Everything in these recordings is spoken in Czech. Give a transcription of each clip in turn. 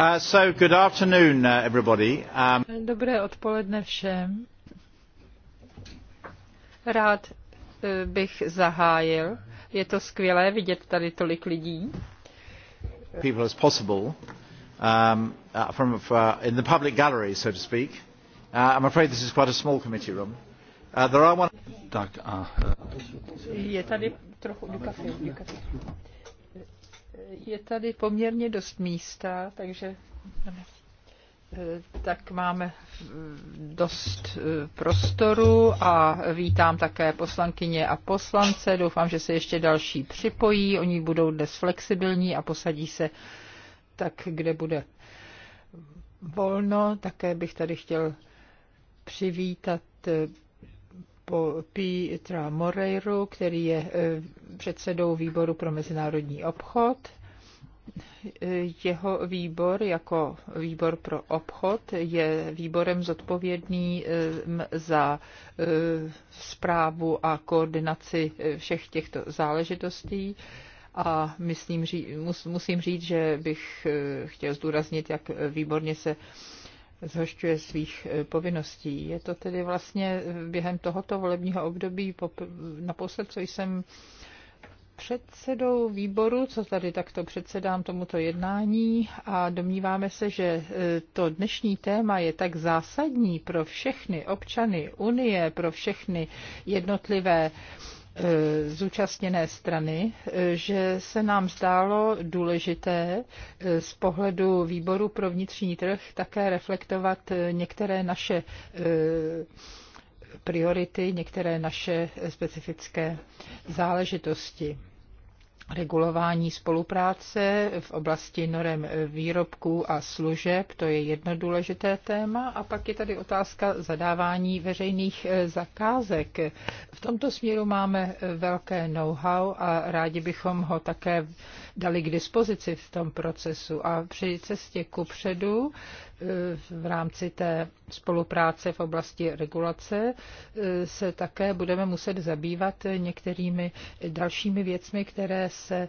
Uh, uh, um, Dobré odpoledne všem. Rád uh, bych zahájil. Je to skvělé vidět tady tolik lidí. People as possible um, uh, from uh, in the public gallery, so to speak. Uh, I'm afraid this is quite a small committee room. Uh, there are one. Tak a. Je tady trochu důkazů. Je tady poměrně dost místa, takže eh, tak máme eh, dost eh, prostoru a vítám také poslankyně a poslance. Doufám, že se ještě další připojí. Oni budou dnes flexibilní a posadí se tak, kde bude volno. Také bych tady chtěl přivítat Petra Moreiru, který je předsedou výboru pro mezinárodní obchod jeho výbor jako výbor pro obchod je výborem zodpovědný za zprávu eh, a koordinaci eh, všech těchto záležitostí. A myslím, musím říct, že bych eh, chtěl zdůraznit, jak výborně se zhošťuje svých povinností. Je to tedy vlastně během tohoto volebního období naposled, co jsem předsedou výboru, co tady takto předsedám tomuto jednání a domníváme se, že e, to dnešní téma je tak zásadní pro všechny občany Unie, pro všechny jednotlivé e, zúčastněné strany, e, že se nám zdálo důležité z pohledu výboru pro vnitřní trh také reflektovat některé naše priority, některé naše specifické záležitosti regulování spolupráce v oblasti norem výrobků a služeb, to je jedno důležité téma. A pak je tady otázka zadávání veřejných eh, zakázek. V tomto směru máme eh, velké know-how a rádi bychom ho také dali k dispozici v tom procesu. A při cestě ku předu v rámci té spolupráce v oblasti regulace e, se také budeme muset zabývat některými dalšími věcmi, které se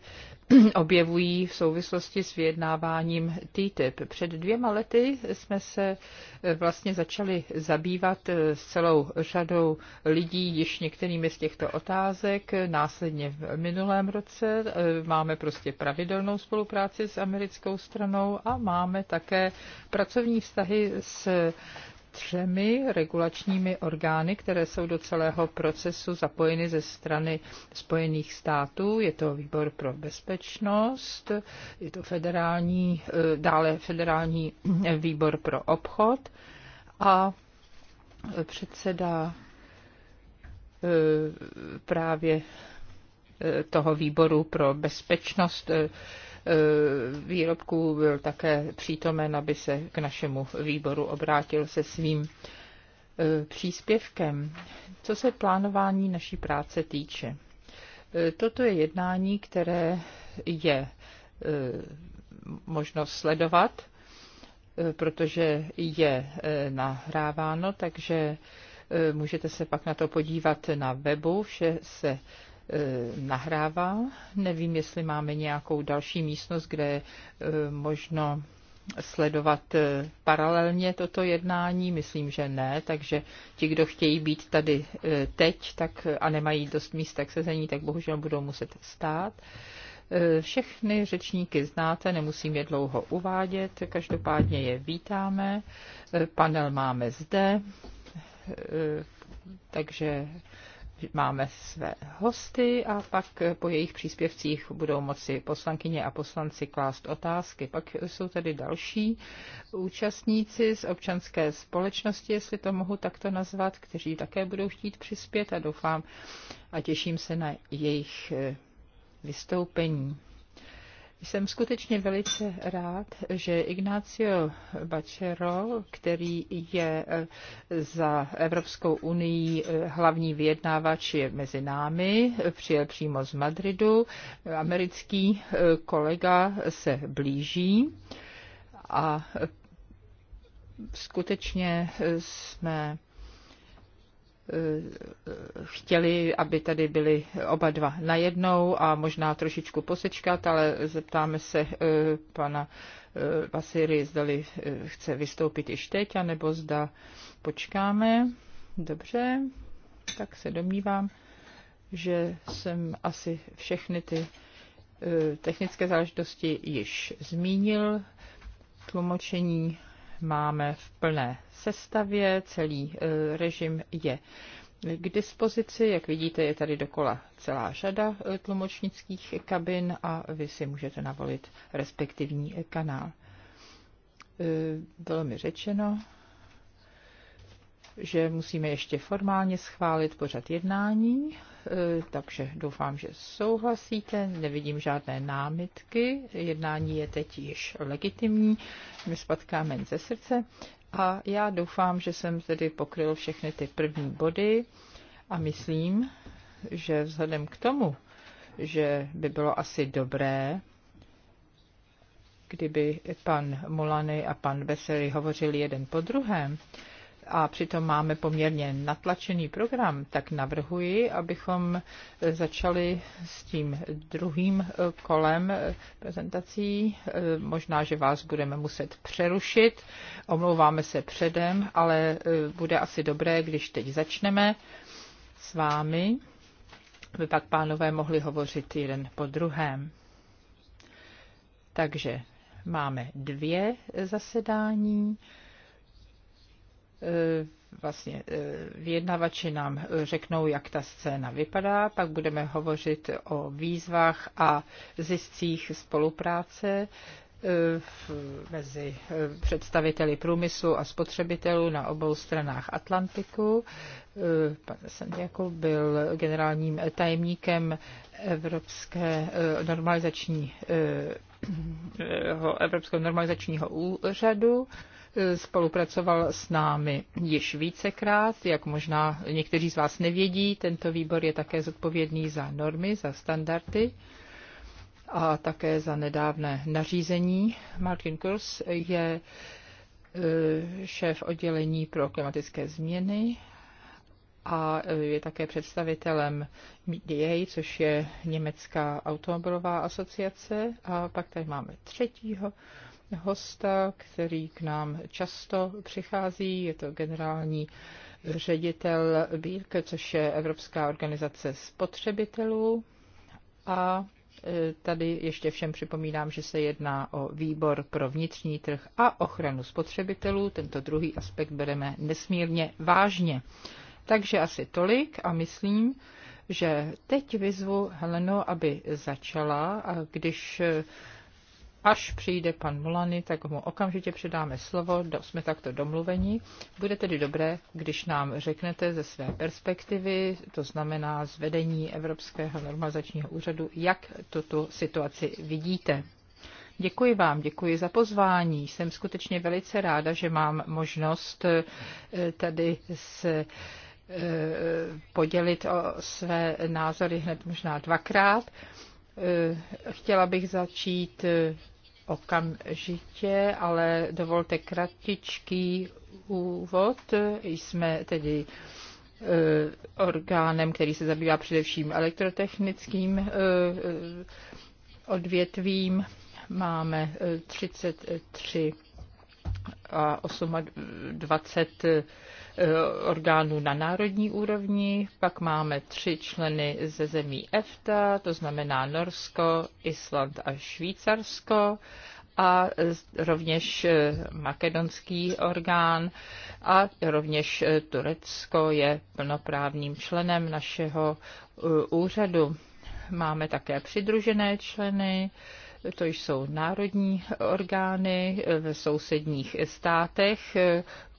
objevují v souvislosti s vyjednáváním TTIP. Před dvěma lety jsme se eh, vlastně začali zabývat eh, s celou řadou lidí již některými z těchto otázek. Následně v minulém roce eh, máme prostě pravidelnou spolupráci s americkou stranou a máme také pracovní vztahy s třemi regulačními orgány, které jsou do celého procesu zapojeny ze strany Spojených států. Je to výbor pro bezpečnost, je to federální, eh, dále federální výbor pro obchod a eh, předseda eh, právě toho výboru pro bezpečnost Eh, výrobků byl také přítomen, aby se k našemu výboru obrátil se svým eh, příspěvkem. Co se plánování naší práce týče, eh, toto je jednání, které je možno sledovat, protože je nahráváno, takže můžete se pak na to podívat na webu, vše se Eh, nahrává. Nevím, jestli máme nějakou další místnost, kde je eh, možno sledovat eh, paralelně toto jednání? Myslím, že ne, takže ti, kdo chtějí být tady teď tak, a nemají dost míst tak sezení, tak bohužel budou muset stát. Všechny řečníky znáte, nemusím je dlouho uvádět, každopádně je vítáme. Panel máme zde, takže máme své hosty a pak po jejich příspěvcích budou moci poslankyně a poslanci klást otázky. Pak jsou tady další účastníci z občanské společnosti, jestli to mohu takto nazvat, kteří také budou chtít přispět a doufám a těším se na jejich eh, vystoupení. Jsem skutečně velice rád, že Ignacio Bacero, který je e, za Evropskou unii e, hlavní vyjednávač, je mezi námi, přijel přímo z Madridu. Americký e, kolega se blíží a skutečně jsme Eh, chtěli, aby tady byli oba dva najednou a možná trošičku posečkat, ale zeptáme se eh, pana eh, Vasiry, zdali chce vystoupit i teď, anebo zda počkáme. Dobře, tak se domnívám, že jsem asi všechny ty technické záležitosti již zmínil. Tlumočení máme v plné sestavě, celý e, režim je k dispozici. Jak vidíte, je tady dokola celá řada e, tlumočnických kabin a vy si můžete navolit respektivní kanál. Bylo e, mi řečeno, že musíme ještě formálně schválit pořad jednání, e, takže doufám, že souhlasíte. Nevidím žádné námitky. Jednání je teď již legitimní. My spadkáme ze srdce. A já doufám, že jsem tedy pokryl všechny ty první body a myslím, že vzhledem k tomu, že by bylo asi dobré, kdyby pan Mulany a pan Veselý hovořili jeden po druhém, a přitom máme poměrně natlačený program, tak navrhuji, abychom začali s tím druhým eh, kolem eh, prezentací. Eh, možná, že vás budeme muset přerušit. Omlouváme se předem, ale bude asi dobré, když teď začneme s vámi, aby pak pánové mohli hovořit jeden po druhém. Takže máme dvě zasedání. Eh, vlastně eh, vyjednavači nám eh, řeknou, jak ta scéna vypadá, pak budeme hovořit o výzvách a ziscích spolupráce mezi představiteli průmyslu a spotřebitelů na obou stranách Atlantiku. Pan Santiago byl generálním tajemníkem Evropské normalizační Evropského normalizačního úřadu. Eh, spolupracoval s námi již vícekrát. Jak možná někteří z vás nevědí, tento výbor je také zodpovědný za normy, za standardy a také za nedávné nařízení. Martin Kurs je eh, šéf oddělení pro klimatické změny a eh, je také představitelem MDA, což je Německá automobilová asociace. A pak tady máme třetího hosta, který k nám často přichází. Je to generální ředitel Bírke, což je Evropská organizace spotřebitelů. A e, Tady ještě všem připomínám, že se jedná o výbor pro vnitřní trh a ochranu spotřebitelů. Tento druhý aspekt bereme nesmírně vážně. Takže asi tolik a myslím, že teď vyzvu Helenu, aby začala a když e, Až přijde pan Mulany, tak mu okamžitě předáme slovo, jsme takto domluveni. Bude tedy dobré, když nám řeknete ze své perspektivy, to znamená z vedení Evropského normalizačního úřadu, jak tuto situaci vidíte. Děkuji vám, děkuji za pozvání. Jsem skutečně velice ráda, že mám možnost eh, tady se eh, podělit o své názory hned možná dvakrát. Eh, chtěla bych začít okamžitě, ale dovolte kratičký úvod. Jsme tedy eh, orgánem, který se zabývá především elektrotechnickým eh, eh, odvětvím. Máme 33 a 28 Eh, orgánů na národní úrovni, pak máme tři členy ze zemí EFTA, to znamená Norsko, Island a Švýcarsko a rovněž eh, makedonský orgán a rovněž eh, Turecko je plnoprávným členem našeho úřadu. Máme také přidružené členy, to jsou národní orgány v sousedních státech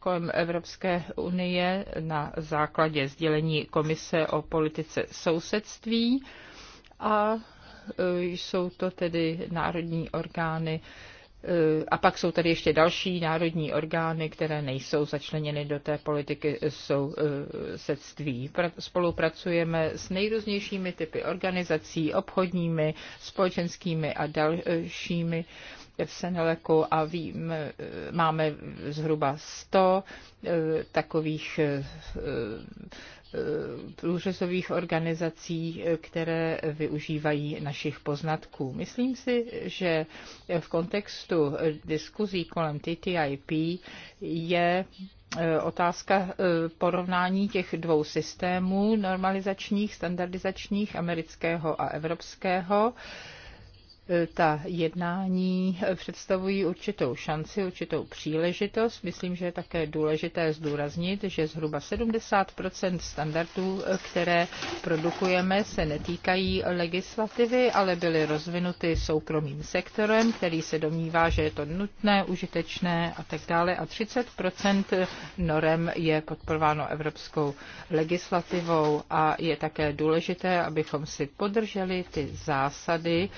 kolem Evropské unie na základě sdělení Komise o politice sousedství a e, jsou to tedy národní orgány, e, a pak jsou tady ještě další národní orgány, které nejsou začleněny do té politiky sousedství. Spolupracujeme s nejrůznějšími typy organizací, obchodními, společenskými a dalšími. Seneleku a vím, e, máme zhruba 100 e, takových e, průřezových organizací, které využívají našich poznatků. Myslím si, že v kontextu diskuzí kolem TTIP je otázka porovnání těch dvou systémů normalizačních, standardizačních, amerického a evropského E, ta jednání e, představují určitou šanci, určitou příležitost. Myslím, že je také důležité zdůraznit, že zhruba 70 standardů, e, které produkujeme, se netýkají legislativy, ale byly rozvinuty soukromým sektorem, který se domnívá, že je to nutné, užitečné a tak dále. A 30 norem je podporováno evropskou legislativou a je také důležité, abychom si podrželi ty zásady,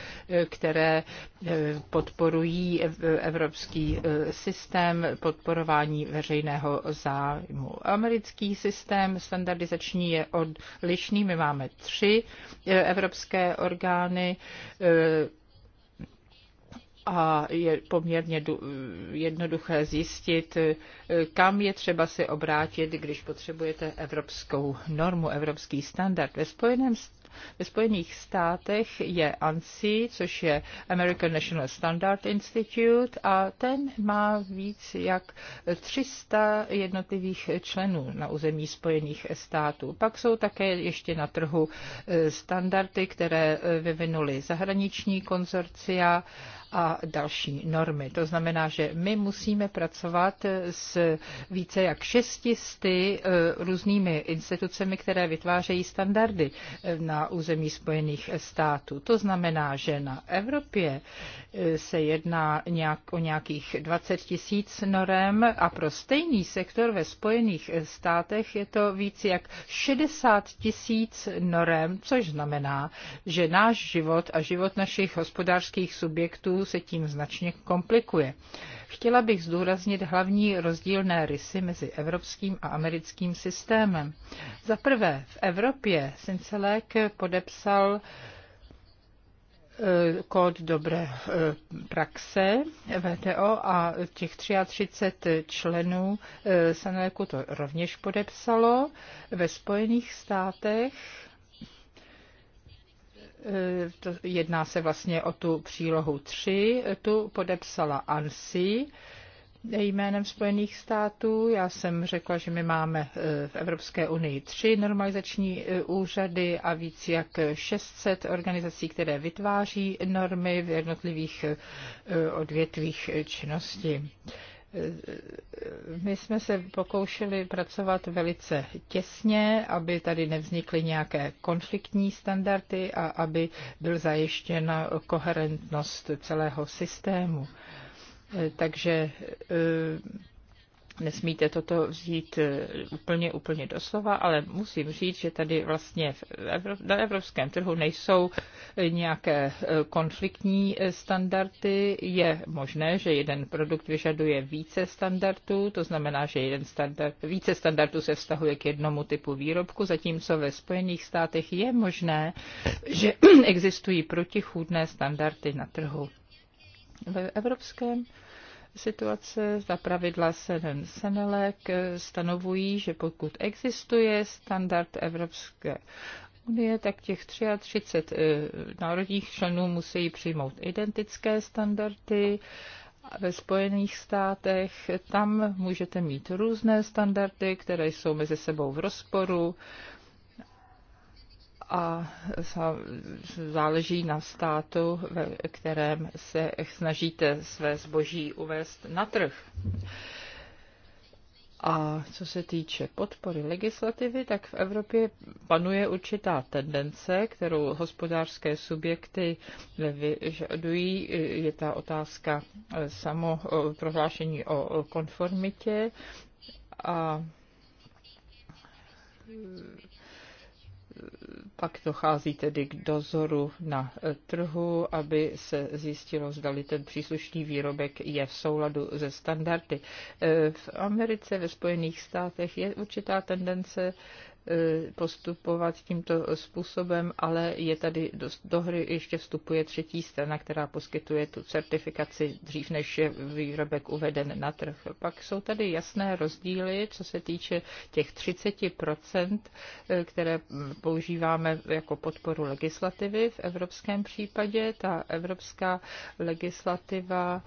které eh, podporují evropský eh, systém podporování veřejného zájmu. Americký systém standardizační je odlišný. My máme tři eh, evropské orgány a je poměrně jednoduché zjistit, kam je třeba se obrátit, když potřebujete evropskou normu, evropský standard. Ve Spojeném ve Spojených státech je ANSI, což je American National Standard Institute a ten má víc jak 300 jednotlivých členů na území Spojených států. Pak jsou také ještě na trhu eh, standardy, které eh, vyvinuli zahraniční konzorcia a další normy. To znamená, že my musíme pracovat s více jak šestisty eh, různými institucemi, které vytvářejí standardy eh, na území Spojených států. To znamená, že na Evropě eh, se jedná nějak, o nějakých 20 tisíc norem a pro stejný sektor ve Spojených státech je to víc jak 60 tisíc norem, což znamená, že náš život a život našich hospodářských subjektů se tím značně komplikuje. Chtěla bych zdůraznit hlavní rozdílné rysy mezi evropským a americkým systémem. Za prvé, v Evropě Sincelek podepsal eh, kód dobré eh, praxe VTO a těch 33 členů eh, Saneku to rovněž podepsalo. Ve Spojených státech Eh, jedná se vlastně o tu přílohu 3, tu podepsala ANSI jménem Spojených států. Já jsem řekla, že my máme eh, v Evropské unii tři normalizační eh, úřady a víc jak 600 organizací, které vytváří normy v jednotlivých odvětvích činnosti. My jsme se pokoušeli pracovat velice těsně, aby tady nevznikly nějaké konfliktní standardy a aby byl zajištěna koherentnost celého systému. Takže eh, nesmíte toto vzít eh, úplně, úplně doslova, ale musím říct, že tady vlastně na evropském trhu nejsou nějaké eh, konfliktní eh, standardy. Je možné, že jeden produkt vyžaduje více standardů, to znamená, že jeden standard, více standardů se vztahuje k jednomu typu výrobku, zatímco ve Spojených státech je možné, že existují protichůdné standardy na trhu. Ve evropském situace, za pravidla 7 Senelek eh, stanovují, že pokud existuje standard Evropské unie, tak těch 33 eh, národních členů musí přijmout identické standardy. Ve Spojených státech tam můžete mít různé standardy, které jsou mezi sebou v rozporu a záleží na státu, ve kterém se snažíte své zboží uvést na trh. A co se týče podpory legislativy, tak v Evropě panuje určitá tendence, kterou hospodářské subjekty vyžadují. Je ta otázka samo prohlášení o konformitě a pak dochází tedy k dozoru na e, trhu, aby se zjistilo, zdali ten příslušný výrobek je v souladu ze standardy. E, v Americe, ve Spojených státech je určitá tendence Eh, postupovat tímto způsobem, ale je tady do, do hry ještě vstupuje třetí strana, která poskytuje tu certifikaci dřív, než je výrobek uveden na trh. Pak jsou tady jasné rozdíly, co se týče těch 30%, eh, které používáme jako podporu legislativy v evropském případě. Ta evropská legislativa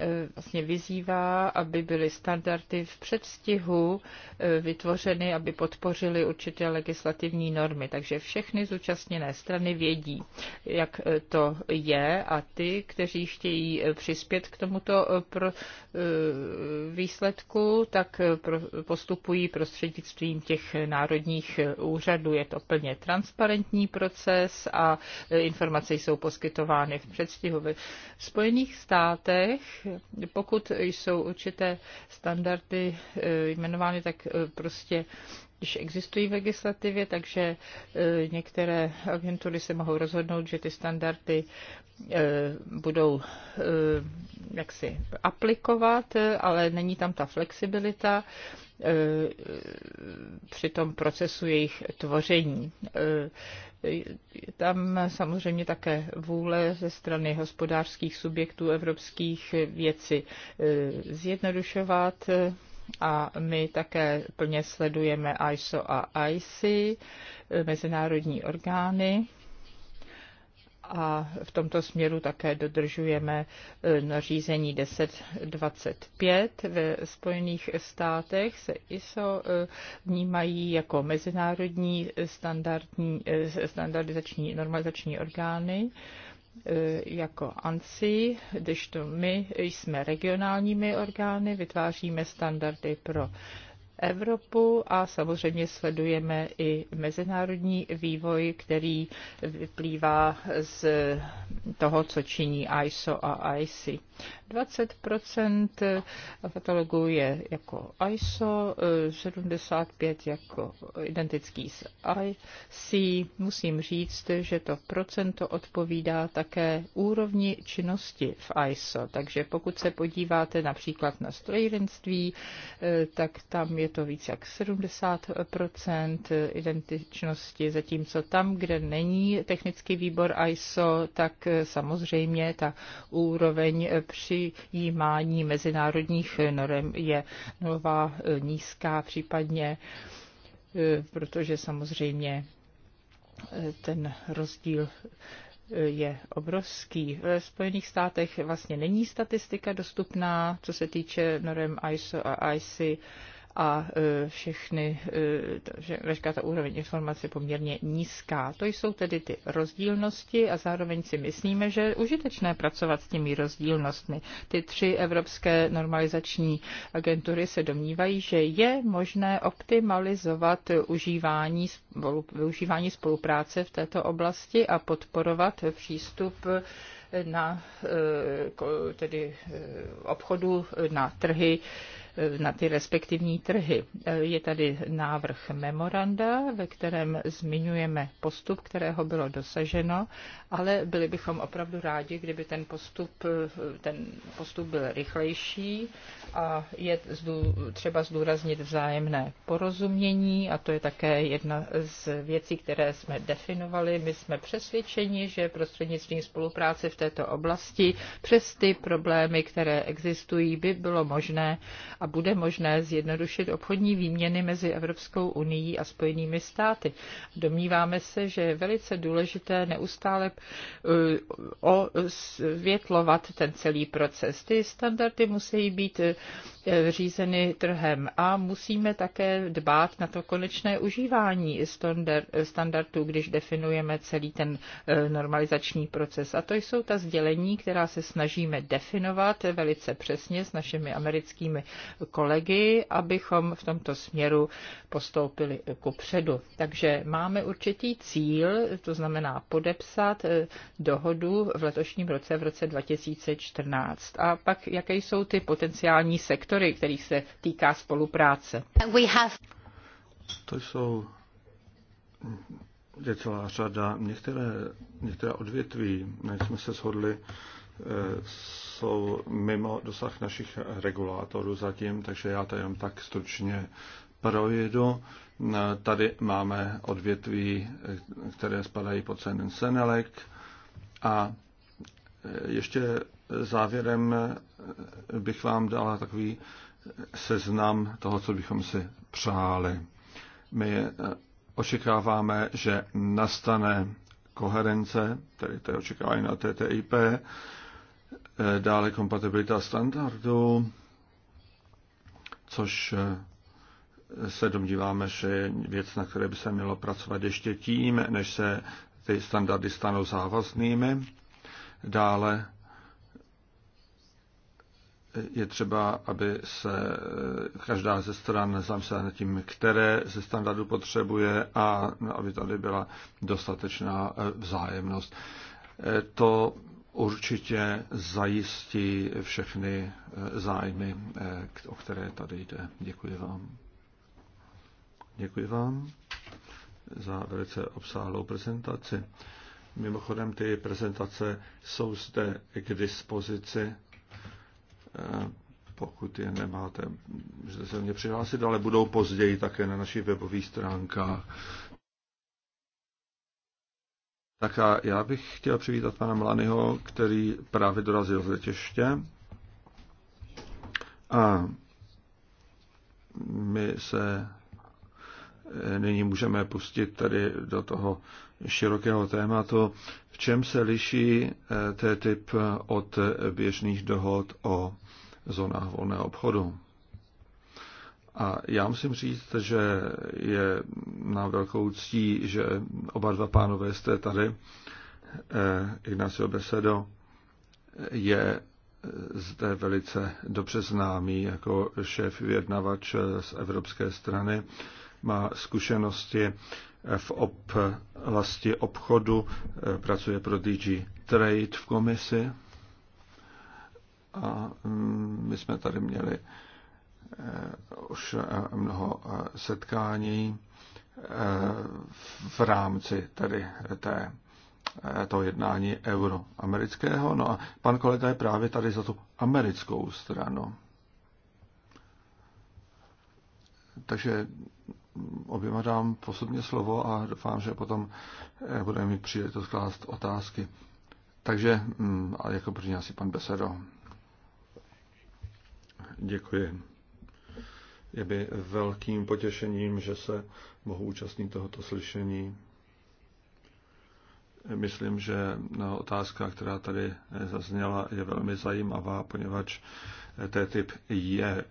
E, vlastně vyzývá, aby byly standardy v předstihu e, vytvořeny, aby podpořily určité legislativní normy. Takže všechny zúčastněné strany vědí, jak e, to je a ty, kteří chtějí přispět k tomuto pro výsledku, tak postupují prostřednictvím těch národních úřadů. Je to plně transparentní proces a informace jsou poskytovány v předstihu. Ve Spojených státech pokud jsou určité standardy eh, jmenovány, tak eh, prostě když existují v legislativě, takže e, některé agentury se mohou rozhodnout, že ty standardy e, budou e, jaksi aplikovat, ale není tam ta flexibilita při tom procesu jejich tvoření. Tam samozřejmě také vůle ze strany hospodářských subjektů evropských věci zjednodušovat a my také plně sledujeme ISO a IC, mezinárodní orgány a v tomto směru také dodržujeme e, nařízení 1025 ve Spojených státech se ISO e, vnímají jako mezinárodní standardní, e, standardizační normalizační orgány E, jako ANSI, když to my jsme regionálními orgány, vytváříme standardy pro Evropu a samozřejmě sledujeme i mezinárodní vývoj, který vyplývá z toho, co činí ISO a IC. 20 katalogů je jako ISO, 75 jako identický s IC. Musím říct, že to procento odpovídá také úrovni činnosti v ISO. Takže pokud se podíváte například na strojírenství, eh, tak tam je je to víc jak 70 identičnosti, zatímco tam, kde není technický výbor ISO, tak samozřejmě ta úroveň přijímání mezinárodních norm je nová nízká případně, protože samozřejmě eh, ten rozdíl eh, je obrovský. Ve Spojených státech vlastně není statistika dostupná, co se týče norem ISO a ICI a e, všechny, e, že veškerá ta úroveň informace je poměrně nízká. To jsou tedy ty rozdílnosti a zároveň si myslíme, že je užitečné pracovat s těmi rozdílnostmi. Ty tři evropské normalizační agentury se domnívají, že je možné optimalizovat užívání, využívání spolupráce v této oblasti a podporovat přístup na e, tedy obchodu na trhy Eh, na ty respektivní trhy. Eh, je tady návrh memoranda, ve kterém zmiňujeme postup, kterého bylo dosaženo, ale byli bychom opravdu rádi, kdyby ten postup, eh, ten postup byl rychlejší a je třeba zdůraznit vzájemné porozumění a to je také jedna z věcí, které jsme definovali. My jsme přesvědčeni, že prostřednictvím spolupráce v této oblasti přes ty problémy, které existují, by bylo možné, a bude možné zjednodušit obchodní výměny mezi Evropskou unii a Spojenými státy. Domníváme se, že je velice důležité neustále eh, osvětlovat ten celý proces. Ty standardy musí být eh, řízeny trhem a musíme také dbát na to konečné užívání standardů, když definujeme celý ten eh, normalizační proces. A to jsou ta sdělení, která se snažíme definovat velice přesně s našimi americkými kolegy, abychom v tomto směru postoupili ku předu. Takže máme určitý cíl, to znamená podepsat eh, dohodu v letošním roce, v roce 2014. A pak, jaké jsou ty potenciální sektory, kterých se týká spolupráce? To jsou mm, je celá řada. Některé, některé odvětví, než jsme se shodli, Eh, jsou mimo dosah našich regulátorů zatím, takže já to jenom tak stručně projedu. Tady máme odvětví, eh, které spadají pod cen Senelek a eh, ještě závěrem bych vám dala takový seznam toho, co bychom si přáli. My očekáváme, že nastane koherence, tedy to je očekávání na TTIP, dále kompatibilita standardů, což eh, se domníváme, že je věc, na které by se mělo pracovat ještě tím, než se ty standardy stanou závaznými. Dále eh, je třeba, aby se eh, každá ze stran zamyslela nad tím, které ze standardů potřebuje a no, aby tady byla dostatečná vzájemnost. To určitě zajistí všechny eh, zájmy, eh, o které tady jde. Děkuji vám. Děkuji vám za velice obsáhlou prezentaci. Mimochodem ty prezentace jsou zde k dispozici, eh, pokud je nemáte, můžete se mě přihlásit, ale budou později také na našich webových stránkách. Tak a já bych chtěl přivítat pana Mlanyho, který právě dorazil z letiště. A my se eh, nyní můžeme pustit tady do toho širokého tématu, v čem se liší eh, typ od běžných dohod o zónách volného obchodu. A já musím říct, že je na velkou ctí, že oba dva pánové jste tady. Eh, Ignacio Besedo je zde velice dobře známý jako šéf vyjednavač z Evropské strany. Má zkušenosti v oblasti obchodu, eh, pracuje pro DG Trade v komisi a mm, my jsme tady měli Eh, už eh, mnoho eh, setkání v rámci tedy té, toho jednání euroamerického. No a pan kolega je právě tady za tu americkou stranu. Takže oběma dám posudně slovo a doufám, že potom budeme mít příležitost klást otázky. Takže, mm, a jako první asi pan Besedo. Děkuji je by velkým potěšením, že se mohu účastnit tohoto slyšení. Myslím, že no, otázka, která tady zazněla, je velmi zajímavá, poněvadž TTIP je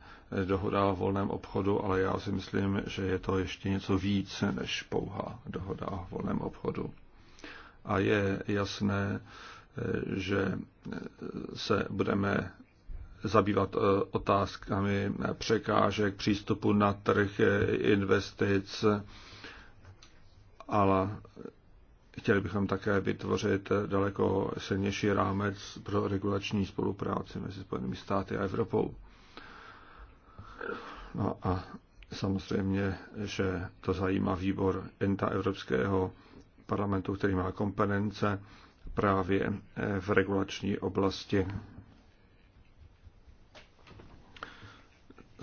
dohoda o volném obchodu, ale já si myslím, že je to ještě něco víc než pouhá dohoda o volném obchodu. A je jasné, že se budeme zabývat eh, otázkami překážek, přístupu na trh, eh, investic, ale chtěli bychom také vytvořit eh, daleko silnější rámec pro regulační spolupráci mezi Spojenými státy a Evropou. No a samozřejmě, že to zajímá výbor ENTA Evropského parlamentu, který má kompetence právě v regulační oblasti.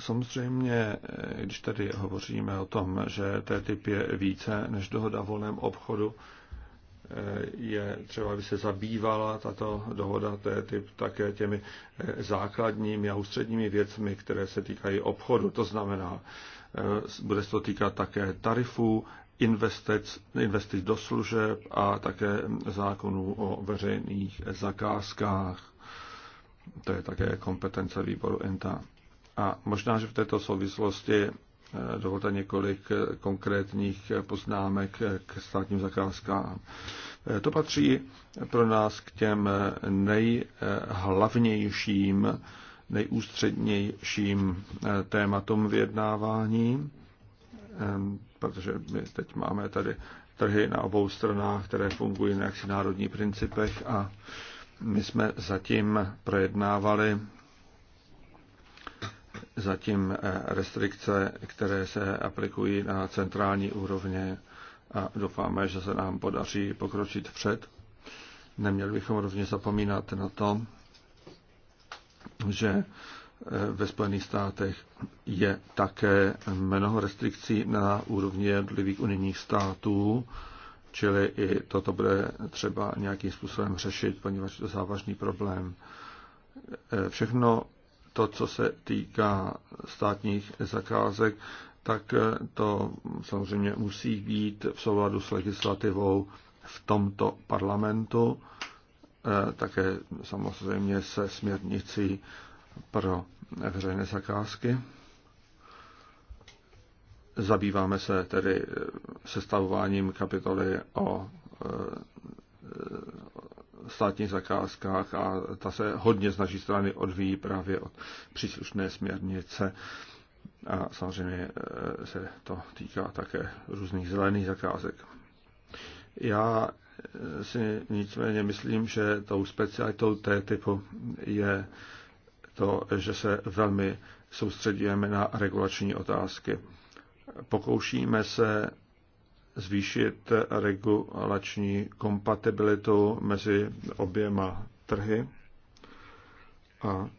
Samozřejmě, eh, když tady hovoříme o tom, že TTIP je více než dohoda o volném obchodu, eh, je třeba, aby se zabývala tato dohoda TTIP také těmi eh, základními a ústředními věcmi, které se týkají obchodu. To znamená, bude se to týkat také tarifů, investic, investic do služeb a také zákonů o veřejných zakázkách. To je také kompetence výboru ENTA. A možná, že v této souvislosti eh, dovolte několik eh, konkrétních eh, poznámek k státním zakázkám. To patří pro nás k těm nejhlavnějším, nejústřednějším tématům vyjednávání, ehm, protože my teď máme tady trhy na obou stranách, které fungují na jaksi národní principech a my jsme zatím projednávali zatím eh, restrikce, které se aplikují na centrální úrovně a doufáme, že se nám podaří pokročit vpřed. Neměli bychom rovně zapomínat na to, že eh, ve Spojených státech je také mnoho restrikcí na úrovni jednotlivých unijních států, čili i toto bude třeba nějakým způsobem řešit, poněvadž to závažný problém. Eh, všechno to, co se týká státních zakázek, tak eh, to samozřejmě musí být v souladu s legislativou v tomto parlamentu, eh, také samozřejmě se směrnicí pro veřejné zakázky. Zabýváme se tedy eh, sestavováním kapitoly o státních zakázkách a ta se hodně z naší strany odvíjí právě od příslušné směrnice. A samozřejmě eh, se to týká také různých zelených zakázek. Já eh, si nicméně myslím, že tou specialitou té typu je to, že se velmi soustředíme na regulační otázky. Pokoušíme se zvýšit regulační kompatibilitu mezi oběma trhy a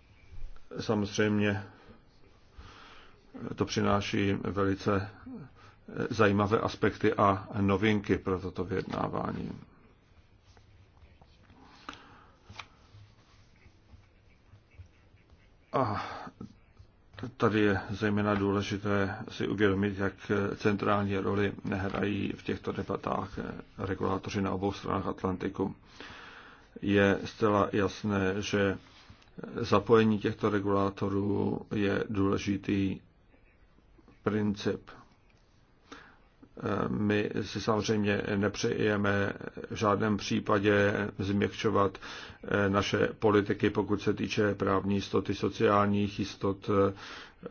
samozřejmě to přináší velice zajímavé aspekty a novinky pro toto vyjednávání. A Tady je zejména důležité si uvědomit, jak centrální roli hrají v těchto debatách regulátoři na obou stranách Atlantiku. Je zcela jasné, že zapojení těchto regulátorů je důležitý princip my si samozřejmě nepřejeme v žádném případě změkčovat eh, naše politiky, pokud se týče právní jistoty, sociálních jistot,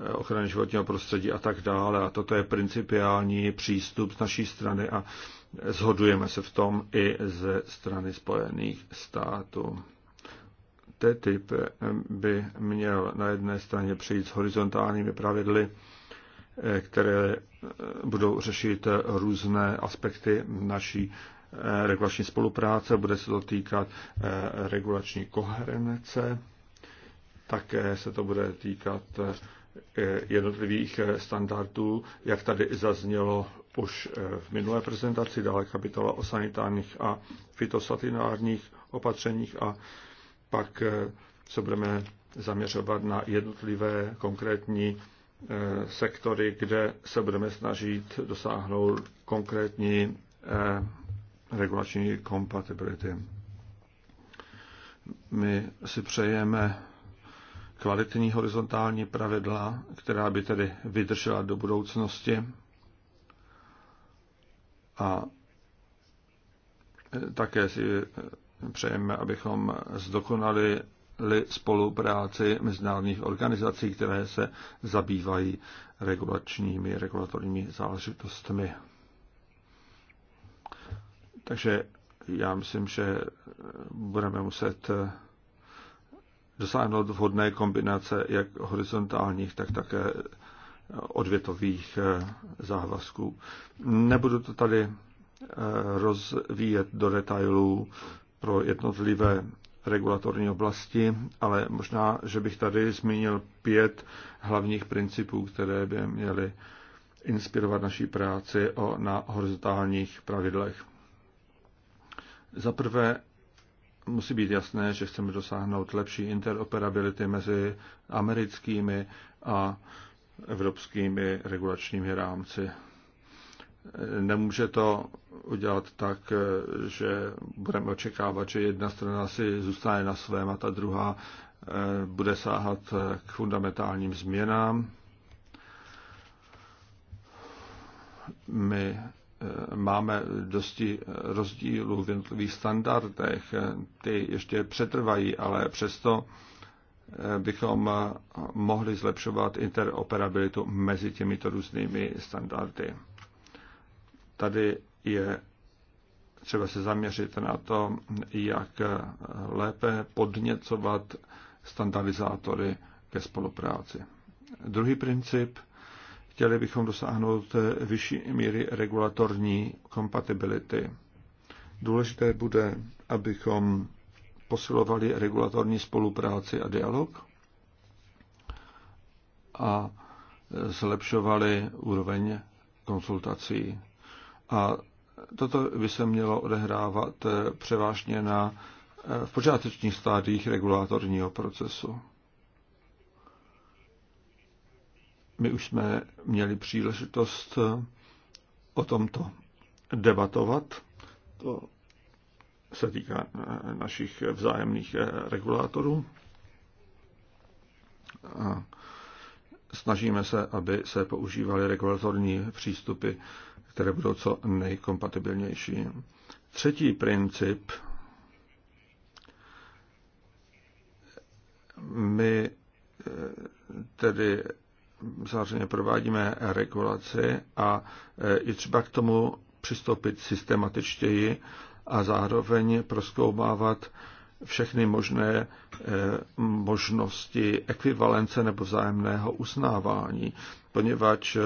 eh, ochrany životního prostředí a tak dále. A toto je principiální přístup z naší strany a zhodujeme se v tom i ze strany Spojených států. TTIP by měl na jedné straně přijít s horizontálními pravidly, Eh, které eh, budou řešit eh, různé aspekty naší regulační spolupráce, bude se to týkat regulační koherence, také se to bude týkat jednotlivých standardů, jak tady zaznělo už v minulé prezentaci, dále kapitola o sanitárních a fitosatinárních opatřeních a pak se budeme zaměřovat na jednotlivé konkrétní Eh, sektory, kde se budeme snažit dosáhnout konkrétní eh, regulační kompatibility. My si přejeme kvalitní horizontální pravidla, která by tedy vydržela do budoucnosti a eh, také si přejeme, abychom zdokonali li spolupráci mezinárodních organizací, které se zabývají regulačními, regulatorními záležitostmi. Takže já myslím, že budeme muset dosáhnout vhodné kombinace jak horizontálních, tak také odvětových závazků. Nebudu to tady rozvíjet do detailů pro jednotlivé regulatorní oblasti, ale možná, že bych tady zmínil pět hlavních principů, které by měly inspirovat naší práci o, na horizontálních pravidlech. Za prvé musí být jasné, že chceme dosáhnout lepší interoperability mezi americkými a evropskými regulačními rámci. Nemůže to udělat tak, že budeme očekávat, že jedna strana si zůstane na svém a ta druhá eh, bude sáhat k fundamentálním změnám. My eh, máme dosti rozdílů v jednotlivých standardech. Ty ještě přetrvají, ale přesto eh, bychom mohli zlepšovat interoperabilitu mezi těmito různými standardy. Tady je třeba se zaměřit na to, jak lépe podněcovat standardizátory ke spolupráci. Druhý princip, chtěli bychom dosáhnout vyšší míry regulatorní kompatibility. Důležité bude, abychom posilovali regulatorní spolupráci a dialog a zlepšovali úroveň konsultací a toto by se mělo odehrávat eh, převážně na, eh, v počátečních stádiích regulatorního procesu. My už jsme měli příležitost eh, o tomto debatovat. To se týká našich vzájemných regulátorů. A snažíme se, aby se používaly regulatorní přístupy které budou co nejkompatibilnější. Třetí princip. My eh, tedy samozřejmě provádíme regulaci a eh, je třeba k tomu přistoupit systematičtěji a zároveň proskoumávat všechny možné eh, možnosti ekvivalence nebo vzájemného uznávání, poněvadž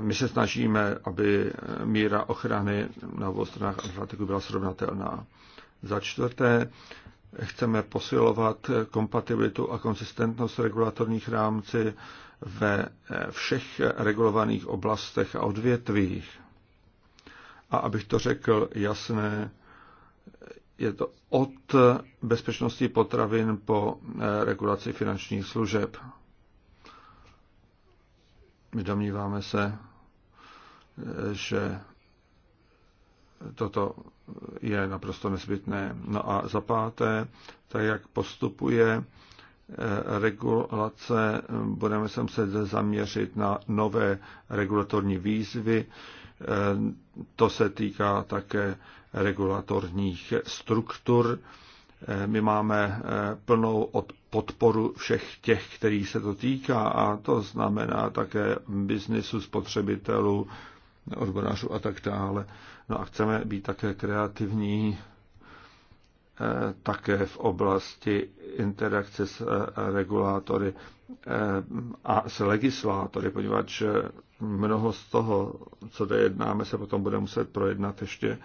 my se snažíme, aby míra ochrany na obou stranách Atlantiku byla srovnatelná. Za čtvrté, chceme posilovat kompatibilitu a konsistentnost regulatorních rámci ve všech regulovaných oblastech a odvětvích. A abych to řekl jasné, je to od bezpečnosti potravin po regulaci finančních služeb my domníváme se, že toto je naprosto nezbytné. No a za páté, tak jak postupuje eh, regulace, budeme se muset zaměřit na nové regulatorní výzvy. Eh, to se týká také regulatorních struktur, Eh, my máme eh, plnou podporu všech těch, který se to týká a to znamená také biznisu, spotřebitelů, odborářů a tak dále. No a chceme být také kreativní eh, také v oblasti interakce s regulátory a s legislátory, poněvadž mnoho z toho, co zde jednáme, se potom bude muset projednat ještě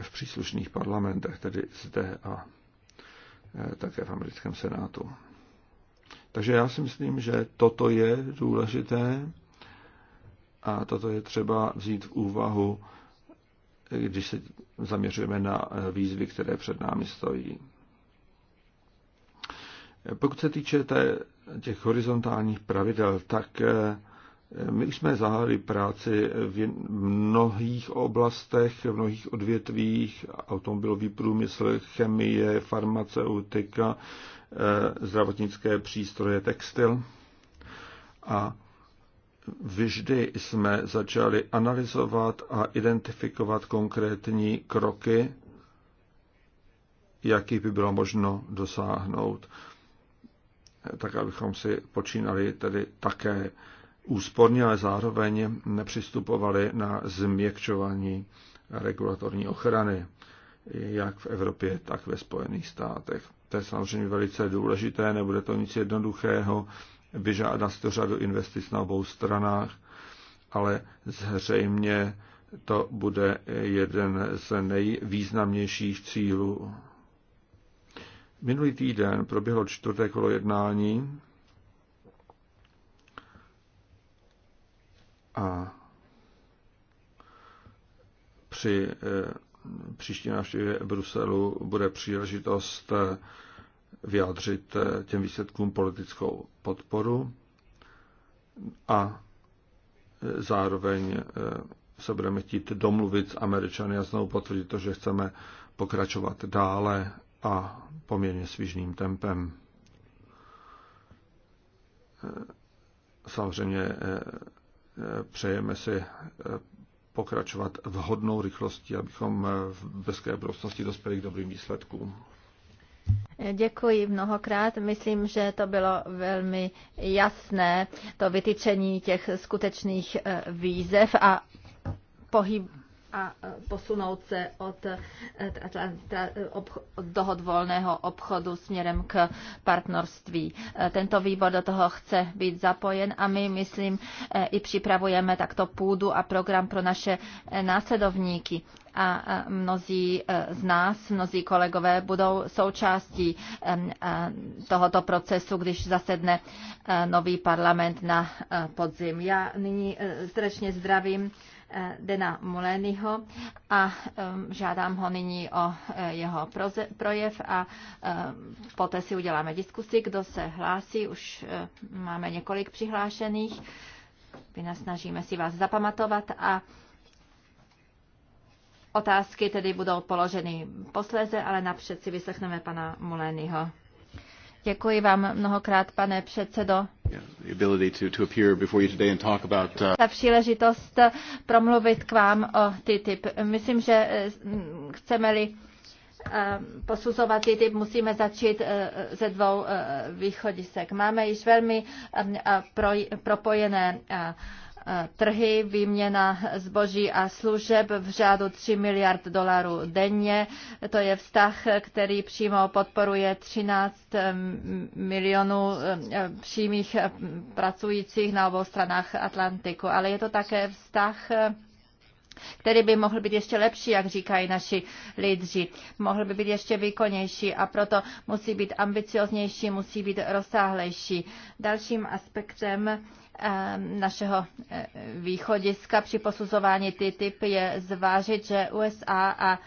v příslušných parlamentech, tedy zde a Eh, také v americkém senátu. Takže já si myslím, že toto je důležité a toto je třeba vzít v úvahu, když se zaměřujeme na výzvy, které před námi stojí. Pokud se týče té, těch horizontálních pravidel, tak eh, my už jsme zahájili práci v mnohých oblastech, v mnohých odvětvích, automobilový průmysl, chemie, farmaceutika, eh, zdravotnické přístroje, textil. A vždy jsme začali analyzovat a identifikovat konkrétní kroky, jaký by bylo možno dosáhnout, tak abychom si počínali tedy také úsporně ale zároveň nepřistupovali na změkčování regulatorní ochrany, jak v Evropě, tak ve Spojených státech. To je samozřejmě velice důležité, nebude to nic jednoduchého, vyžádá si to řadu investic na obou stranách, ale zřejmě to bude jeden z nejvýznamnějších cílů. Minulý týden proběhlo čtvrté kolo jednání A při eh, příští návštěvě Bruselu bude příležitost eh, vyjádřit eh, těm výsledkům politickou podporu a zároveň se budeme chtít domluvit s Američany a znovu potvrdit to, že chceme pokračovat dále a poměrně svižným tempem. Samozřejmě přejeme si eh, pokračovat vhodnou rychlostí, abychom eh, v bezké budoucnosti dospěli k dobrým výsledkům. Děkuji mnohokrát. Myslím, že to bylo velmi jasné, to vytyčení těch skutečných eh, výzev a pohyb a e, posunout se od, e, od dohod volného obchodu směrem k partnerství. E, tento výbor do toho chce být zapojen a my, myslím, i připravujeme takto půdu a program pro naše následovníky a mnozí z nás, mnozí kolegové budou součástí tohoto procesu, když zasedne nový parlament na podzim. Já nyní srdečně zdravím Eh, Dena Mulényho a žádám ho nyní o eh, jeho projev a poté si uděláme diskusi, kdo se hlásí. Už eh, máme několik přihlášených. snažíme si vás zapamatovat a otázky tedy budou položeny posléze, ale napřed si vyslechneme pana Mulényho. Děkuji vám mnohokrát, pane předsedo. Uh, Ta příležitost uh, promluvit k vám o TTIP. Myslím, že eh, chceme-li eh, posuzovat TTIP, musíme začít eh, ze dvou východisek. Máme již velmi propojené Eh, trhy, výměna zboží a služeb v řádu 3 miliard dolarů denně. To je vztah, který přímo podporuje 13 eh, milionů eh, přímých pracujících na obou stranách Atlantiku. Ale je to také vztah který by mohl být ještě lepší, jak říkají naši lidři. Mohl by být ještě výkonnější a proto musí být ambicioznější, musí být rozsáhlejší. Dalším aspektem Ehm, našeho eh, východiska při posuzování TTIP je zvážit, že USA a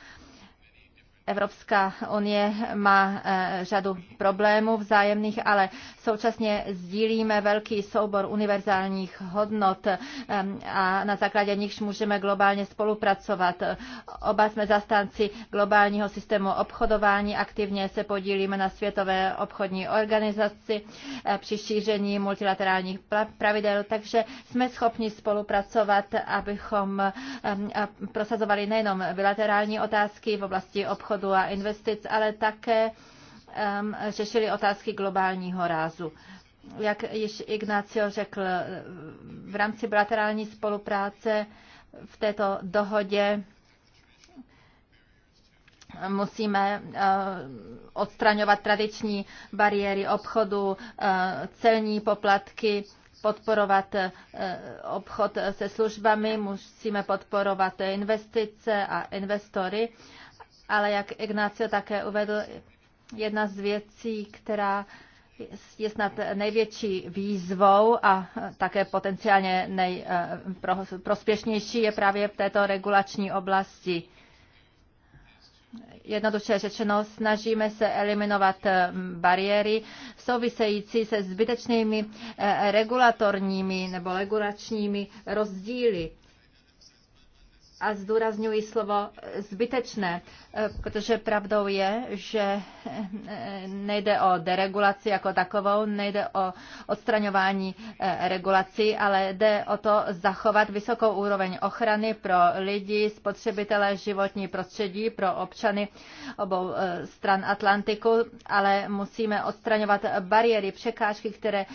Evropská unie má e, řadu problémů vzájemných, ale současně sdílíme velký soubor univerzálních hodnot e, a na základě nichž můžeme globálně spolupracovat. Oba jsme zastánci globálního systému obchodování, aktivně se podílíme na Světové obchodní organizaci e, při šíření multilaterálních pravidel, takže jsme schopni spolupracovat, abychom prosazovali nejenom bilaterální otázky v oblasti obchodu, obchodu a investic, ale také řešili otázky globálního rázu. Jak již Ignacio řekl, v rámci bilaterální spolupráce v této dohodě musíme eh, odstraňovat tradiční bariéry obchodu, eh, celní poplatky, podporovat eh, obchod se službami, musíme podporovat investice a investory ale jak Ignacio také uvedl, jedna z věcí, která je snad největší výzvou a také potenciálně nejprospěšnější eh, je právě v této regulační oblasti. Jednoduše řečeno, snažíme se eliminovat eh, bariéry související se zbytečnými eh, regulatorními nebo regulačními rozdíly a zdůrazňuji slovo eh, zbytečné, eh, protože pravdou je, že eh, nejde o deregulaci jako takovou, nejde o odstraňování regulací, ale jde o to zachovat vysokou úroveň ochrany pro lidi, spotřebitele, životní prostředí, pro občany obou stran Atlantiku, ale musíme odstraňovat bariéry, překážky, které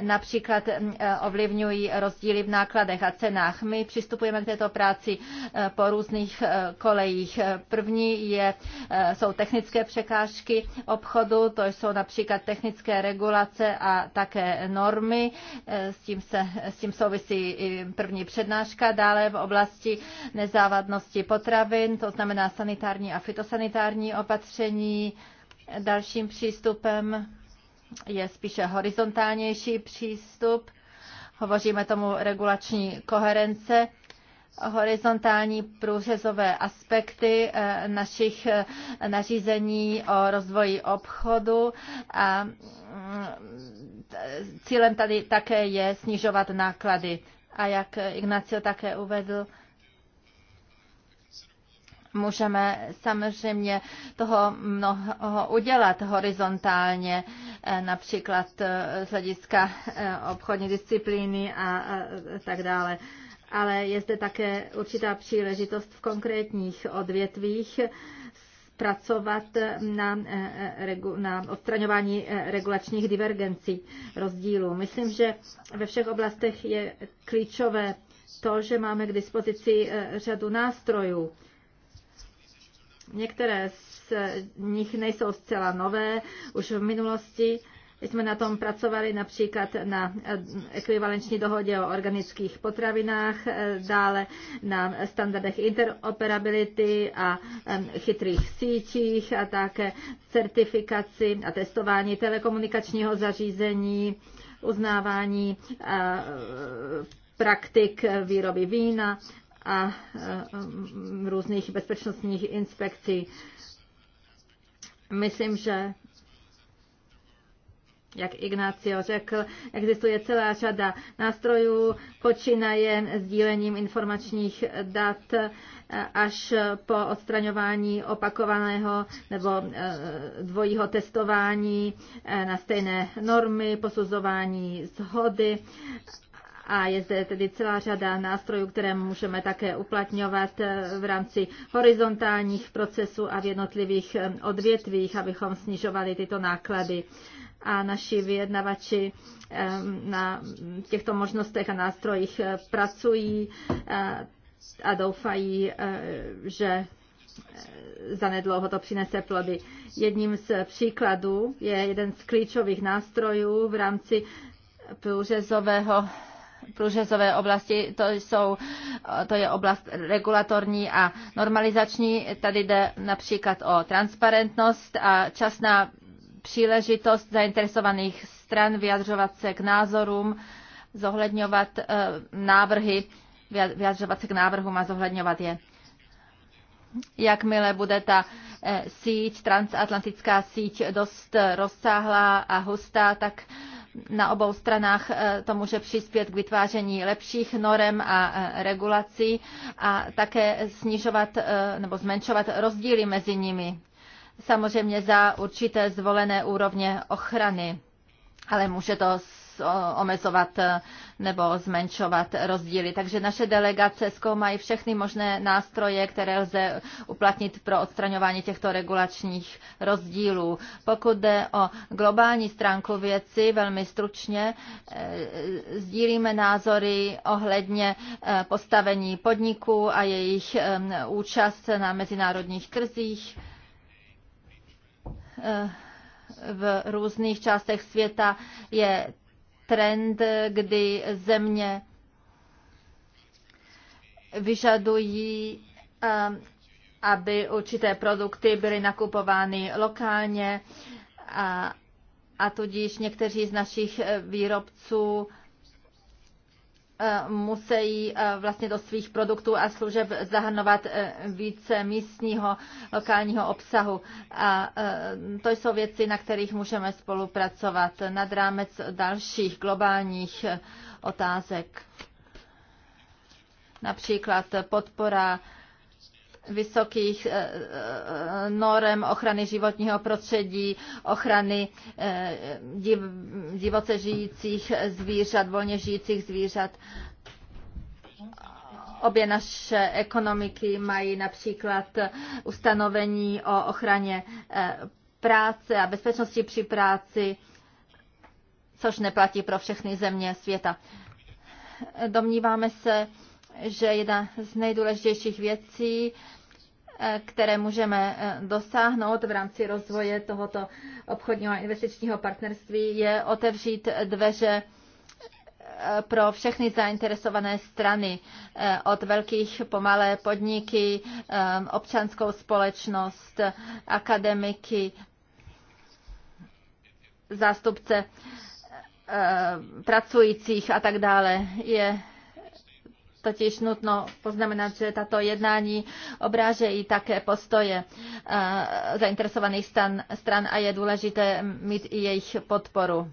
například mm, ovlivňují rozdíly v nákladech a cenách. My přistupujeme k této práci Eh, po různých eh, kolejích. První je, eh, jsou technické překážky obchodu, to jsou například technické regulace a také normy, s tím, se, s tím souvisí i první přednáška, dále v oblasti nezávadnosti potravin, to znamená sanitární a fitosanitární opatření, dalším přístupem je spíše horizontálnější přístup. Hovoříme tomu regulační koherence horizontální průřezové aspekty eh, našich eh, nařízení o rozvoji obchodu a mm, cílem tady také je snižovat náklady. A jak Ignacio také uvedl, můžeme samozřejmě toho mnoho udělat horizontálně, eh, například z hlediska obchodní disciplíny a tak dále ale je zde také určitá příležitost v konkrétních odvětvích pracovat na, eh, eh, na odstraňování eh, regulačních divergencí rozdílů. Myslím, že ve všech oblastech je klíčové to, že máme k dispozici řadu nástrojů. Některé z nich nejsou zcela nové, už v minulosti my jsme na tom pracovali například na eh, ekvivalenční dohodě o organických potravinách, eh, dále na standardech interoperability a chytrých sítích a také certifikaci a testování telekomunikačního zařízení, uznávání eh, praktik výroby vína a různých bezpečnostních inspekcí. Myslím, že jak Ignacio řekl, existuje celá řada nástrojů, počínaje sdílením informačních dat eh, až po odstraňování opakovaného nebo eh, dvojího testování eh, na stejné normy, posuzování zhody a je zde tedy celá řada nástrojů, které můžeme také uplatňovat v rámci horizontálních procesů a v jednotlivých odvětvích, abychom snižovali tyto náklady a naši vyjednavači na těchto možnostech a nástrojích eh, pracují eh, a doufají, eh, že zanedlouho to přinese plody. Jedním z příkladů je jeden z klíčových nástrojů v rámci průřezového průřezové oblasti, to, jsou, to je oblast regulatorní a normalizační. Tady jde například o transparentnost a časná příležitost zainteresovaných stran vyjadřovat se k názorům, zohledňovat eh, návrhy, vyjadřovat se k návrhům a zohledňovat je. Jakmile bude ta eh, síť, transatlantická síť dost eh, rozsáhlá a hustá, tak na obou stranách to může přispět k vytváření lepších norem a regulací a také snižovat nebo zmenšovat rozdíly mezi nimi samozřejmě za určité zvolené úrovně ochrany, ale může to omezovat eh, nebo zmenšovat rozdíly. Takže naše delegace zkoumají všechny možné nástroje, které lze uplatnit pro odstraňování těchto regulačních rozdílů. Pokud jde o globální stránku věci, velmi stručně eh, sdílíme názory ohledně eh, postavení podniků a jejich účast na mezinárodních trzích Eh, v různých částech světa je trend, kdy země vyžadují, eh, aby určité produkty byly nakupovány lokálně a, a tudíž někteří z našich eh, výrobců E, musí e, vlastně do svých produktů a služeb zahrnovat e, více místního lokálního obsahu. A to jsou věci, na kterých můžeme spolupracovat nad rámec dalších globálních otázek. Například podpora vysokých eh, eh, norem ochrany životního prostředí, ochrany eh, divoce žijících zvířat, volně žijících zvířat. Obě naše ekonomiky mají například ustanovení o ochraně práce a bezpečnosti při práci, což neplatí pro všechny země světa. Domníváme se, že jedna z nejdůležitějších věcí, eh, které můžeme eh, dosáhnout v rámci rozvoje tohoto obchodního a investičního partnerství, je otevřít dveře eh, pro všechny zainteresované strany, od velkých pomalé podniky, občanskou společnost, akademiky, zástupce pracujících a tak dále. Je totiž nutno poznamenat, že tato jednání obrážejí také postoje eh, zainteresovaných stan, stran a je důležité mít i jejich podporu.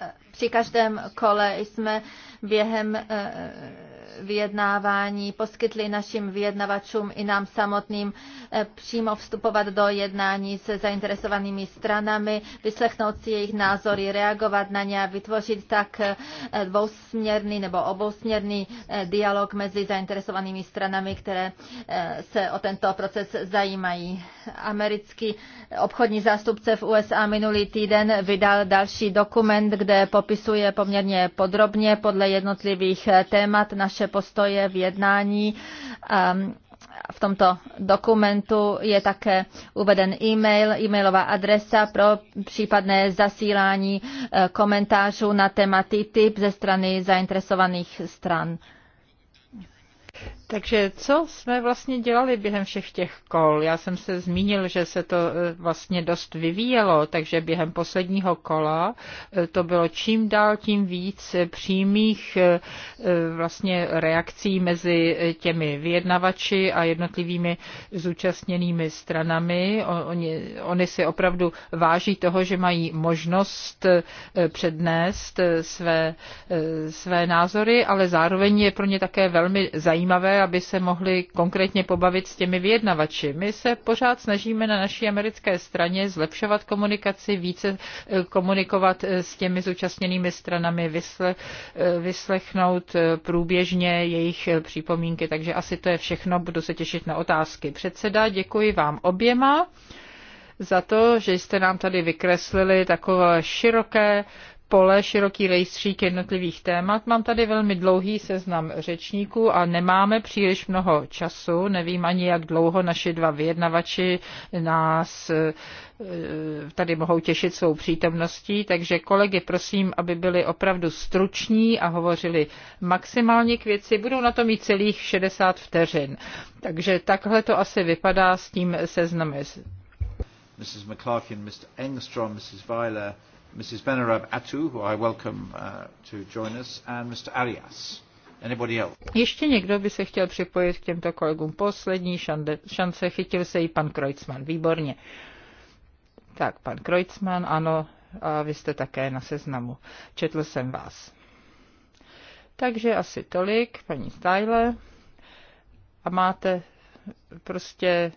Eh, při každém kole jsme během eh, vyjednávání poskytli našim vyjednavačům i nám samotným eh, přímo vstupovat do jednání se zainteresovanými stranami, vyslechnout si jejich názory, reagovat na ně a vytvořit tak eh, dvousměrný nebo obousměrný eh, dialog mezi zainteresovanými stranami, které se o tento proces zajímají. Americký obchodní zástupce v USA minulý týden vydal další dokument, kde popisuje poměrně podrobně podle jednotlivých témat naše naše postoje v jednání. Ehm, v tomto dokumentu je také uveden e-mail, e-mailová adresa pro případné zasílání eh, komentářů na tématy typ ze strany zainteresovaných stran. Takže co jsme vlastně dělali během všech těch kol? Já jsem se zmínil, že se to e, vlastně dost vyvíjelo, takže během posledního kola e, to bylo čím dál tím víc přímých e, vlastně reakcí mezi těmi vyjednavači a jednotlivými zúčastněnými stranami. Oni, oni si opravdu váží toho, že mají možnost přednést své, své názory, ale zároveň je pro ně také velmi zajímavé, aby se mohli konkrétně pobavit s těmi vyjednavači. My se pořád snažíme na naší americké straně zlepšovat komunikaci, více eh, komunikovat eh, s těmi zúčastněnými stranami, vysle, eh, vyslechnout průběžně jejich připomínky. Takže asi to je všechno. Budu se těšit na otázky. Předseda, děkuji vám oběma za to, že jste nám tady vykreslili takové široké pole, široký rejstřík jednotlivých témat. Mám tady velmi dlouhý seznam řečníků a nemáme příliš mnoho času. Nevím ani, jak dlouho naši dva vyjednavači nás eh, tady mohou těšit svou přítomností, takže kolegy prosím, aby byli opravdu struční a hovořili maximálně k věci. Budou na to mít celých 60 vteřin. Takže takhle to asi vypadá s tím seznamem. Mrs. McClarkin, Mr. Engstrom, Mrs. Weiler, Mrs. Benarab Atu, who I welcome uh, to join us, and Mr. Arias. Anybody else? Ještě někdo by se chtěl připojit k těmto kolegům. Poslední šance, chytil se i pan Kreutzmann. Výborně. Tak, pan Kreutzmann, ano, a vy jste také na seznamu. Četl jsem vás. Takže asi tolik, paní Stajle. A máte prostě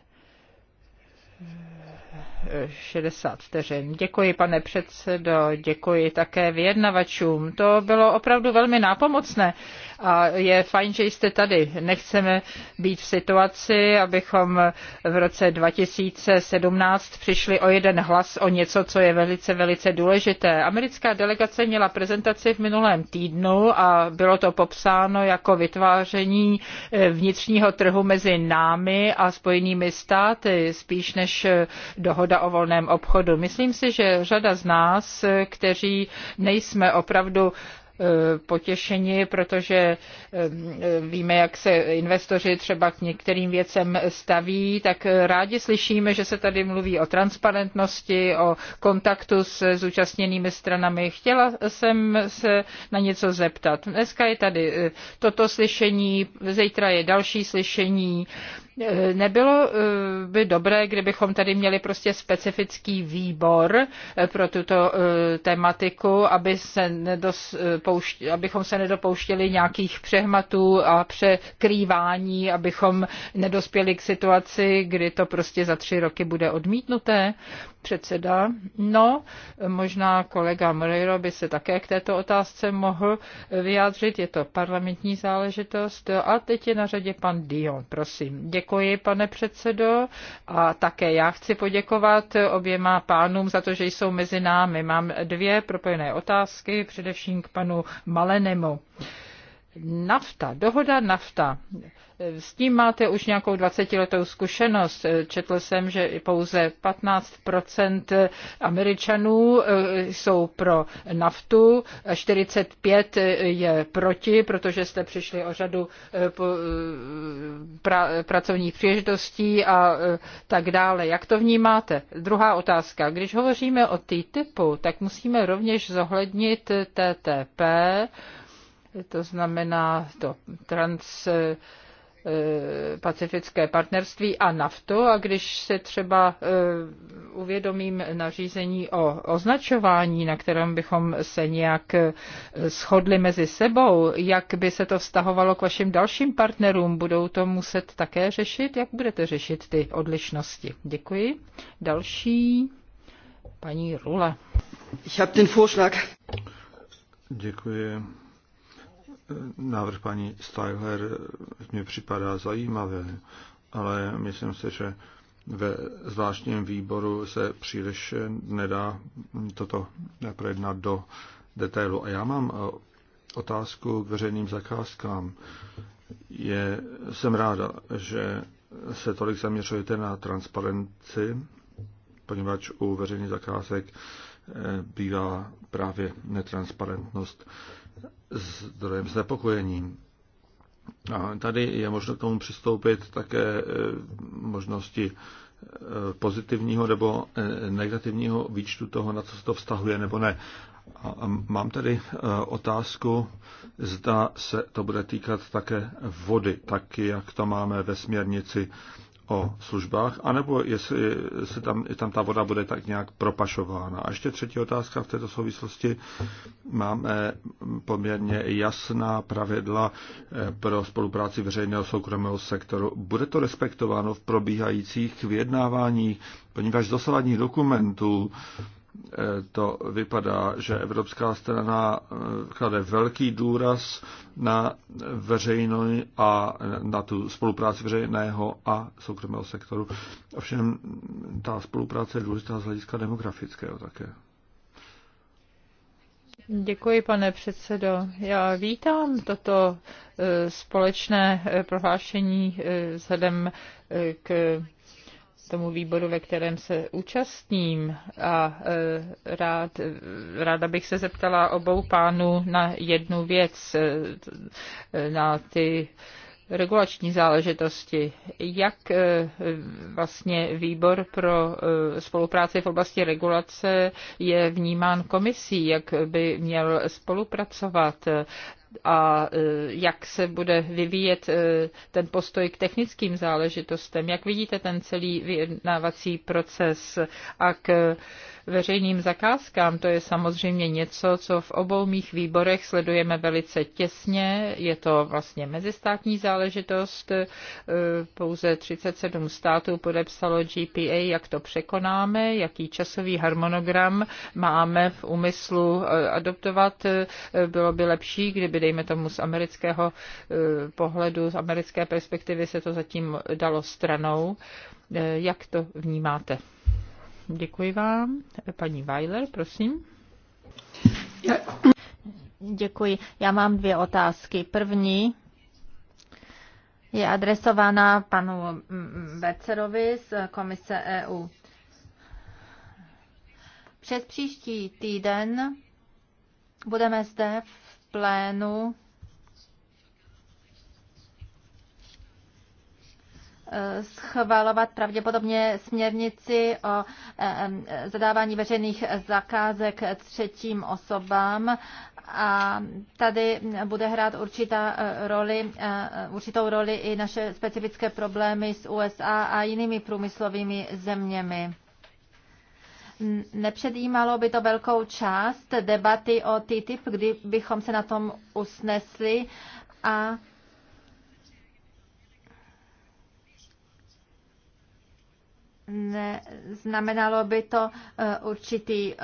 60 vteřin. Děkuji, pane předsedo, děkuji také vyjednavačům. To bylo opravdu velmi nápomocné a je fajn, že jste tady. Nechceme být v situaci, abychom v roce 2017 přišli o jeden hlas o něco, co je velice, velice důležité. Americká delegace měla prezentaci v minulém týdnu a bylo to popsáno jako vytváření eh, vnitřního trhu mezi námi a spojenými státy, spíš než eh, dohoda dohoda o volném obchodu. Myslím si, že řada z nás, kteří nejsme opravdu Eh, potěšeni, protože eh, eh, víme, jak se investoři třeba k některým věcem staví, tak rádi slyšíme, že se tady mluví o transparentnosti, o kontaktu s zúčastněnými stranami. Chtěla jsem se na něco zeptat. Dneska je tady toto slyšení, zítra je další slyšení. Nebylo by dobré, kdybychom tady měli prostě specifický výbor pro tuto tematiku, aby se nedos, nedopoušť, abychom se nedopouštěli nějakých přehmatů a překrývání, abychom nedospěli k situaci, kdy to prostě za tři roky bude odmítnuté předseda. No, možná kolega Moreiro by se také k této otázce mohl vyjádřit. Je to parlamentní záležitost. A teď je na řadě pan Dion, prosím. Děkuji, pane předsedo. A také já chci poděkovat oběma pánům za to, že jsou mezi námi. Mám dvě propojené otázky, především k panu Malenemu. Nafta, dohoda nafta. S tím máte už nějakou 20-letou zkušenost. Četl jsem, že pouze 15 Američanů eh, jsou pro naftu, 45 je proti, protože jste přišli o řadu eh, eh, pra, pracovních příležitostí a tak dále. Jak to vnímáte? Druhá otázka. Když hovoříme o TTIPu, tak musíme rovněž zohlednit TTP, to znamená to trans eh, pacifické partnerství a NAFTO a když se třeba eh, uvědomím nařízení o označování, na kterém bychom se nějak eh, shodli mezi sebou, jak by se to vztahovalo k vašim dalším partnerům, budou to muset také řešit? Jak budete řešit ty odlišnosti? Děkuji. Další paní Rula. Ich den Vorschlag. Děkuji návrh paní Steiler mi připadá zajímavý, ale myslím si, že ve zvláštním výboru se příliš nedá toto projednat do detailu. A já mám eh, otázku k veřejným zakázkám. Je, jsem ráda, že se tolik zaměřujete na transparenci, poněvadž u veřejných zakázek eh, bývá právě netransparentnost zdrojem znepokojením. A tady je možno k tomu přistoupit také eh, možnosti eh, pozitivního nebo eh, negativního výčtu toho, na co se to vztahuje nebo ne. A mám tady otázku, zda se to bude týkat také vody, tak jak to máme ve směrnici o službách, anebo jestli se tam, tam ta voda bude tak nějak propašována. A ještě třetí otázka v této souvislosti. Máme poměrně jasná pravidla eh, pro spolupráci veřejného soukromého sektoru. Bude to respektováno v probíhajících vyjednáváních, poněvadž z dosavadních dokumentů Eh, to vypadá, že evropská strana eh, klade velký důraz na veřejnou a na tu spolupráci veřejného a soukromého sektoru. Ovšem ta spolupráce je důležitá z hlediska demografického také. Děkuji, pane předsedo. Já vítám toto eh, společné prohlášení vzhledem k tomu výboru, ve kterém se účastním a e, rád, ráda bych se zeptala obou pánů na jednu věc, e, e, na ty regulační záležitosti. Jak vlastně výbor pro spolupráci v oblasti regulace je vnímán komisí, jak by měl spolupracovat, a e, jak se bude vyvíjet e, ten postoj k technickým záležitostem, jak vidíte ten celý vyjednávací proces a k veřejným zakázkám. To je samozřejmě něco, co v obou mých výborech sledujeme velice těsně. Je to vlastně mezistátní záležitost. E, pouze 37 států podepsalo GPA, jak to překonáme, jaký časový harmonogram máme v úmyslu e, adoptovat. E, bylo by lepší, kdyby, dejme tomu, z amerického pohledu, z americké perspektivy se to zatím dalo stranou. Jak to vnímáte? Děkuji vám. Paní Weiler, prosím. Děkuji. Já mám dvě otázky. První je adresována panu Becerovi z Komise EU. Přes příští týden budeme zde v plénu schvalovat pravděpodobně směrnici o eh, eh, zadávání veřejných zakázek třetím osobám a tady bude hrát určitá eh, roli, určitou roli i naše specifické problémy s USA a jinými průmyslovými zeměmi. Nepředjímalo by to velkou část debaty o TTIP, kdybychom se na tom usnesli a Neznamenalo znamenalo by to eh, určitý eh,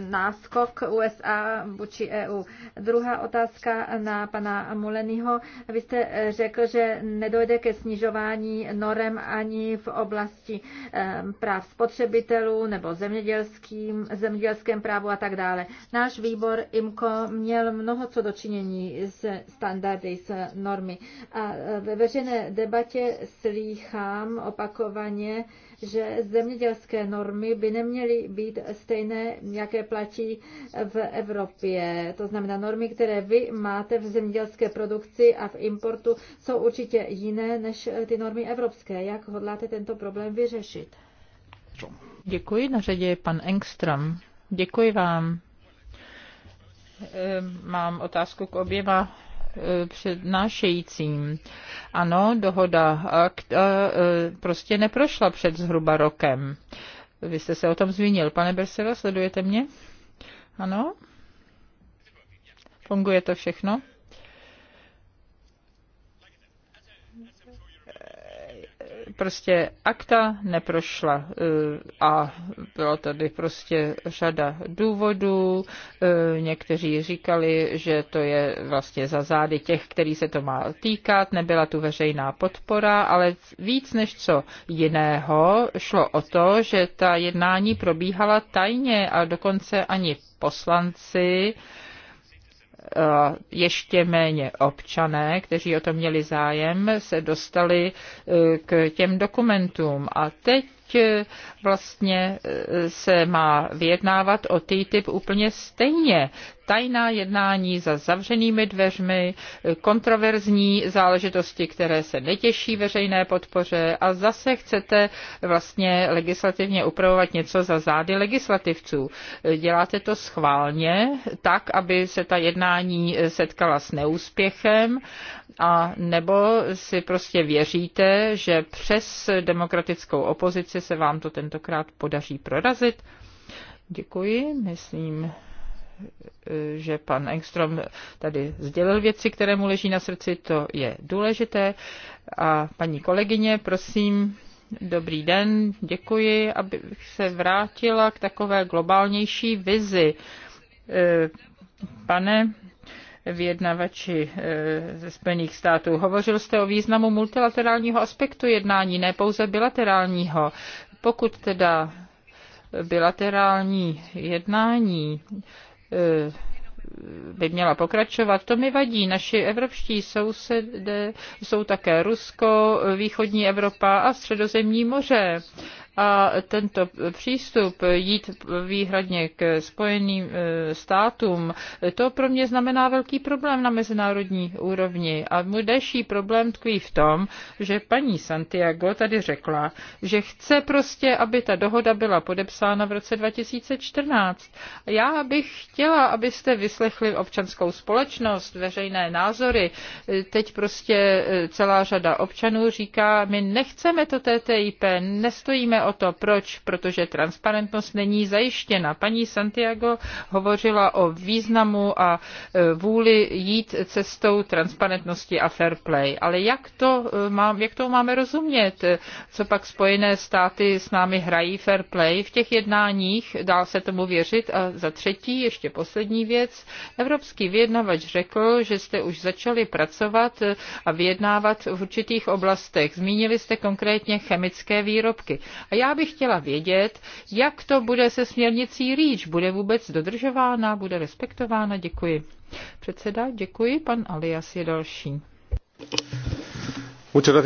náskok USA vůči EU. Druhá otázka na pana Muleniho. Vy jste eh, řekl, že nedojde ke snižování norem ani v oblasti práv spotřebitelů nebo zemědělským, zemědělském právu a tak dále. Náš výbor IMCO měl mnoho co dočinění s standardy, s normy. A ve veřejné debatě slýchám opakovaně, že zemědělské normy by neměly být stejné, jaké platí v Evropě. To znamená, normy, které vy máte v zemědělské produkci a v importu, jsou určitě jiné než ty normy evropské. Jak hodláte tento problém vyřešit? Děkuji, na řadě je pan Engström. Děkuji vám. Ehm, mám otázku k oběma Eh, přednášejícím. Ano, dohoda akta eh, eh, prostě neprošla před zhruba rokem. Vy jste se o tom zmínil. Pane Bersero, sledujete mě? Ano? Funguje to všechno? prostě akta neprošla eh, a byla tady prostě řada důvodů. Eh, někteří říkali, že to je vlastně za zády těch, který se to má týkat, nebyla tu veřejná podpora, ale víc než co jiného šlo o to, že ta jednání probíhala tajně a dokonce ani poslanci, Eh, ještě méně občané, kteří o to měli zájem, se dostali eh, k těm dokumentům. A teď eh, vlastně se má vyjednávat o TTIP úplně stejně tajná jednání za zavřenými dveřmi, kontroverzní záležitosti, které se netěší veřejné podpoře a zase chcete vlastně legislativně upravovat něco za zády legislativců. Děláte to schválně, tak, aby se ta jednání setkala s neúspěchem a nebo si prostě věříte, že přes demokratickou opozici se vám to tentokrát podaří prorazit? Děkuji, myslím, že pan Engstrom tady sdělil věci, které mu leží na srdci, to je důležité. A paní kolegyně, prosím, dobrý den, děkuji, abych se vrátila k takové globálnější vizi. E, pane vyjednavači e, ze Spojených států. Hovořil jste o významu multilaterálního aspektu jednání, ne pouze bilaterálního. Pokud teda bilaterální jednání by měla pokračovat, to mi vadí. Naši evropští sousedé jsou také Rusko, východní Evropa a středozemní moře. A tento přístup jít výhradně k spojeným e, státům, to pro mě znamená velký problém na mezinárodní úrovni. A můj další problém tkví v tom, že paní Santiago tady řekla, že chce prostě, aby ta dohoda byla podepsána v roce 2014. Já bych chtěla, abyste vyslechli občanskou společnost, veřejné názory. Teď prostě e, celá řada občanů říká, my nechceme to TTIP, nestojíme o to. Proč? Protože transparentnost není zajištěna. Paní Santiago hovořila o významu a e, vůli jít cestou transparentnosti a fair play. Ale jak to, e, mám, jak to máme rozumět? Co pak Spojené státy s námi hrají fair play v těch jednáních? Dá se tomu věřit? A za třetí, ještě poslední věc. Evropský vyjednavač řekl, že jste už začali pracovat a vyjednávat v určitých oblastech. Zmínili jste konkrétně chemické výrobky. A já bych chtěla vědět, jak to bude se směrnicí REACH. Bude vůbec dodržována, bude respektována? Děkuji. Předseda, děkuji. Pan Alias je další. Eh,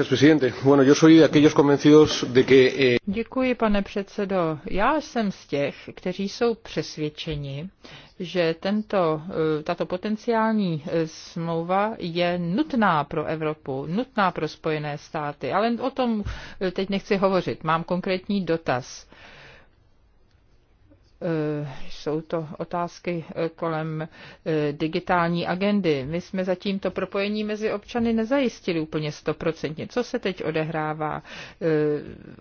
Děkuji, pane předsedající Já jsem z těch, kteří jsou přesvědčeni, že tento, eh, tato potenciální eh, smlouva je nutná pro Evropu, nutná pro Spojené státy, ale o tom teď nechci hovořit. Mám konkrétní dotaz. Eh, jsou to otázky eh, kolem eh, digitální agendy. My jsme zatím to propojení mezi občany nezajistili úplně stoprocentně. Co se teď odehrává?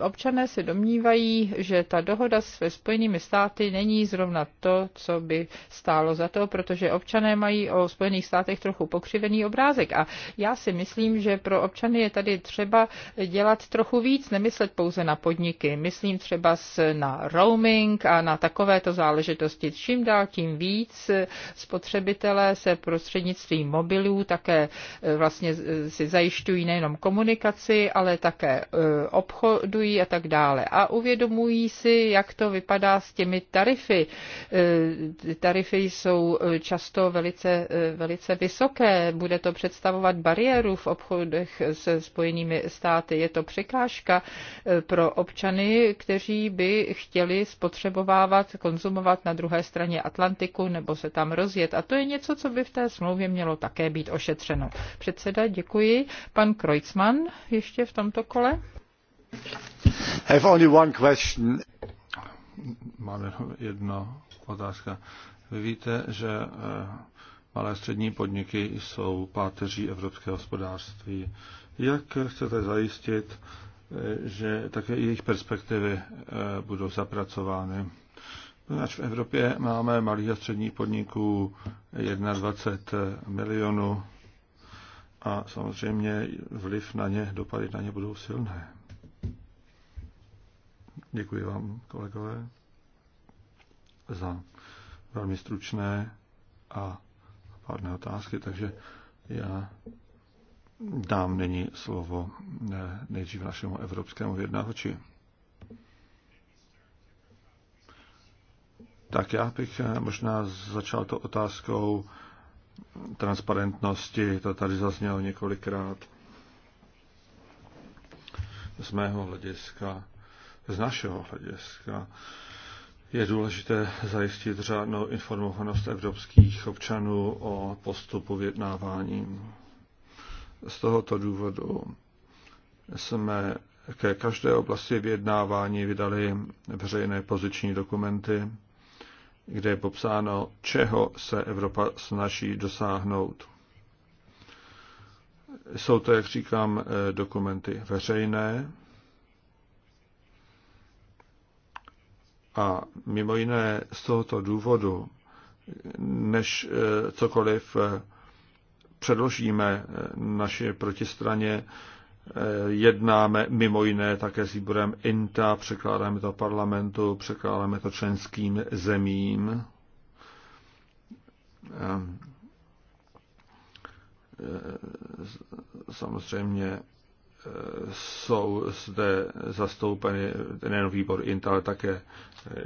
Občané se domnívají, že ta dohoda se Spojenými státy není zrovna to, co by stálo za to, protože občané mají o Spojených státech trochu pokřivený obrázek. A já si myslím, že pro občany je tady třeba dělat trochu víc, nemyslet pouze na podniky. Myslím třeba na roaming a na takové takovéto záležitosti. Čím dál tím víc spotřebitelé se prostřednictvím mobilů také e, vlastně si zajišťují nejenom komunikaci, ale také e, obchodují a tak dále. A uvědomují si, jak to vypadá s těmi tarify. E, tarify jsou často velice, velice vysoké. Bude to představovat bariéru v obchodech se spojenými státy. Je to překážka pro občany, kteří by chtěli spotřebovávat konzumovat na druhé straně Atlantiku nebo se tam rozjet. A to je něco, co by v té smlouvě mělo také být ošetřeno. Předseda, děkuji. Pan Kreutzmann ještě v tomto kole. have only one question. Mám jenom jedno otázka. Vy víte, že eh, malé a střední podniky jsou páteří evropského hospodářství. Jak chcete zajistit, eh, že také jejich perspektivy eh, budou zapracovány? v Evropě máme malých a středních podniků 21 milionů a samozřejmě vliv na ně, dopady na ně budou silné. Děkuji vám, kolegové, za velmi stručné a pádné otázky, takže já dám nyní slovo eh, nejdřív našemu evropskému vyjednávači. Tak já bych eh, možná začal to otázkou transparentnosti, to tady zaznělo několikrát z mého hlediska, z našeho hlediska, je důležité zajistit řádnou informovanost evropských občanů o postupu vyjednávání. Z tohoto důvodu jsme ke každé oblasti vyjednávání vydali veřejné poziční dokumenty, kde je popsáno, čeho se Evropa snaží dosáhnout. Jsou to, jak říkám, eh, dokumenty veřejné a mimo jiné z tohoto důvodu, než eh, cokoliv eh, předložíme naše protistraně, Eh, jednáme mimo jiné také s výborem INTA, překládáme to parlamentu, překládáme to členským zemím. Eh, samozřejmě eh, jsou zde zastoupeny nejen výbor INTA, ale také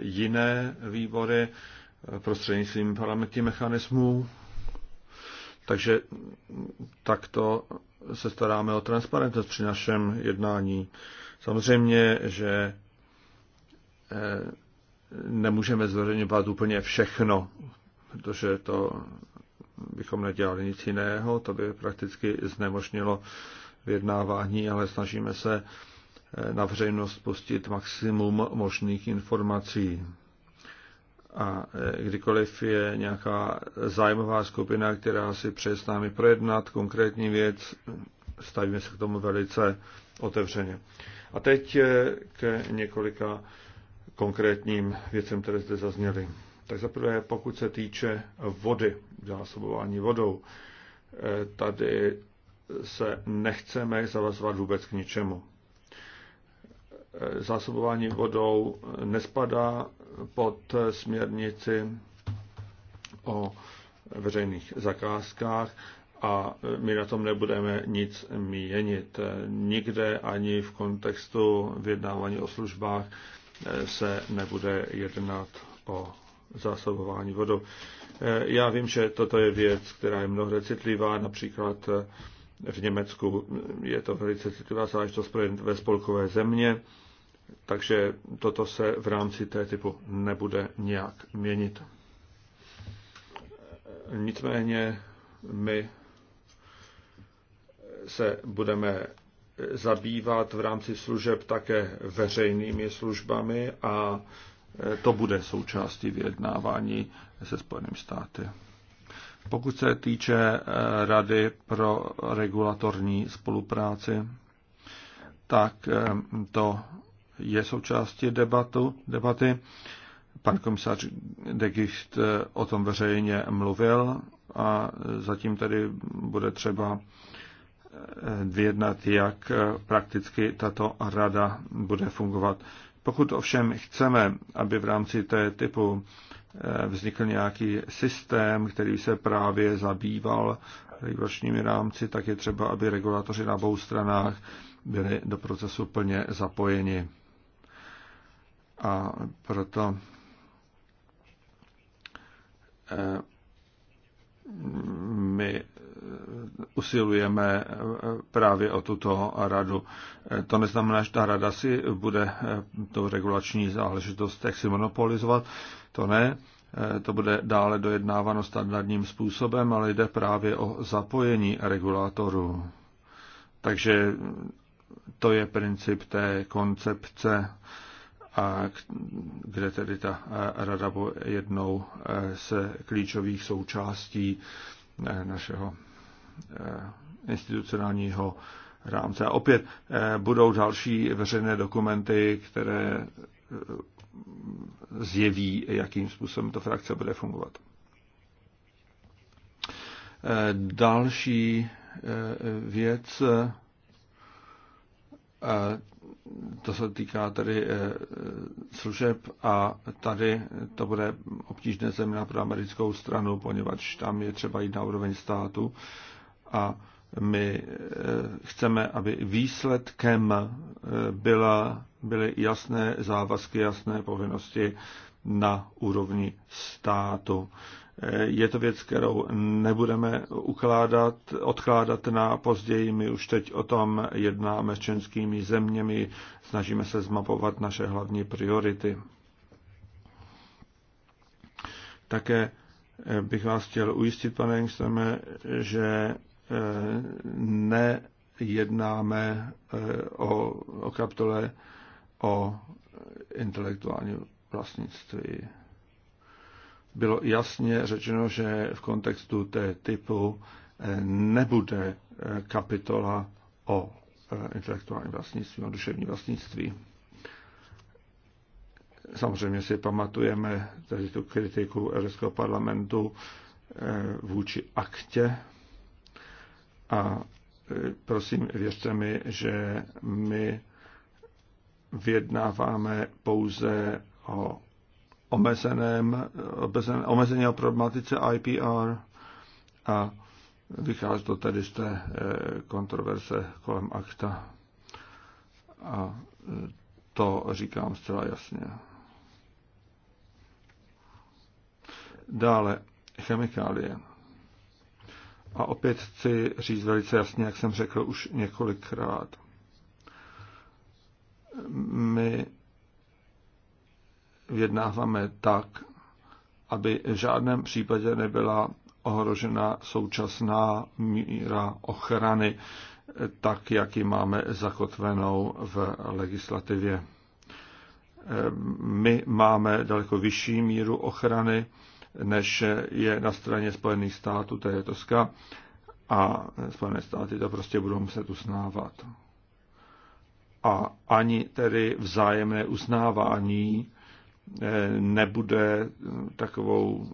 jiné výbory prostřednictvím parlamentních mechanismů. Takže takto se staráme o transparentnost při našem jednání. Samozřejmě, že eh, nemůžeme zveřejňovat úplně všechno, protože to bychom nedělali nic jiného, to by prakticky znemožnilo vyjednávání, ale snažíme se eh, na veřejnost pustit maximum možných informací. A e, kdykoliv je nějaká zájmová skupina, která si přeje s námi projednat konkrétní věc, stavíme se k tomu velice otevřeně. A teď e, k několika konkrétním věcem, které zde zazněly. Tak zaprvé, pokud se týče vody, zásobování vodou, e, tady se nechceme zavazovat vůbec k ničemu. Zásobování vodou nespadá pod směrnici o veřejných zakázkách a my na tom nebudeme nic měnit. Nikde ani v kontextu vyjednávání o službách se nebude jednat o zásobování vodou. Já vím, že toto je věc, která je mnohde citlivá, například v Německu je to velice citlivá záležitost ve spolkové země takže toto se v rámci té typu nebude nějak měnit. Nicméně my se budeme zabývat v rámci služeb také veřejnými službami a to bude součástí vyjednávání se Spojenými státy. Pokud se týče eh, Rady pro regulatorní spolupráci, tak eh, to je součástí debatu, debaty. Pan komisař de Gicht eh, o tom veřejně mluvil a zatím tedy bude třeba eh, vyjednat, jak eh, prakticky tato rada bude fungovat. Pokud ovšem chceme, aby v rámci té typu vznikl nějaký systém, který se právě zabýval regulačními rámci, tak je třeba, aby regulatoři na obou stranách byli do procesu plně zapojeni. A proto eh, my eh, usilujeme eh, právě o tuto radu. To neznamená, že ta rada si bude tu regulační záležitost jak si monopolizovat, to ne. To bude dále dojednáváno standardním způsobem, ale jde právě o zapojení regulátorů. Takže to je princip té koncepce a kde tedy ta eh, rada bude jednou z eh, klíčových součástí eh, našeho institucionálního rámce. A opět budou další veřejné dokumenty, které zjeví, jakým způsobem to frakce bude fungovat. Další věc, to se týká tady eh, služeb a tady to bude obtížné zeměna pro americkou stranu, poněvadž tam je třeba jít na úroveň státu a my eh, chceme, aby výsledkem eh, byla, byly jasné závazky, jasné povinnosti na úrovni státu je to věc, kterou nebudeme ukládat, odkládat na později. My už teď o tom jednáme s členskými zeměmi, snažíme se zmapovat naše hlavní priority. Také eh, bych vás chtěl ujistit, pane Engstrome, že eh, nejednáme eh, o, o kapitole o intelektuálním vlastnictví bylo jasně řečeno, že v kontextu té typu eh, nebude eh, kapitola o eh, intelektuálním vlastnictví, o duševní vlastnictví. Samozřejmě si pamatujeme tady tu kritiku Evropského parlamentu vůči aktě a prosím, věřte mi, že my vyjednáváme pouze o omezeném, omezen, omezeně o problematice IPR a vychází to tedy z té eh, kontroverze kolem akta. A eh, to říkám zcela jasně. Dále chemikálie. A opět chci říct velice jasně, jak jsem řekl už několikrát. My vyjednáváme tak, aby v žádném případě nebyla ohrožena současná míra ochrany, tak jak ji máme zakotvenou v legislativě. My máme daleko vyšší míru ochrany, než je na straně Spojených států, to je Toska, a Spojené státy to prostě budou muset usnávat. A ani tedy vzájemné uznávání Eh, nebude eh, takovou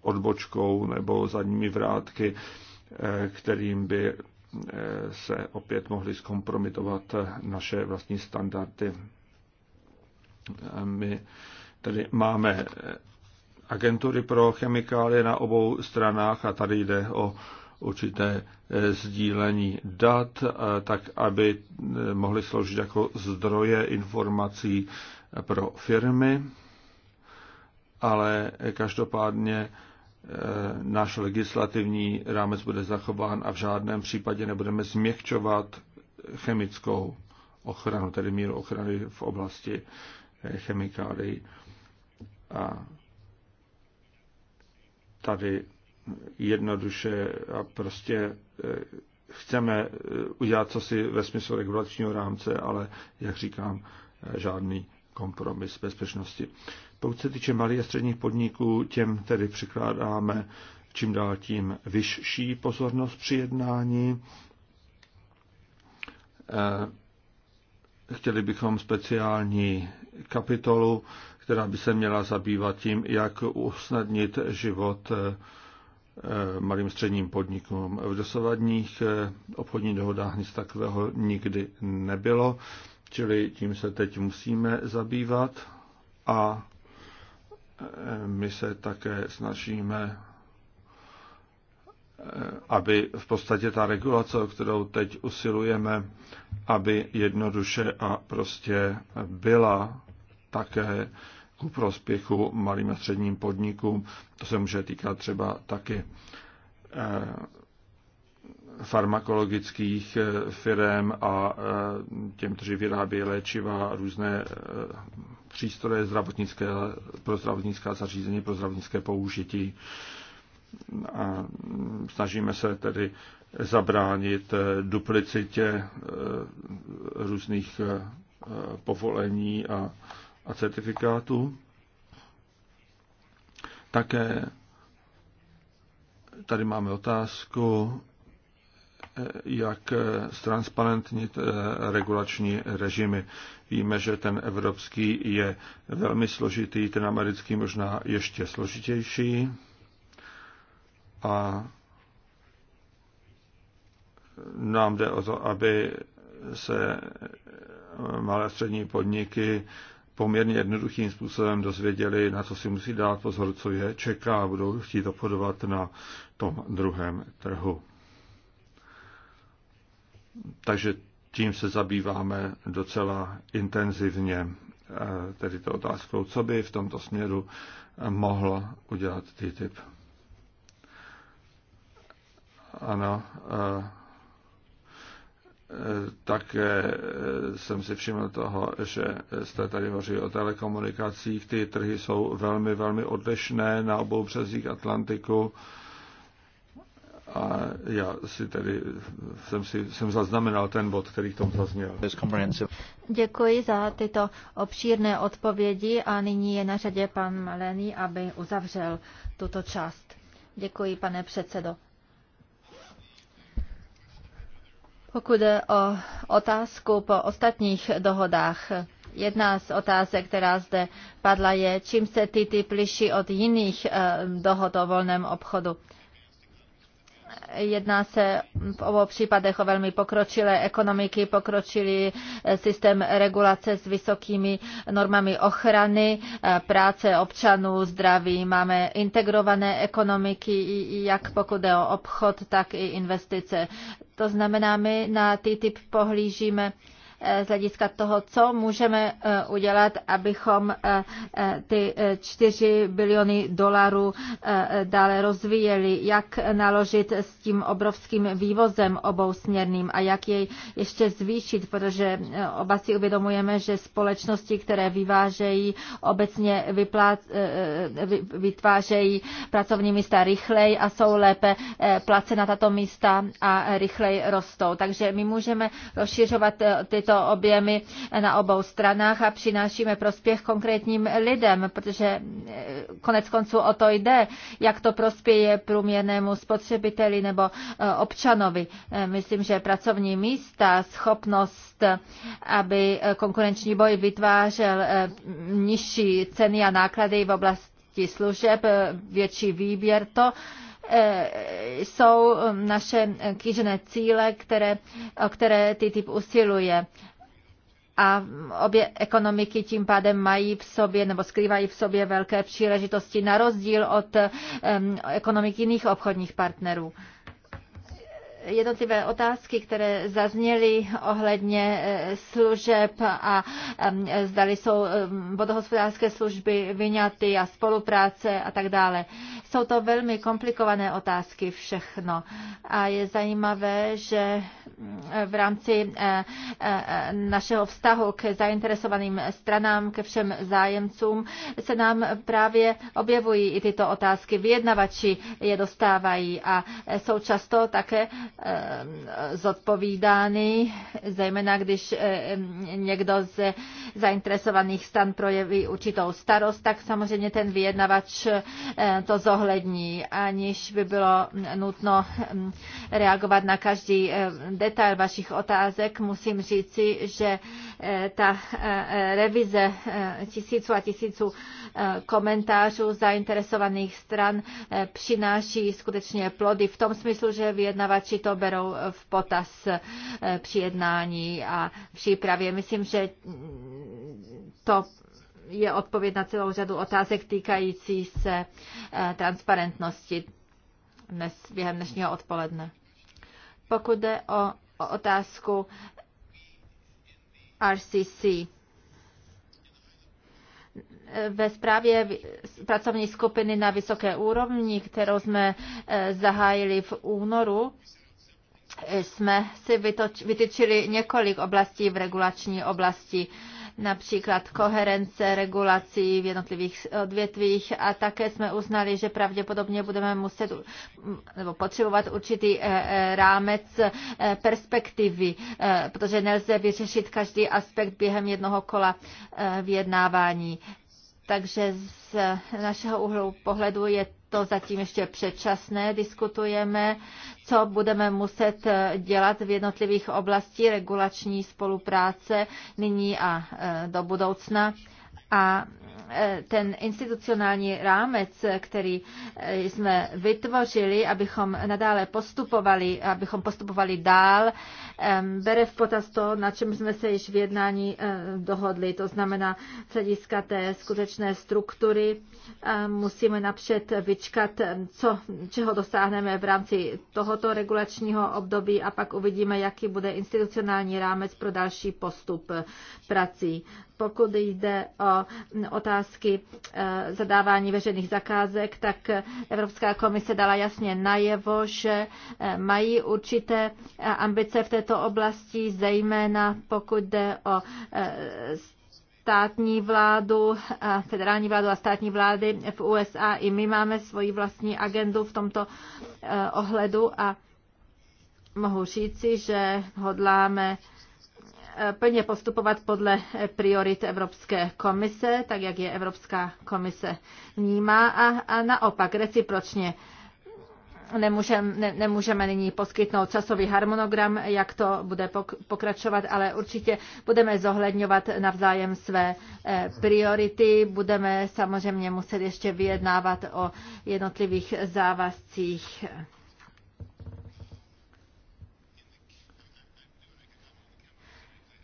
odbočkou nebo zadními vrátky, eh, kterým by se opět mohly zkompromitovat naše vlastní standardy. My tady máme agentury pro chemikálie na obou stranách a tady jde o určité sdílení dat, tak aby mohly sloužit jako zdroje informací pro firmy, ale každopádně eh, náš legislativní rámec bude zachován a v žádném případě nebudeme změkčovat chemickou ochranu, tedy míru ochrany v oblasti eh, chemikálií. A tady jednoduše a prostě eh, chceme udělat co si ve smyslu regulačního rámce, ale jak říkám, žádný kompromis bezpečnosti. Pokud se týče malých a středních podniků, těm tedy přikládáme čím dál tím vyšší pozornost při jednání. Eh, chtěli bychom speciální kapitolu, která by se měla zabývat tím, jak usnadnit život eh, malým středním podnikům. V dosavadních eh, obchodních dohodách nic takového nikdy nebylo Čili tím se teď musíme zabývat a e, my se také snažíme, e, aby v podstatě ta regulace, o kterou teď usilujeme, aby jednoduše a prostě byla také ku prospěchu malým a středním podnikům. To se může týkat třeba taky e, farmakologických eh, firm a eh, těm, kteří vyrábějí léčiva, různé eh, přístroje zdravotnické, pro zdravotnická zařízení, pro zdravotnické použití. A mm, snažíme se tedy zabránit duplicitě různých povolení a, a certifikátů. Také tady máme otázku jak ztransparentnit eh, regulační režimy. Víme, že ten evropský je velmi složitý, ten americký možná ještě složitější. A nám jde o to, aby se malé a střední podniky poměrně jednoduchým způsobem dozvěděli, na co si musí dát pozor, co je čeká a budou chtít obchodovat na tom druhém trhu. Takže tím se zabýváme docela intenzivně, eh, tedy to otázkou, co by v tomto směru mohl udělat TTIP. Ano, eh, také jsem si všiml toho, že jste tady hovořili o telekomunikacích. Ty trhy jsou velmi, velmi odlišné na obou březích Atlantiku. A já si tedy jsem, si, jsem zaznamenal ten bod, který k tomu zazněl. Děkuji za tyto obšírné odpovědi a nyní je na řadě pan Malený, aby uzavřel tuto část. Děkuji, pane předsedo. Pokud jde o otázku po ostatních dohodách, jedna z otázek, která zde padla, je, čím se TTIP liší od jiných eh, dohod o volném obchodu. Jedná se v obou případech o velmi pokročilé ekonomiky, pokročilý eh, systém regulace s vysokými normami ochrany, eh, práce občanů, zdraví. Máme integrované ekonomiky, jak pokud je o obchod, tak i investice. To znamená, my na TTIP pohlížíme z hlediska toho, co můžeme eh, udělat, abychom eh, eh, ty 4 biliony dolarů dále rozvíjeli, jak naložit s tím obrovským vývozem obou směrným a jak jej ještě zvýšit, protože oba si uvědomujeme, že společnosti, které vyvážejí, obecně vyplác, vytvářejí pracovní místa rychleji a jsou lépe placena tato místa a rychleji rostou. Takže my můžeme rozšiřovat ty tyto objemy na obou stranách a přinášíme prospěch konkrétním lidem, protože eh, konec konců o to jde, jak to prospěje průměrnému spotřebiteli nebo eh, občanovi. Eh, myslím, že pracovní místa, schopnost, aby konkurenční boj vytvářel nižší ceny a náklady v oblasti služeb, větší výběr, to Eh, jsou um, naše kýžené cíle, které, o které TTIP usiluje a obě ekonomiky tím pádem mají v sobě nebo skrývají v sobě velké příležitosti na rozdíl od um, ekonomik jiných obchodních partnerů jednotlivé otázky, které zazněly ohledně eh, služeb a zdali jsou vodohospodářské služby vyňaty a spolupráce a tak dále. Jsou to velmi komplikované otázky všechno a je zajímavé, že v rámci eh, eh, našeho vztahu k zainteresovaným stranám, ke všem zájemcům se nám právě objevují i tyto otázky. Vyjednavači je dostávají a jsou často také Eh, zodpovídány, zejména když eh, někdo z zainteresovaných stan projeví určitou starost, tak samozřejmě ten vyjednavač eh, to zohlední, aniž by bylo nutno reagovat na každý detail vašich otázek. Musím říci, že ta revize tisíců a tisíců Eh, komentářů zainteresovaných stran eh, přináší skutečně plody v tom smyslu, že vyjednavači to berou eh, v potaz při jednání a přípravě. Myslím, že mm, to je odpověď na celou řadu otázek týkající se transparentnosti dnes, během dnešního odpoledne. Pokud jde o, o otázku RCC, ve zprávě pracovní skupiny na vysoké úrovni, kterou jsme e, zahájili v únoru, jsme si vytyčili několik oblastí v regulační oblasti například koherence regulací v jednotlivých odvětvích a také jsme uznali, že pravděpodobně budeme muset nebo potřebovat určitý e, e, rámec perspektivy, protože nelze vyřešit každý aspekt během jednoho kola vyjednávání. Takže z našeho úhlu pohledu je to zatím ještě předčasné. Diskutujeme, co budeme muset dělat v jednotlivých oblasti regulační spolupráce nyní a e, do budoucna. A e, ten institucionální rámec, který e, jsme vytvořili, abychom nadále postupovali, abychom postupovali dál, bere v potaz to, na čem jsme se již v jednání e, dohodli. To znamená, z hlediska té skutečné struktury musíme napřed vyčkat, co, čeho dosáhneme v rámci tohoto regulačního období a pak uvidíme, jaký bude institucionální rámec pro další postup prací pokud jde o otázky eh, zadávání veřejných zakázek, tak Evropská komise dala jasně najevo, že eh, mají určité eh, ambice v této oblasti, zejména pokud jde o státní vládu, federální vládu a státní vlády v USA. I my máme svoji vlastní agendu v tomto ohledu a mohu říci, že hodláme plně postupovat podle priorit Evropské komise, tak jak je Evropská komise vnímá a, a naopak recipročně nemůžeme, ne, nemůžeme nyní poskytnout časový harmonogram, jak to bude pokračovat, ale určitě budeme zohledňovat navzájem své eh, priority. Budeme samozřejmě muset ještě vyjednávat o jednotlivých závazcích.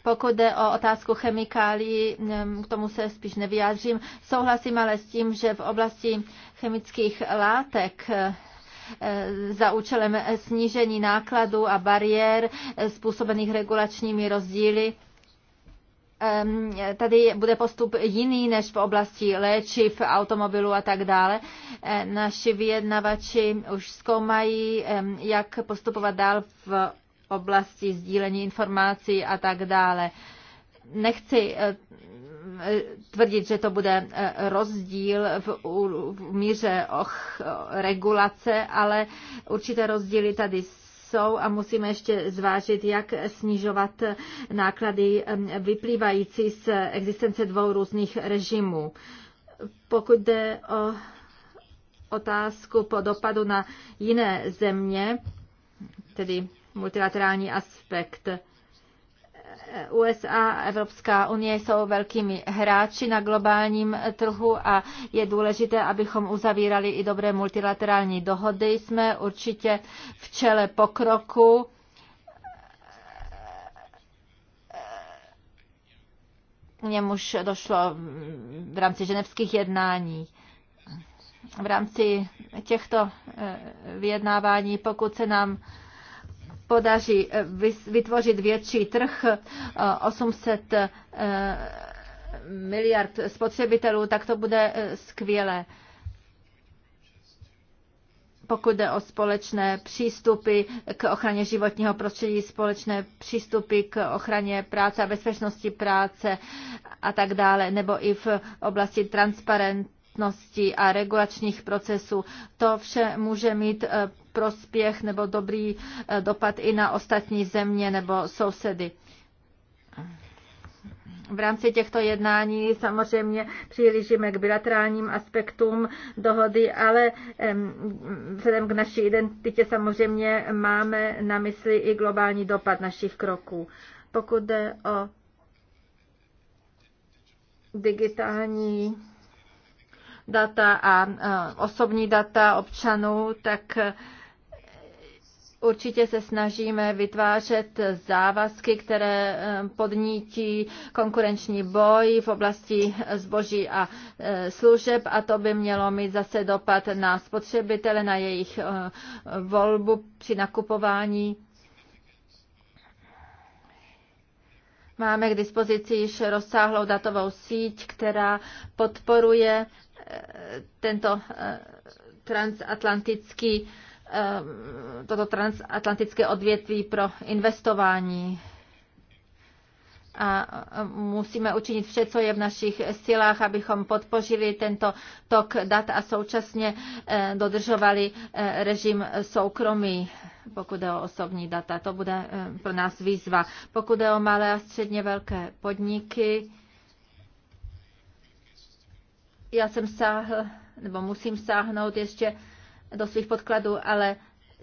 Pokud jde o otázku chemikálií, mm, k tomu se spíš nevyjádřím. Souhlasím ale s tím, že v oblasti chemických látek eh, za účelem snížení nákladů a bariér eh, způsobených regulačními rozdíly ehm, tady bude postup jiný než v oblasti léčiv, automobilů a tak dále. Eh, naši vyjednavači už zkoumají, ehm, jak postupovat dál v oblasti sdílení informací a tak dále. Nechci eh, tvrdit, že to bude eh, rozdíl v, v míře och, regulace, ale určité rozdíly tady jsou a musíme ještě zvážit, jak snižovat eh, náklady vyplývající z existence dvou různých režimů. Pokud jde o otázku po dopadu na jiné země, tedy multilaterální aspekt. USA a Evropská unie jsou velkými hráči na globálním trhu a je důležité, abychom uzavírali i dobré multilaterální dohody. Jsme určitě v čele pokroku. Němuž došlo v rámci ženevských jednání v rámci těchto eh, vyjednávání, pokud se nám podaří eh, vytvořit větší trh 800 eh, eh, miliard spotřebitelů, tak to bude skvělé pokud jde o společné přístupy k ochraně životního prostředí, společné přístupy k ochraně práce a bezpečnosti práce a tak dále, nebo i v oblasti transparentnosti a regulačních procesů. To vše může mít prospěch nebo dobrý eh, dopad i na ostatní země nebo sousedy. V rámci těchto jednání samozřejmě přihlížíme k bilaterálním aspektům dohody, ale vzhledem k naší identitě samozřejmě máme na mysli i globální dopad našich kroků. Pokud jde o digitální data a eh, osobní data občanů, tak Určitě se snažíme vytvářet závazky, které eh, podnítí konkurenční boj v oblasti zboží a eh, služeb a to by mělo mít zase dopad na spotřebitele, na jejich eh, volbu při nakupování. Máme k dispozici již rozsáhlou datovou síť, která podporuje tento transatlantický Ehm, toto transatlantické odvětví pro investování. A e, musíme učinit vše, co je v našich silách, abychom podpořili tento tok dat a současně e, dodržovali e, režim soukromí, pokud je o osobní data. To bude pro nás výzva. Pokud je o malé a středně velké podniky, já jsem sáhl, nebo musím sáhnout ještě do svých podkladů, ale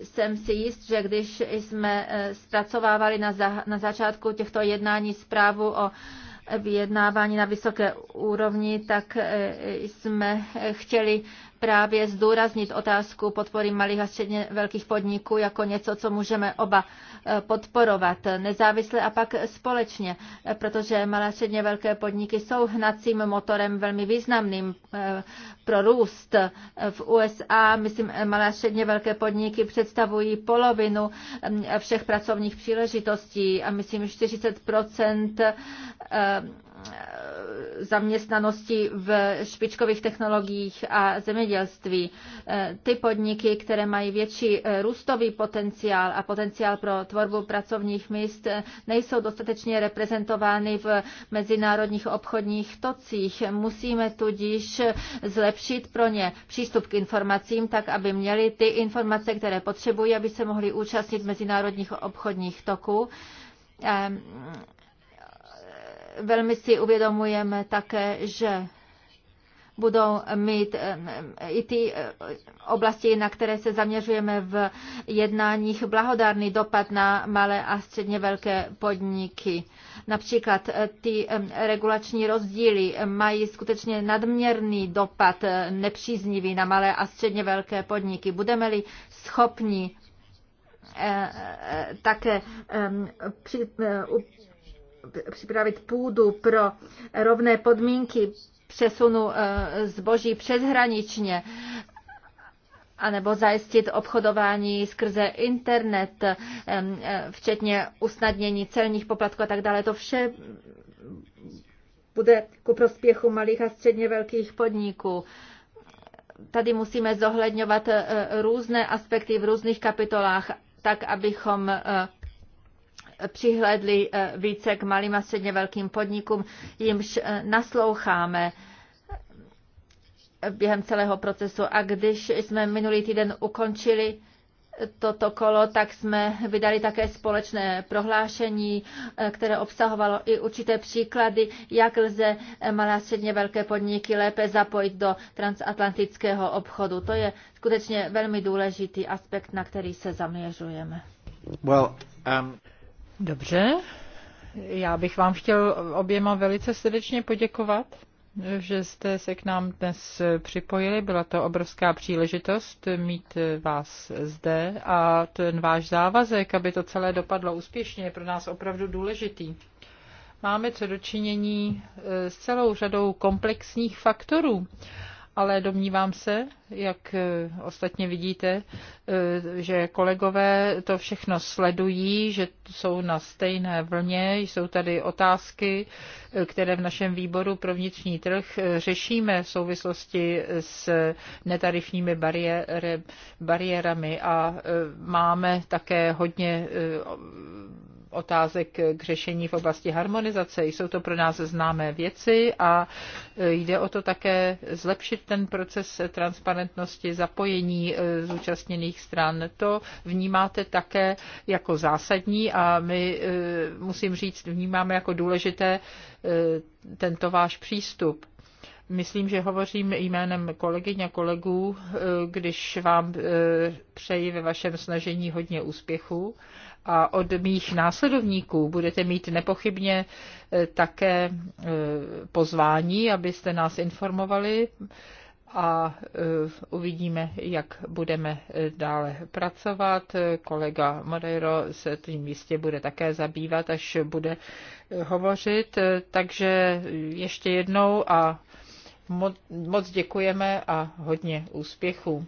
jsem si jist, že když jsme eh, zpracovávali na, za, na začátku těchto jednání zprávu o vyjednávání na vysoké úrovni, tak eh, jsme chtěli právě zdůraznit otázku podpory malých a středně velkých podniků jako něco, co můžeme oba Eh, podporovat nezávisle a pak společně, eh, protože malé a středně velké podniky jsou hnacím motorem velmi významným eh, pro růst. V USA, myslím, malé a středně velké podniky představují polovinu všech pracovních příležitostí a myslím 40 Eh, zaměstnanosti v špičkových technologiích a zemědělství. Eh, ty podniky, které mají větší eh, růstový potenciál a potenciál pro tvorbu pracovních míst, nejsou dostatečně reprezentovány v mezinárodních obchodních tocích. Musíme tudíž zlepšit pro ně přístup k informacím, tak aby měli ty informace, které potřebují, aby se mohli účastnit mezinárodních obchodních toků ehm, Velmi si uvědomujeme také, že budou mít eh, i ty eh, oblasti, na které se zaměřujeme v jednáních, blahodárný dopad na malé a středně velké podniky. Například eh, ty regulační rozdíly mají skutečně nadměrný dopad nepříznivý na malé a středně velké podniky. Budeme-li schopni také připravit půdu pro rovné podmínky přesunu eh, zboží přeshraničně anebo zajistit obchodování skrze internet, eh, eh, včetně usnadnění celních poplatků a tak dále. To vše bude ku prospěchu malých a středně velkých podniků. Tady musíme zohledňovat různé aspekty v různých kapitolách, tak abychom přihledli eh, více k malým a středně velkým podnikům, jimž eh, nasloucháme eh, během celého procesu. A když jsme minulý týden ukončili toto kolo, tak jsme vydali také společné prohlášení, které obsahovalo i určité příklady, jak lze malé a středně velké podniky lépe zapojit do transatlantického obchodu. To je skutečně velmi důležitý aspekt, na který se zaměřujeme. Well, um... Dobře, já bych vám chtěl oběma velice srdečně poděkovat, že jste se k nám dnes připojili. Byla to obrovská příležitost mít vás zde a ten váš závazek, aby to celé dopadlo úspěšně, je pro nás opravdu důležitý. Máme co dočinění s celou řadou komplexních faktorů ale domnívám se, jak eh, ostatně vidíte, eh, že kolegové to všechno sledují, že jsou na stejné vlně, jsou tady otázky, eh, které v našem výboru pro vnitřní trh řešíme v souvislosti s netarifními bariéry, bariérami a máme také hodně otázek k řešení v oblasti harmonizace. Jsou to pro nás známé věci a e, jde o to také zlepšit ten proces transparentnosti, zapojení e, zúčastněných stran. To vnímáte také jako zásadní a my, e, musím říct, vnímáme jako důležité tento váš přístup. Myslím, že hovořím jménem kolegyň a kolegů, když vám přeji ve vašem snažení hodně úspěchu a od mých následovníků budete mít nepochybně eh, také eh, pozvání, abyste nás informovali a eh, uvidíme, jak budeme dále pracovat. Kolega Moreiro se tím jistě bude také zabývat, až bude hovořit. Takže ještě jednou a moc děkujeme a hodně úspěchů.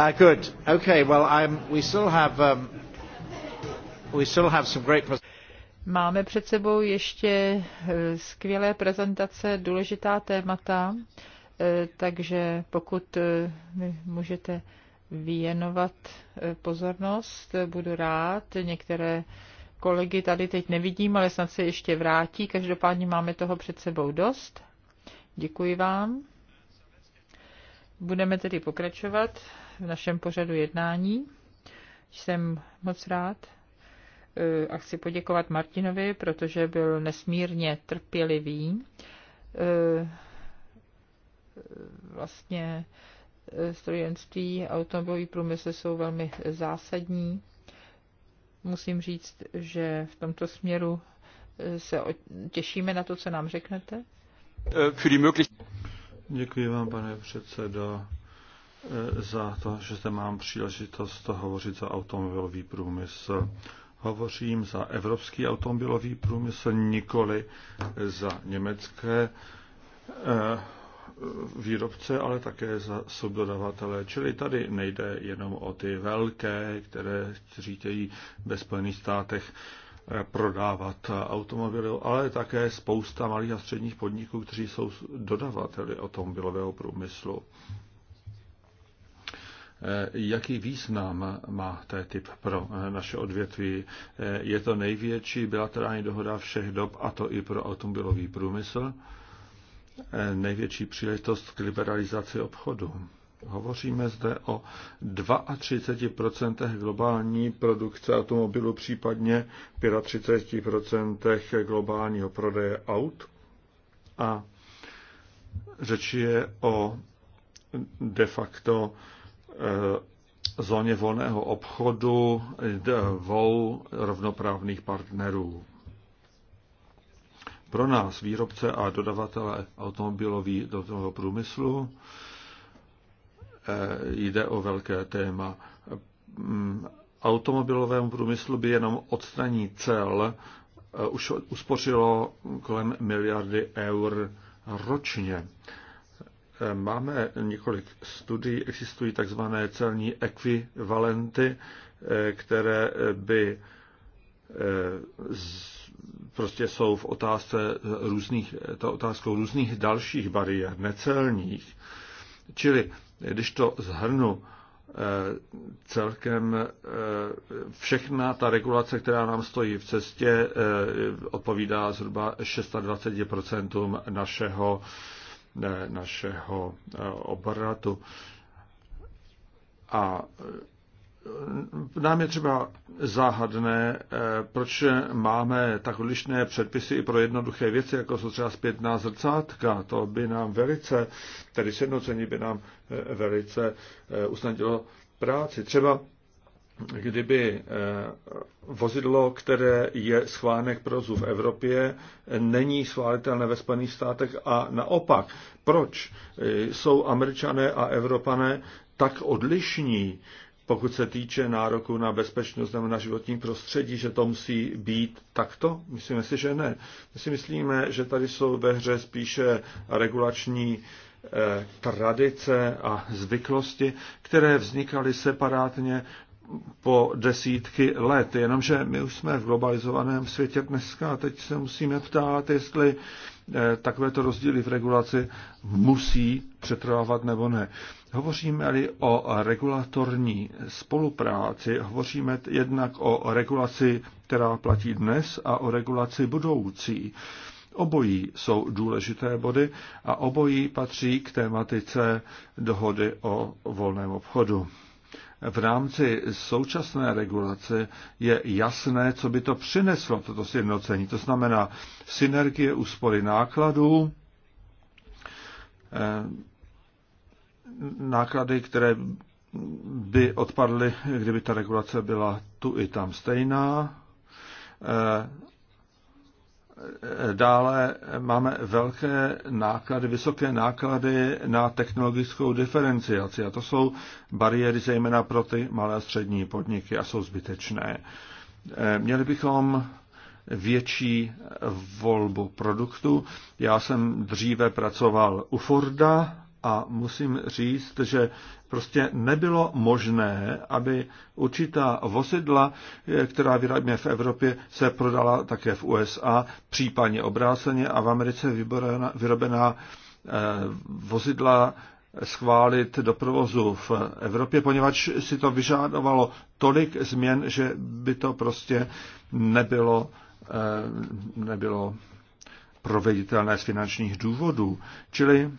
Uh, good. Okay. Well, I'm, we still have um, we still have some great. Máme před sebou ještě eh, skvělé prezentace, důležitá témata, eh, takže pokud eh, mi můžete věnovat pozornost, budu rád. Některé kolegy tady teď nevidím, ale snad se ještě vrátí. Každopádně máme toho před sebou dost. Děkuji vám. Budeme tedy pokračovat v našem pořadu jednání. Jsem moc rád a chci poděkovat Martinovi, protože byl nesmírně trpělivý. Vlastně strojenství a automobilový průmysl jsou velmi zásadní. Musím říct, že v tomto směru se těšíme na to, co nám řeknete. Děkuji vám, pane předsedo. E, za to, že zde mám příležitost hovořit za automobilový průmysl. Hovořím za evropský automobilový průmysl, nikoli za německé e, výrobce, ale také za subdodavatele. Čili tady nejde jenom o ty velké, které chtějí ve Spojených státech e, prodávat automobily, ale také spousta malých a středních podniků, kteří jsou dodavateli automobilového průmyslu. Eh, jaký význam má TTIP pro eh, naše odvětví? Eh, je to největší bilaterální dohoda všech dob, a to i pro automobilový průmysl. Největší příležitost k liberalizaci obchodu. Hovoříme zde o 32% globální produkce automobilů, případně 35% globálního prodeje aut. A řeči je o de facto Eh, zóně volného obchodu dvou rovnoprávných partnerů. Pro nás, výrobce a dodavatele automobilového průmyslu, eh, jde o velké téma. Mm, automobilovému průmyslu by jenom odstraní cel eh, už uspořilo kolem miliardy eur ročně. Máme několik studií, existují takzvané celní ekvivalenty, eh, které by eh, prostě jsou v otázce různých, ta otázkou různých dalších bariér, necelních. Čili, když to zhrnu, eh, celkem všechna ta regulace, která nám stojí v cestě, odpovídá zhruba 26% našeho našeho eh, obratu. A eh, nám je třeba záhadné, eh, proč máme tak odlišné předpisy i pro jednoduché věci, jako jsou třeba zpětná zrcátka. To by nám velice, tedy sjednocení by nám velice usnadilo práci. Třeba kdyby eh, vozidlo, které je schválené k provozu v Evropě, není schválitelné ve Spojených státech a naopak. Proč eh, jsou američané a evropané tak odlišní, pokud se týče nároku na bezpečnost nebo na životní prostředí, že to musí být takto? Myslíme si, že ne. My si myslíme, že tady jsou ve hře spíše regulační eh, tradice a zvyklosti, které vznikaly separátně po desítky let. Jenomže my už jsme v globalizovaném světě dneska a teď se musíme ptát, jestli eh, takovéto rozdíly v regulaci musí přetrvávat nebo ne. Hovoříme-li o regulatorní spolupráci, hovoříme jednak o regulaci, která platí dnes a o regulaci budoucí. Obojí jsou důležité body a obojí patří k tématice dohody o volném obchodu v rámci současné regulace je jasné, co by to přineslo, toto sjednocení. To znamená synergie úspory nákladů, eh, náklady, které by odpadly, kdyby ta regulace byla tu i tam stejná, eh, dále máme velké náklady, vysoké náklady na technologickou diferenciaci a to jsou bariéry zejména pro ty malé a střední podniky a jsou zbytečné. Eh, měli bychom větší volbu produktu. Já jsem dříve pracoval u Forda a musím říct, že prostě nebylo možné, aby určitá vozidla, eh, která vyrábíme v Evropě, se prodala také v USA, případně obráceně a v Americe vyrobená, eh, vozidla schválit do provozu v Evropě, poněvadž si to vyžádovalo tolik změn, že by to prostě nebylo, eh, nebylo proveditelné z finančních důvodů. Čili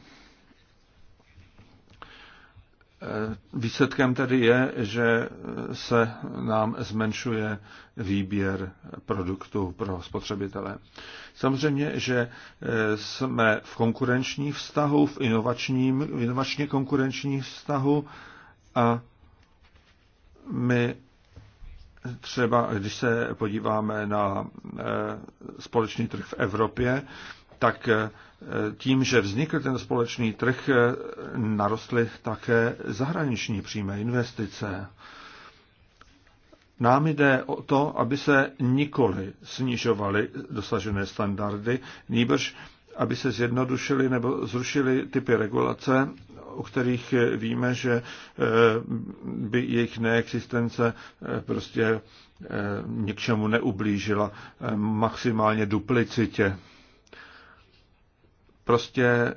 Výsledkem tedy je, že se nám zmenšuje výběr produktů pro spotřebitele. Samozřejmě, že e, jsme v konkurenčním vztahu, v, inovačním, v inovačně konkurenčním vztahu a my třeba, když se podíváme na e, společný trh v Evropě, tak e, tím, že vznikl ten společný trh, narostly také zahraniční přímé investice. Nám jde o to, aby se nikoli snižovaly dosažené standardy, nýbrž aby se zjednodušily nebo zrušily typy regulace, o kterých víme, že eh, by jejich neexistence eh, prostě eh, ničemu neublížila, maximálně duplicitě prostě eh,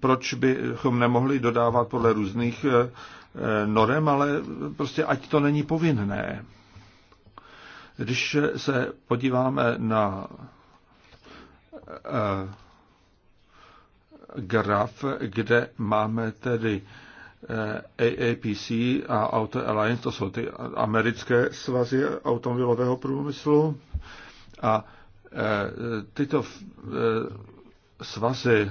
proč bychom nemohli dodávat podle různých eh, norem, ale prostě ať to není povinné. Když se podíváme na eh, graf, kde máme tedy AAPC a Auto Alliance, to jsou ty americké svazy automobilového průmyslu, a Eh, tyto eh, svazy eh,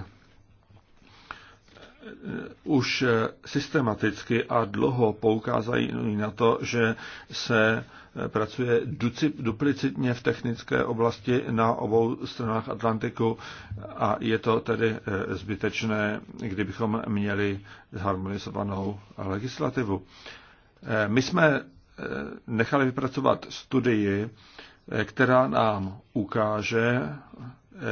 už systematicky a dlouho poukázají na to, že se pracuje duplicitně v technické oblasti na obou stranách Atlantiku a je to tedy zbytečné, kdybychom měli zharmonizovanou legislativu. My jsme nechali vypracovat studii, která nám ukáže,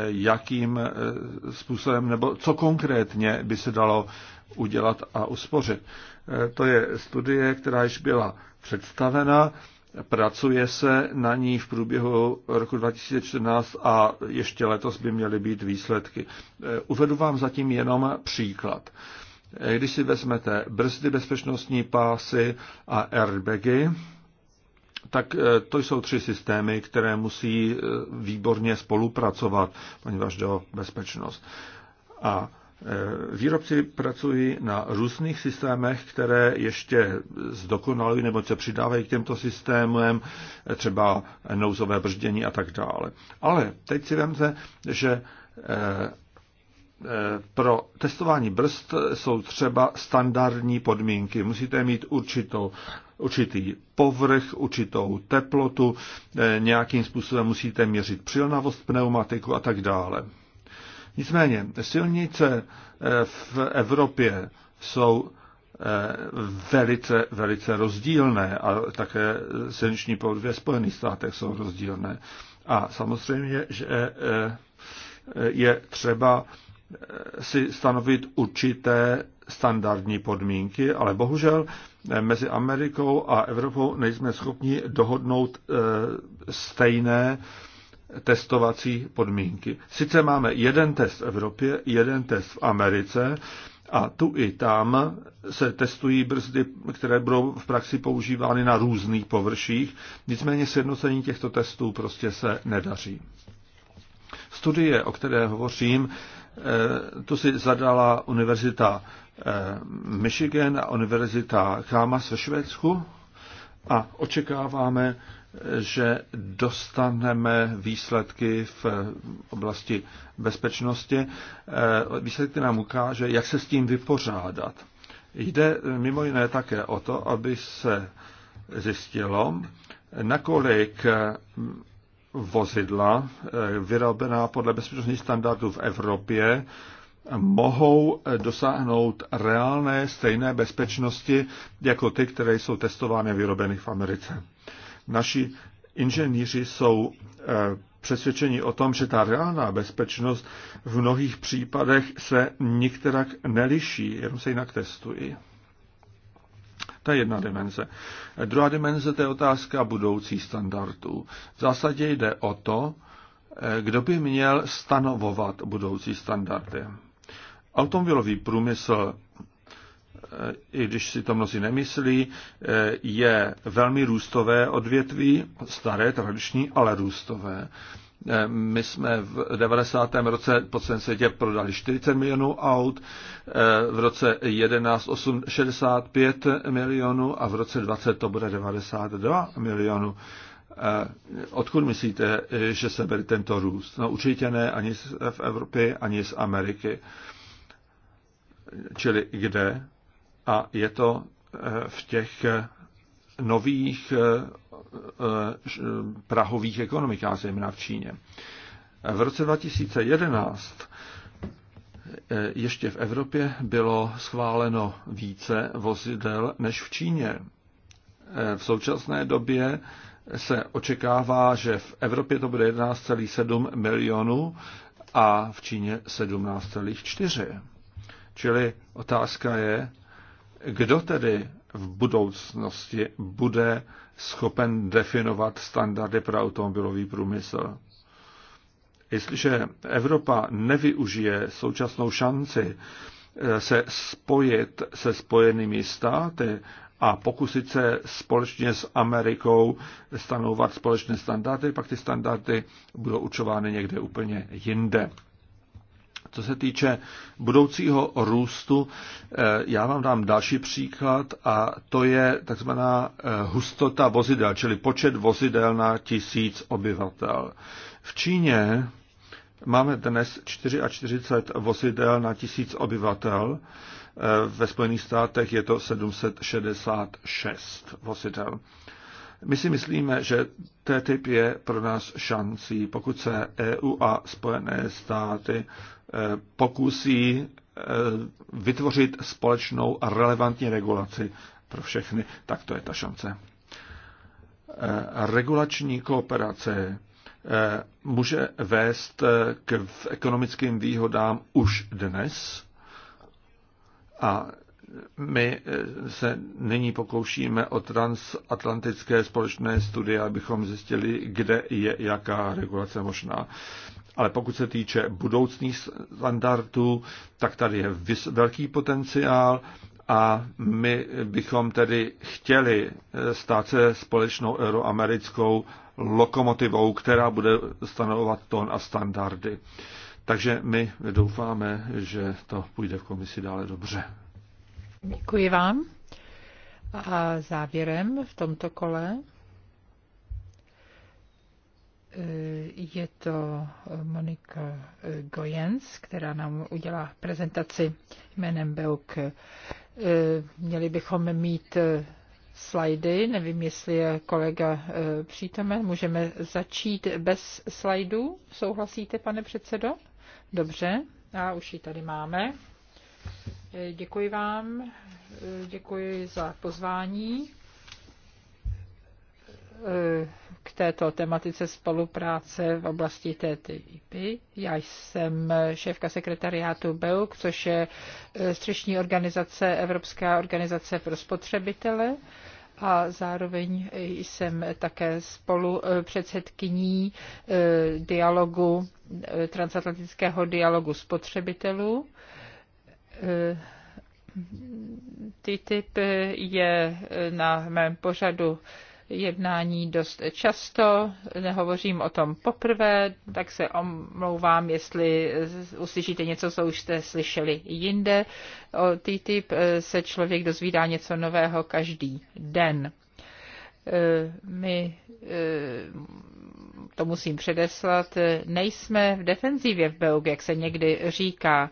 jakým eh, způsobem nebo co konkrétně by se dalo udělat a uspořit. Eh, to je studie, která již byla představena, pracuje se na ní v průběhu roku 2014 a ještě letos by měly být výsledky. Eh, uvedu vám zatím jenom příklad. Když si vezmete brzdy bezpečnostní pásy a airbagy, tak eh, to jsou tři systémy, které musí eh, výborně spolupracovat, poněvadž do bezpečnost. A eh, Výrobci pracují na různých systémech, které ještě zdokonalují nebo se přidávají k těmto systémům, třeba nouzové brždění a tak dále. Ale teď si vemte, že pro testování brzd jsou třeba standardní podmínky. Musíte mít určitou, určitý povrch, určitou teplotu, eh, nějakým způsobem musíte měřit přilnavost pneumatiku a tak dále. Nicméně silnice eh, v Evropě jsou eh, velice, velice rozdílné a také silniční podvě v Spojených státech jsou rozdílné. A samozřejmě, že je třeba si stanovit určité standardní podmínky, ale bohužel eh, mezi Amerikou a Evropou nejsme schopni dohodnout eh, stejné testovací podmínky. Sice máme jeden test v Evropě, jeden test v Americe a tu i tam se testují brzdy, které budou v praxi používány na různých površích, nicméně sjednocení těchto testů prostě se nedaří. Studie, o které hovořím, Eh, tu si zadala univerzita eh, Michigan a univerzita Kamas ve Švédsku a očekáváme, eh, že dostaneme výsledky v oblasti bezpečnosti. Výsledky nám ukáže, jak se s tím vypořádat. Jde mimo jiné také o to, aby se zjistilo, nakolik vozidla eh, vyrobená podle bezpečnostních standardů v Evropě mohou eh, dosáhnout reálné stejné bezpečnosti jako ty, které jsou testovány a vyrobeny v Americe. Naši inženýři jsou eh, přesvědčeni o tom, že ta reálná bezpečnost v mnohých případech se nikterak neliší, jenom se jinak testují. To je jedna dimenze. Druhá dimenze to je otázka budoucí standardů. V zásadě jde o to, eh, kdo by měl stanovovat budoucí standardy. Automobilový průmysl, eh, i když si to mnozí nemyslí, eh, je velmi růstové odvětví, staré, tradiční, ale růstové. Eh, my jsme v 90. roce po celém světě prodali 40 milionů aut, eh, v roce 11 8, 65 milionů a v roce 20 to bude 92 milionů. Eh, odkud myslíte, že se bere tento růst? No určitě ne ani z v Evropy, ani z Ameriky. Čili kde? A je to v těch nových Eh, eh, prahových ekonomikách, zejména v Číně. V roce 2011 eh, ještě v Evropě bylo schváleno více vozidel než v Číně. V současné době se očekává, že v Evropě to bude 11,7 milionů a v Číně 17,4. Čili otázka je, kdo tedy v budoucnosti bude schopen definovat standardy pro automobilový průmysl. Jestliže Evropa nevyužije současnou šanci eh, se spojit se spojenými státy a pokusit se společně s Amerikou stanovat společné standardy, pak ty standardy budou učovány někde úplně jinde. Co se týče budoucího růstu, eh, já vám dám další příklad a to je takzvaná eh, hustota vozidel, čili počet vozidel na tisíc obyvatel. V Číně máme dnes 44 vozidel na tisíc obyvatel, eh, ve Spojených státech je to 766 vozidel. My si myslíme, že TTIP je pro nás šancí, pokud se EU a Spojené státy e, pokusí e, vytvořit společnou a relevantní regulaci pro všechny, tak to je ta šance. E, regulační kooperace může vést k ekonomickým výhodám už dnes a my eh, se nyní pokoušíme o transatlantické společné studie, abychom zjistili, kde je jaká regulace možná. Ale pokud se týče budoucných standardů, tak tady je velký potenciál a my bychom tedy chtěli eh, stát se společnou euroamerickou lokomotivou, která bude stanovovat tón a standardy. Takže my doufáme, že to půjde v komisi dále dobře. Děkuji vám. A závěrem v tomto kole eh, je to Monika eh, Gojens, která nám udělá prezentaci jménem Belk. Eh, měli bychom mít slajdy, nevím, jestli je kolega přítomen. Můžeme začít bez slajdů, souhlasíte, pane předsedo? Dobře, a už ji tady máme. Děkuji vám, děkuji za pozvání k této tematice spolupráce v oblasti TTIP. Já jsem šéfka sekretariátu BEUK, což je eh, střešní organizace, Evropská organizace pro spotřebitele a zároveň jsem také spolu eh, předsedkyní eh, dialogu, transatlantického dialogu spotřebitelů. TTIP je na mém pořadu jednání dost často, nehovořím o tom poprvé, tak se omlouvám, jestli uslyšíte něco, co už jste slyšeli jinde. O TTIP se člověk dozvídá něco nového každý den. My to musím předeslat, nejsme v defenzivě v Belgii, jak se někdy říká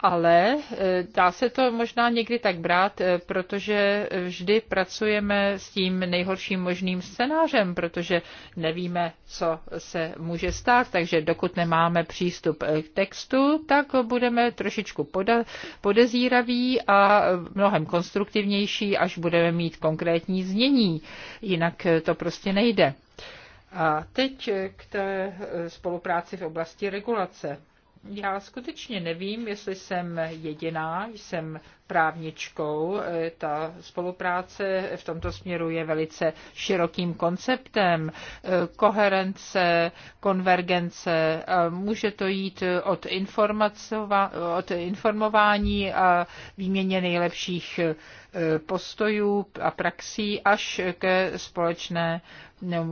ale eh, dá se to možná někdy tak brát, eh, protože vždy pracujeme s tím nejhorším možným scénářem, protože nevíme, co se může stát, takže dokud nemáme přístup eh, k textu, tak budeme trošičku podezíraví a mnohem konstruktivnější, až budeme mít konkrétní znění. Jinak to prostě nejde. A teď k té spolupráci v oblasti regulace. Já skutečně nevím, jestli jsem jediná, jsem právničkou. E, ta spolupráce v tomto směru je velice širokým konceptem e, koherence, konvergence. Může to jít od, od informování a výměně nejlepších e, postojů a praxí až ke společné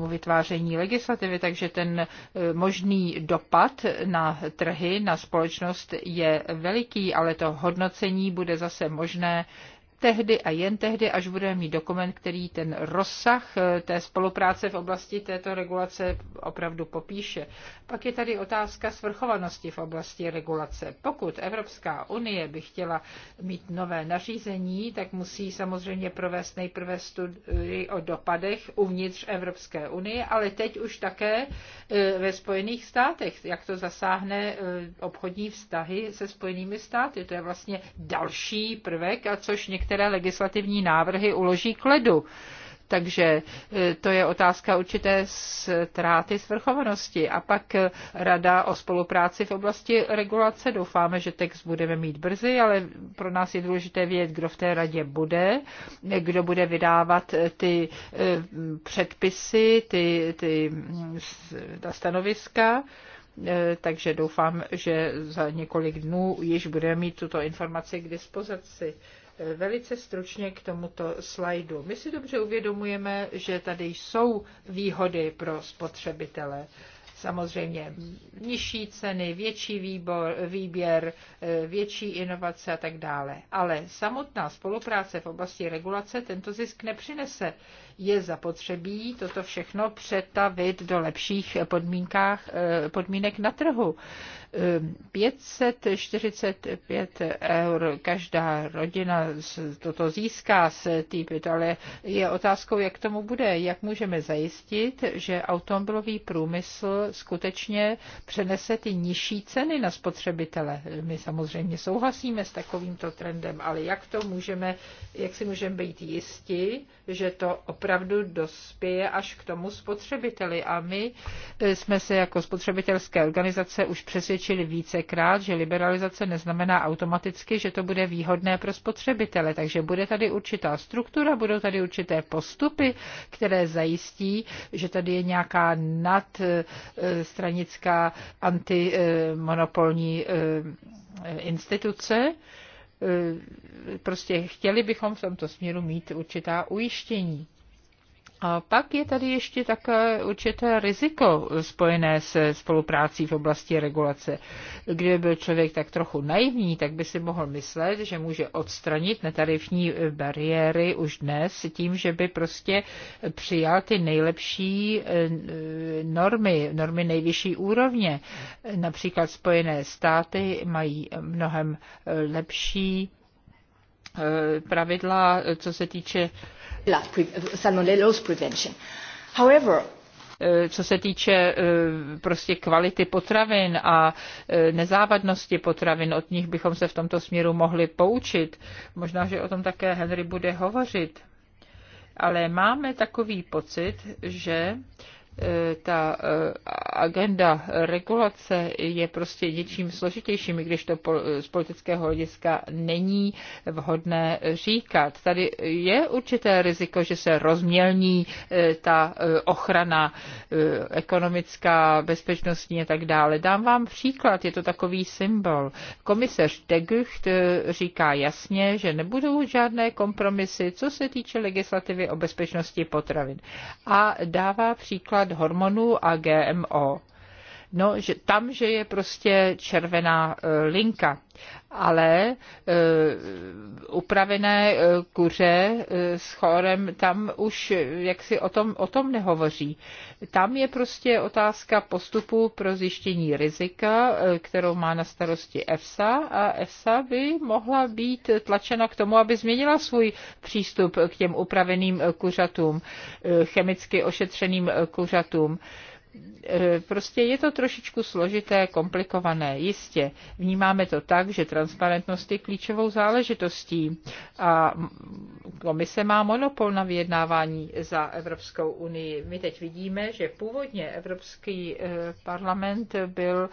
vytváření legislativy, takže ten možný dopad na trhy, na společnost je veliký, ale to hodnocení bude zase možné tehdy a jen tehdy, až budeme mít dokument, který ten rozsah eh, té spolupráce v oblasti této regulace opravdu popíše. Pak je tady otázka svrchovanosti v oblasti regulace. Pokud Evropská unie by chtěla mít nové nařízení, tak musí samozřejmě provést nejprve studii o dopadech uvnitř Evropské unie, ale teď už také eh, ve Spojených státech, jak to zasáhne eh, obchodní vztahy se Spojenými státy. To je vlastně další prvek, a což někdo některé legislativní návrhy uloží k ledu. Takže e, to je otázka určité ztráty svrchovanosti. A pak e, rada o spolupráci v oblasti regulace. Doufáme, že text budeme mít brzy, ale pro nás je důležité vědět, kdo v té radě bude, kdo bude vydávat e, ty předpisy, ty, ty, ta stanoviska takže doufám, že za několik dnů již budeme mít tuto informaci k dispozici. Velice stručně k tomuto slajdu. My si dobře uvědomujeme, že tady jsou výhody pro spotřebitele samozřejmě nižší ceny, větší výbor, výběr, eh, větší inovace a tak dále. Ale samotná spolupráce v oblasti regulace tento zisk nepřinese je zapotřebí toto všechno přetavit do lepších podmínkách, eh, podmínek na trhu. 545 eh, eur každá rodina toto získá z týpit, ale je otázkou, jak tomu bude, jak můžeme zajistit, že automobilový průmysl skutečně přenese ty nižší ceny na spotřebitele. My samozřejmě souhlasíme s takovýmto trendem, ale jak to můžeme, jak si můžeme být jisti, že to opravdu opravdu dospěje až k tomu spotřebiteli. A my eh, jsme se jako spotřebitelské organizace už přesvědčili vícekrát, že liberalizace neznamená automaticky, že to bude výhodné pro spotřebitele. Takže bude tady určitá struktura, budou tady určité postupy, které zajistí, že tady je nějaká nadstranická eh, antimonopolní eh, instituce, prostě chtěli bychom v tomto směru mít určitá ujištění. A pak je tady ještě také určité riziko spojené se spoluprácí v oblasti regulace. Kdyby byl člověk tak trochu naivní, tak by si mohl myslet, že může odstranit netarifní bariéry už dnes tím, že by prostě přijal ty nejlepší eh, normy, normy nejvyšší úrovně. Například Spojené státy mají mnohem lepší eh, pravidla, co se týče Eh, co se týče eh, prostě kvality potravin a eh, nezávadnosti potravin, od nich bychom se v tomto směru mohli poučit. Možná, že o tom také Henry bude hovořit. Ale máme takový pocit, že ta eh, agenda regulace je prostě něčím složitějším, když to eh, z politického hlediska není vhodné říkat. Tady je určité riziko, že se rozmělní eh, ta ochrana ekonomická, bezpečnostní a tak dále. Dám vám příklad, je to takový symbol. Komisař de Gucht říká jasně, že nebudou žádné kompromisy, co se týče legislativy o bezpečnosti potravin. A dává příklad příklad hormonů a GMO. No, že tam, že je prostě červená e, linka. Ale e, upravené e, kuře e, s chorem, tam už e, jak si o tom, o tom nehovoří. Tam je prostě otázka postupu pro zjištění rizika, e, kterou má na starosti EFSA a EFSA by mohla být tlačena k tomu, aby změnila svůj přístup k těm upraveným e, kuřatům, chemicky ošetřeným kuřatům. E, Eh, prostě je to trošičku složité, komplikované. Jistě, vnímáme to tak, že transparentnost je klíčovou záležitostí a komise má monopol na vyjednávání za Evropskou unii. My teď vidíme, že původně Evropský eh, parlament byl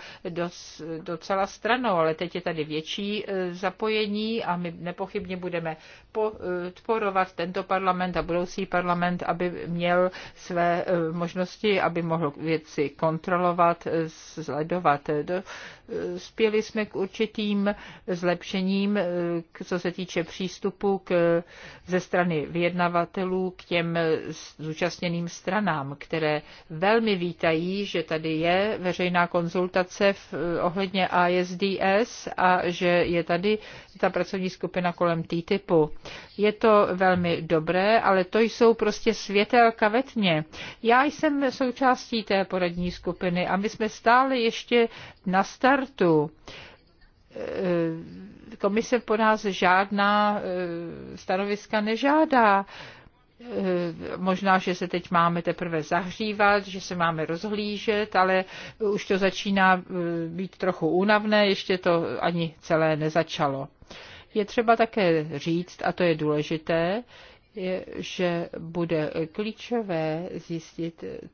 docela stranou, ale teď je tady větší eh, zapojení a my nepochybně budeme podporovat tento parlament a budoucí parlament, aby měl své eh, možnosti, aby mohl věci kontrolovat, eh, sledovat. Eh, spěli jsme k určitým zlepšením, co se týče přístupu k, ze strany vyjednavatelů k těm zúčastněným stranám, které velmi vítají, že tady je veřejná konzultace v, ohledně ISDS a že je tady ta pracovní skupina kolem TTIPu je to velmi dobré, ale to jsou prostě světelka ve tmě. Já jsem součástí té poradní skupiny a my jsme stále ještě na startu e, komise po nás žádná e, stanoviska nežádá. E, možná, že se teď máme teprve zahřívat, že se máme rozhlížet, ale už to začíná být trochu únavné, ještě to ani celé nezačalo. Je třeba také říct, a to je důležité, je, že bude klíčové zjistit, eh,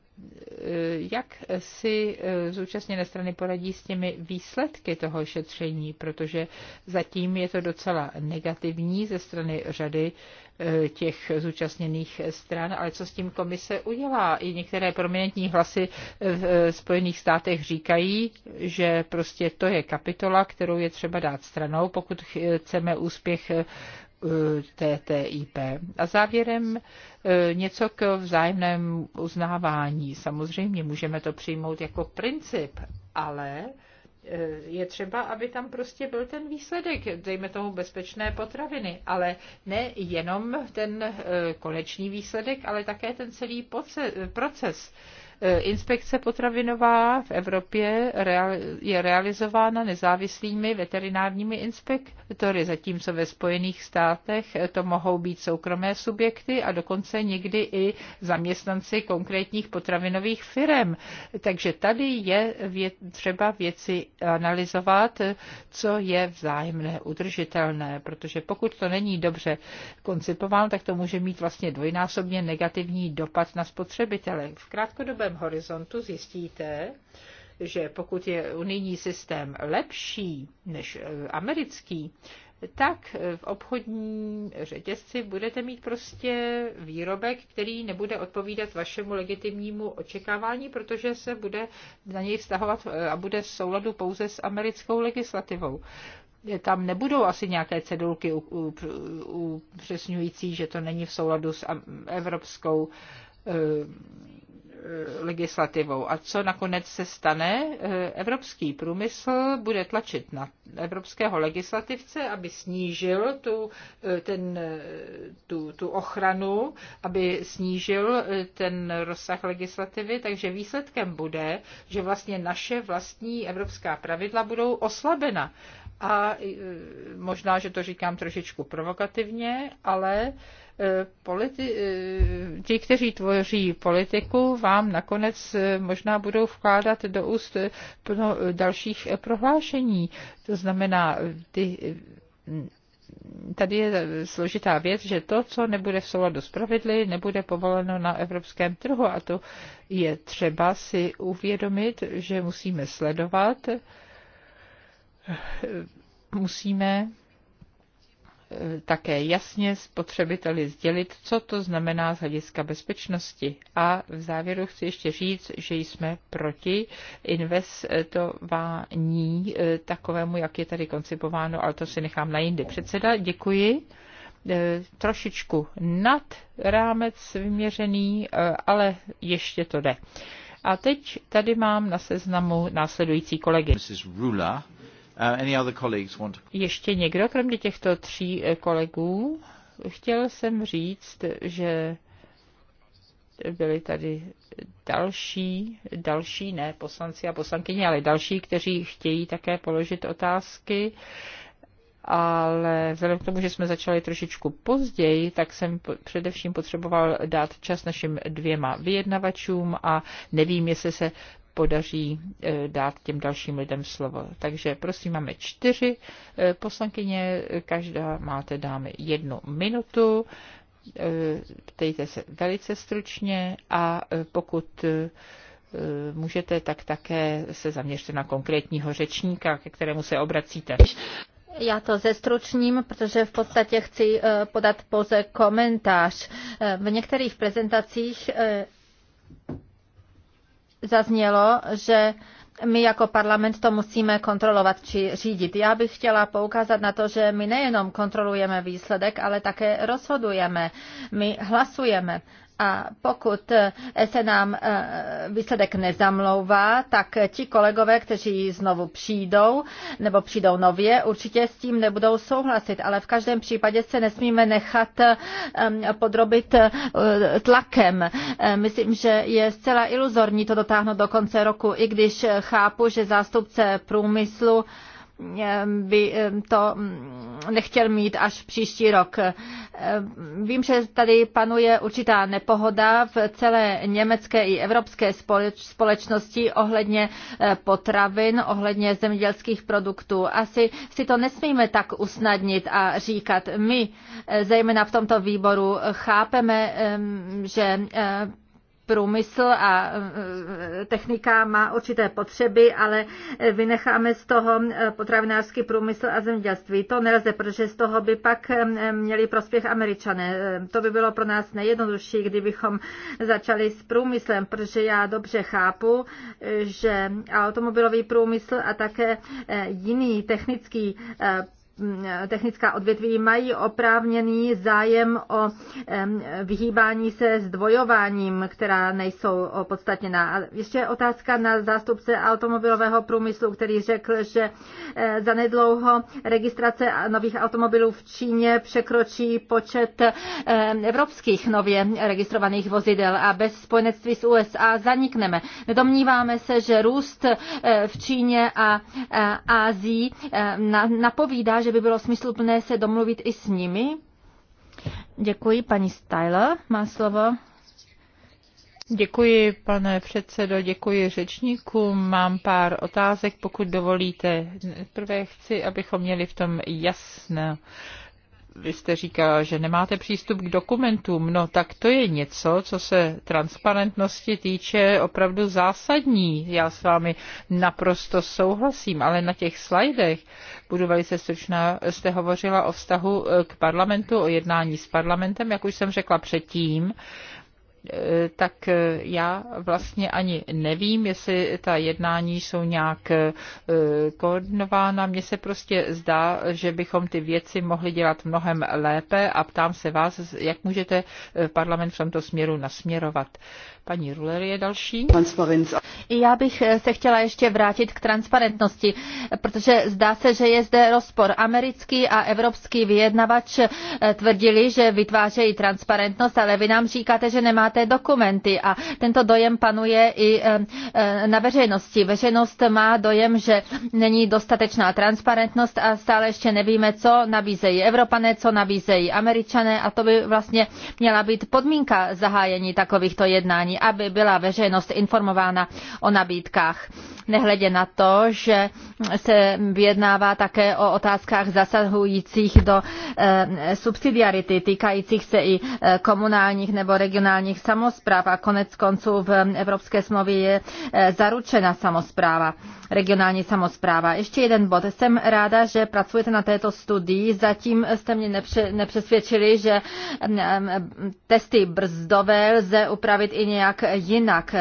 jak si eh, zúčastněné strany poradí s těmi výsledky toho šetření, protože zatím je to docela negativní ze strany řady eh, těch zúčastněných stran, ale co s tím komise udělá? I některé prominentní hlasy v Spojených státech říkají, že prostě to je kapitola, kterou je třeba dát stranou, pokud chceme úspěch Eh, TTIP. A závěrem eh, něco k vzájemnému uznávání. Samozřejmě můžeme to přijmout jako princip, ale eh, je třeba, aby tam prostě byl ten výsledek, dejme tomu bezpečné potraviny, ale ne jenom ten konečný výsledek, ale také ten celý proces Eh, inspekce potravinová v Evropě je realizována nezávislými veterinárními inspektory, zatímco ve Spojených státech eh, to mohou být soukromé subjekty a dokonce někdy i zaměstnanci konkrétních potravinových firm. Takže tady je třeba věci analyzovat, eh, co je vzájemné udržitelné, protože pokud to není dobře koncipováno, tak to může mít vlastně dvojnásobně negativní dopad na spotřebitele. V krátkodobé časovém horizontu zjistíte, že pokud je unijní systém lepší než e, americký, tak e, v obchodním řetězci budete mít prostě výrobek, který nebude odpovídat vašemu legitimnímu očekávání, protože se bude na něj vztahovat e, a bude v souladu pouze s americkou legislativou. Tam nebudou asi nějaké cedulky upřesňující, že to není v souladu s evropskou Eh, legislativou. A co nakonec se stane? Eh, evropský průmysl bude tlačit na evropského legislativce, aby snížil tu, eh, ten, tu, tu ochranu, aby snížil ten rozsah legislativy, takže výsledkem bude, že vlastně naše vlastní evropská pravidla budou oslabena. A možná, že to říkám trošičku provokativně, ale Eh, politi- eh, ti, kteří tvoří politiku, vám nakonec eh, možná budou vkládat do úst plno dalších prohlášení. To znamená, ty tady je složitá věc, že to, co nebude v souladu s pravidly, nebude povoleno na evropském trhu a to je třeba si uvědomit, že musíme sledovat, musíme Eh, také jasně spotřebiteli sdělit, co to znamená z hlediska bezpečnosti. A v závěru chci ještě říct, že jsme proti investování eh, takovému, jak je tady koncipováno, ale to si nechám na jindy. Předseda, děkuji eh, trošičku nad rámec vyměřený, ale ještě to jde. A teď tady mám na seznamu následující kolegy. Mrs. Rula, Uh, any other colleagues want to... Ještě někdo, kromě těchto tří eh, kolegů, chtěl jsem říct, že byli tady další, další, ne poslanci a poslankyně, ale další, kteří chtějí také položit otázky ale vzhledem k tomu, že jsme začali trošičku později, tak jsem především potřeboval dát čas našim dvěma vyjednavačům a nevím, jestli se podaří eh, dát těm dalším lidem slovo. Takže prosím, máme čtyři eh, poslankyně, každá máte dámy jednu minutu, eh, ptejte se velice stručně a pokud můžete, tak také se zaměřte na konkrétního řečníka, ke kterému se obracíte. Já to zestručním, protože v podstatě chci podat pouze komentář. V některých prezentacích zaznělo, že my jako parlament to musíme kontrolovat či řídit. Já bych chtěla poukázat na to, že my nejenom kontrolujeme výsledek, ale také rozhodujeme. My hlasujeme a pokud eh, se nám eh, výsledek nezamlouvá, tak ti kolegové, kteří znovu přijdou nebo přijdou nově, určitě s tím nebudou souhlasit, ale v každém případě se nesmíme nechat eh, podrobit tlakem. Myslím, že je zcela iluzorní to dotáhnout do konce roku, i když chápu, že zástupce průmyslu by to mm, nechtěl mít až příští rok. Vím, že tady panuje určitá nepohoda v celé německé i evropské společnosti ohledně e, potravin, ohledně zemědělských produktů. Asi si to nesmíme tak usnadnit a říkat. My, e, zejména v tomto výboru, chápeme, že e, průmysl a e, technika má určité potřeby, ale vynecháme z toho e, potravinářský průmysl a zemědělství. To nelze, protože z toho by pak e, měli prospěch američané. To by bylo pro nás nejjednodušší, kdybychom začali s průmyslem, protože já dobře chápu, že automobilový průmysl a také jiný technický technická odvětví mají oprávněný zájem o vyhýbání se zdvojováním, která nejsou podstatněná. A ještě otázka na zástupce automobilového průmyslu, který řekl, že eh, zanedlouho registrace nových automobilů v Číně překročí počet eh, evropských nově registrovaných vozidel a bez spojenectví s USA zanikneme. Domníváme se, že růst eh, v Číně a Ázii napovídá, že že by bylo smysluplné se domluvit i s nimi. Děkuji, paní Styler má slovo. Děkuji, pane předsedo, děkuji řečníkům. Mám pár otázek, pokud dovolíte. Prvé chci, abychom měli v tom jasno vy jste říkala, že nemáte přístup k dokumentům, no tak to je něco, co se transparentnosti týče opravdu zásadní. Já s vámi naprosto souhlasím, ale na těch slajdech, budu velice stručná, jste hovořila o vztahu eh, k parlamentu, o jednání s parlamentem, jak už jsem řekla předtím, Eh, tak eh, já vlastně ani nevím, jestli ta jednání jsou nějak eh, koordinována. Mně se prostě zdá, že bychom ty věci mohli dělat mnohem lépe a ptám se vás, jak můžete parlament v tomto směru nasměrovat. Paní Ruler je další. Já bych eh, se chtěla ještě vrátit k transparentnosti, protože zdá se, že je zde rozpor. Americký a evropský vyjednavač eh, tvrdili, že vytvářejí transparentnost, ale vy nám říkáte, že nemáte dokumenty a tento dojem panuje i eh, na veřejnosti. Veřejnost má dojem, že není dostatečná transparentnost a stále ještě nevíme, co nabízejí Evropané, co nabízejí Američané a to by vlastně měla být podmínka zahájení takovýchto jednání aby byla veřejnost informována o nabídkách nehledě na to, že se vyjednává také o otázkách zasahujících do eh, subsidiarity, týkajících se i eh, komunálních nebo regionálních samozpráv a konec konců v Evropské smlouvě je eh, zaručena samozpráva, regionální samozpráva. Ještě jeden bod. Jsem ráda, že pracujete na této studii. Zatím jste mě nepřesvědčili, že testy brzdové lze upravit i nějak jinak.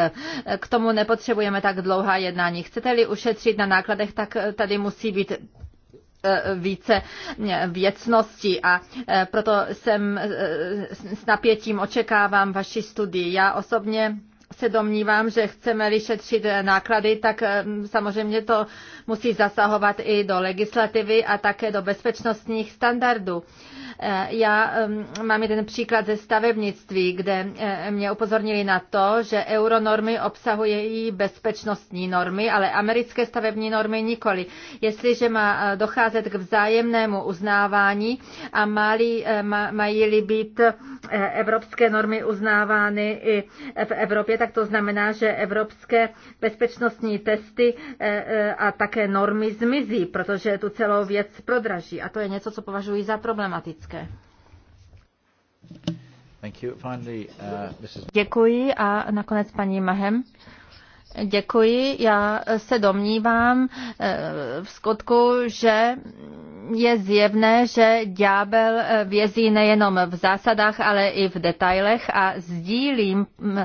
K tomu nepotřebujeme tak dlouhá jednání vzdělávání. Chcete-li ušetřit na nákladech, tak eh, tady musí být eh, více eh, věcnosti a proto jsem s napětím očekávám vaši studii. Já osobně se domnívám, že chceme-li šetřit náklady, tak samozřejmě to musí zasahovat i do legislativy a také do bezpečnostních standardů. Eh, já mám jeden příklad ze stavebnictví, kde eh, mě upozornili na to, že euronormy obsahují bezpečnostní normy, ale americké stavební normy nikoli. Jestliže má eh, docházet k vzájemnému uznávání a mají-li být evropské normy uznávány i v Evropě, tak to znamená, že evropské bezpečnostní testy a také normy zmizí, protože tu celou věc prodraží. A to je něco, co považuji za problematické problematické. Uh, Děkuji a nakonec paní Mahem. Děkuji. Já se domnívám eh, v skutku, že je zjevné, že ďábel eh, vězí nejenom v zásadách, ale i v detailech a sdílím mm,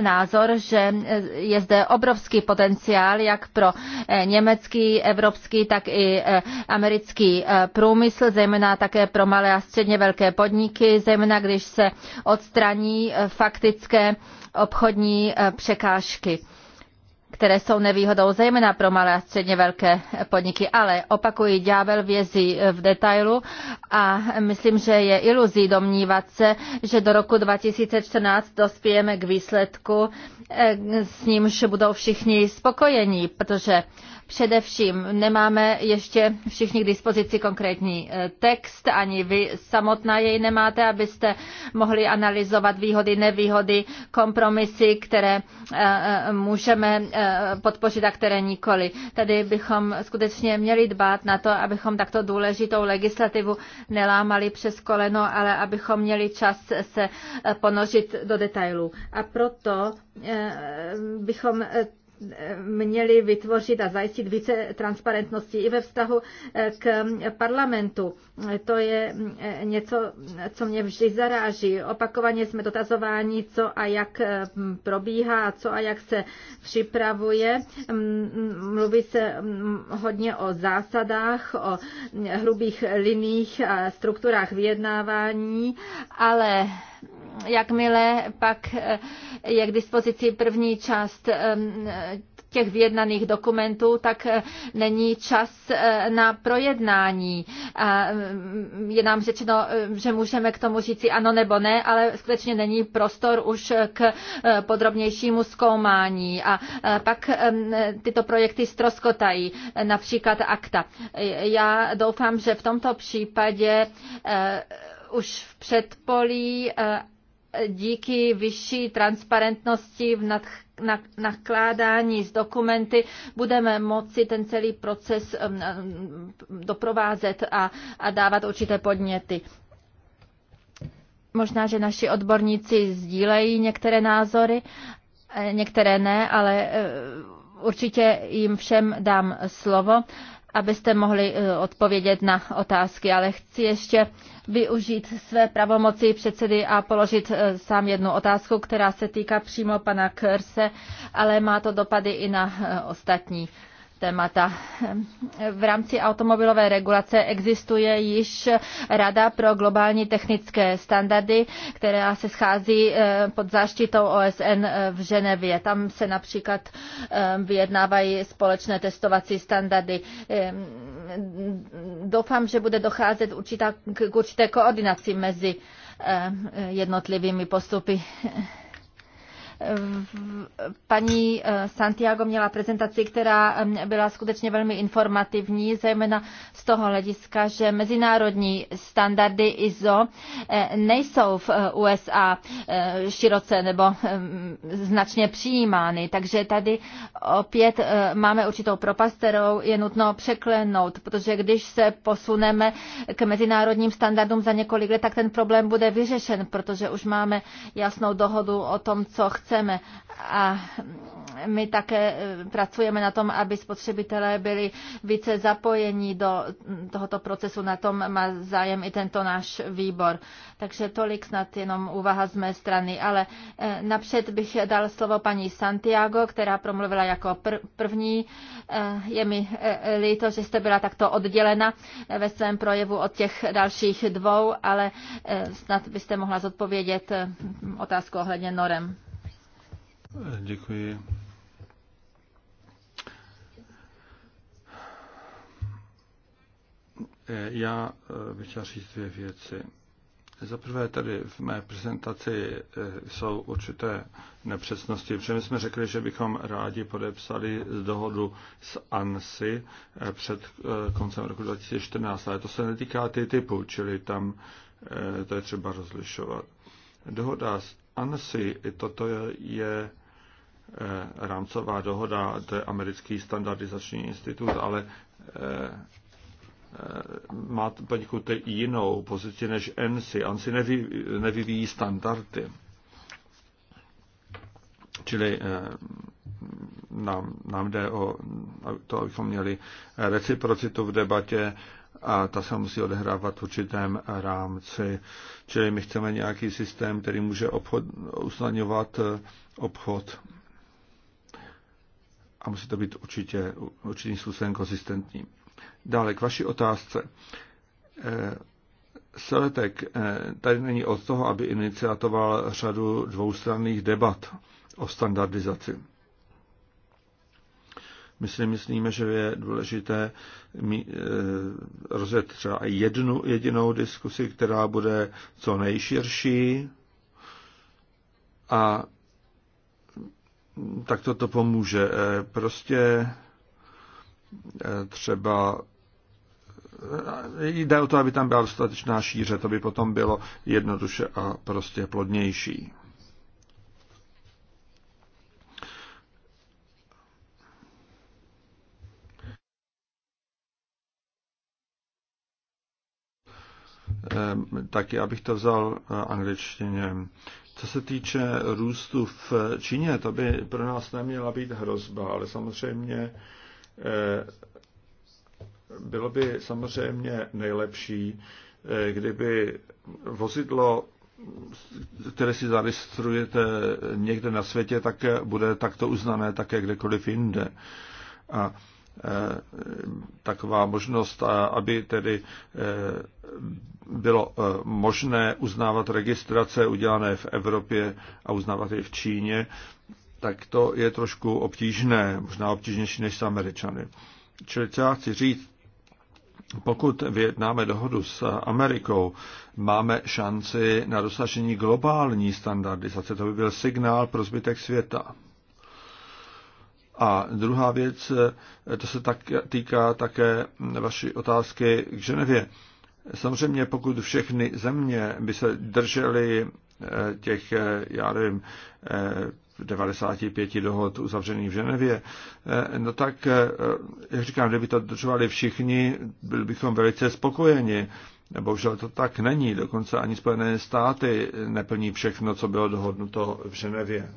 názor, že eh, je zde obrovský potenciál jak pro německý, evropský, tak i americký průmysl, zejména také pro malé a středně velké podniky, zejména když se odstraní faktické obchodní překážky které jsou nevýhodou zejména pro malé a středně velké podniky. Ale opakují ďábel vězí v detailu a myslím, že je iluzí domnívat se, že do roku 2014 dospějeme k výsledku, eh, s nímž budou všichni spokojení, protože Především nemáme ještě všichni k dispozici konkrétní eh, text, ani vy samotná jej nemáte, abyste mohli analyzovat výhody, nevýhody, kompromisy, které eh, eh, můžeme podpořit a které nikoli. Tady bychom skutečně měli dbát na to, abychom takto důležitou legislativu nelámali přes koleno, ale abychom měli čas se ponořit do detailů. A proto bychom měli vytvořit a zajistit více transparentnosti i ve vztahu eh, k parlamentu. To je eh, něco, co mě vždy zaráží. Opakovaně jsme dotazováni, co a jak eh, probíhá, co a jak se připravuje. Mluví se hodně o zásadách, o hrubých liních a strukturách vyjednávání, ale jakmile pak eh, je k dispozici první část eh, těch vyjednaných dokumentů, tak eh, není čas na projednání. A mm, je nám řečeno, že můžeme k tomu říci ano nebo ne, ale skutečně není prostor už k podrobnějšímu zkoumání. A pak tyto projekty stroskotají, například akta. Já doufám, že v tomto případě už v předpolí díky vyšší transparentnosti v nad, na, nakládání s dokumenty budeme moci ten celý proces um, um, doprovázet a, a dávat určité podněty. Možná, že naši odborníci sdílejí některé názory, eh, některé ne, ale eh, určitě jim všem dám slovo abyste mohli eh, odpovědět na otázky, ale chci ještě využít své pravomoci předsedy a položit eh, sám jednu otázku, která se týká přímo pana Körse, ale má to dopady i na eh, ostatní témata. V rámci automobilové regulace existuje již Rada pro globální technické standardy, která se schází eh, pod záštitou OSN eh, v Ženevě. Tam se například eh, vyjednávají společné testovací standardy. Doufám, že bude docházet určitá, k určité koordinaci mezi jednotlivými postupy. Paní eh, Santiago měla prezentaci, která mm, byla skutečně velmi informativní, zejména z toho hlediska, že mezinárodní standardy ISO eh, nejsou v eh, USA široce nebo mm, značně přijímány. Takže tady opět máme určitou propast, kterou je nutno překlenout, protože když se posuneme k mezinárodním standardům za několik let, tak ten problém bude vyřešen, protože už máme jasnou dohodu o tom, co chceme chceme. A my také e, pracujeme na tom, aby spotřebitelé byli více zapojeni do tohoto procesu. Na tom má zájem i tento náš výbor. Takže tolik snad jenom úvaha z mé strany. Ale e, napřed bych dal slovo paní Santiago, která promluvila jako první. E, je mi líto, že jste byla takto oddělena ve svém projevu od těch dalších dvou, ale snad byste mohla zodpovědět otázku ohledně norem. Děkuji. Já eh, bych chtěl říct dvě věci. Za prvé tady v mé prezentaci eh, jsou určité nepřesnosti, protože my jsme řekli, že bychom rádi podepsali dohodu s ANSI eh, před koncem roku 2014, ale to se netýká ty typu, čili tam to je třeba rozlišovat. Dohoda s ANSI, toto je Eh, rámcová dohoda, to je americký standardizační institut, ale eh, eh, má poněkud jinou pozici než ANSI. ANSI nevy, nevyvíjí standardy. Čili nám, nám jde o to, abychom měli reciprocitu v debatě a ta se musí odehrávat v určitém rámci. Čili my chceme nějaký systém, který může obchod, usnadňovat obchod a musí to být určitě určitým způsobem konzistentní. Dále k vaší otázce. Eh, Seletek eh, tady není od toho, aby iniciatoval řadu dvoustranných debat o standardizaci. My si myslíme, že je důležité eh, rozjet třeba jednu jedinou diskusi, která bude co nejširší a tak to to pomůže. Eh, prostě eh, třeba eh, jde o to, aby tam byla dostatečná šíře, to by potom bylo jednoduše a prostě plodnější. Taky abych to vzal angličtině. Co se týče růstu v Číně, to by pro nás neměla být hrozba, ale samozřejmě eh, bylo by samozřejmě nejlepší, eh, kdyby vozidlo, které si zaregistrujete někde na světě, tak bude takto uznané také kdekoliv jinde. A eh, taková možnost, aby tedy bylo eh, možné uznávat registrace udělané v Evropě a uznávat je v Číně, tak to je trošku obtížné, možná obtížnější než s Američany. Čili co já chci říct, pokud vyjednáme dohodu s Amerikou, máme šanci na dosažení globální standardizace. To by byl signál pro zbytek světa. A druhá věc, to se tak týká také vaší otázky k Ženevě. Samozřejmě pokud všechny země by se držely eh, těch, eh, já nevím, 95 eh, dohod uzavřených v Ženevě, no tak, jak říkám, kdyby to držovali všichni, byli bychom velice spokojeni. Bohužel to tak není, dokonce ani Spojené státy neplní všechno, co bylo dohodnuto v Ženevě.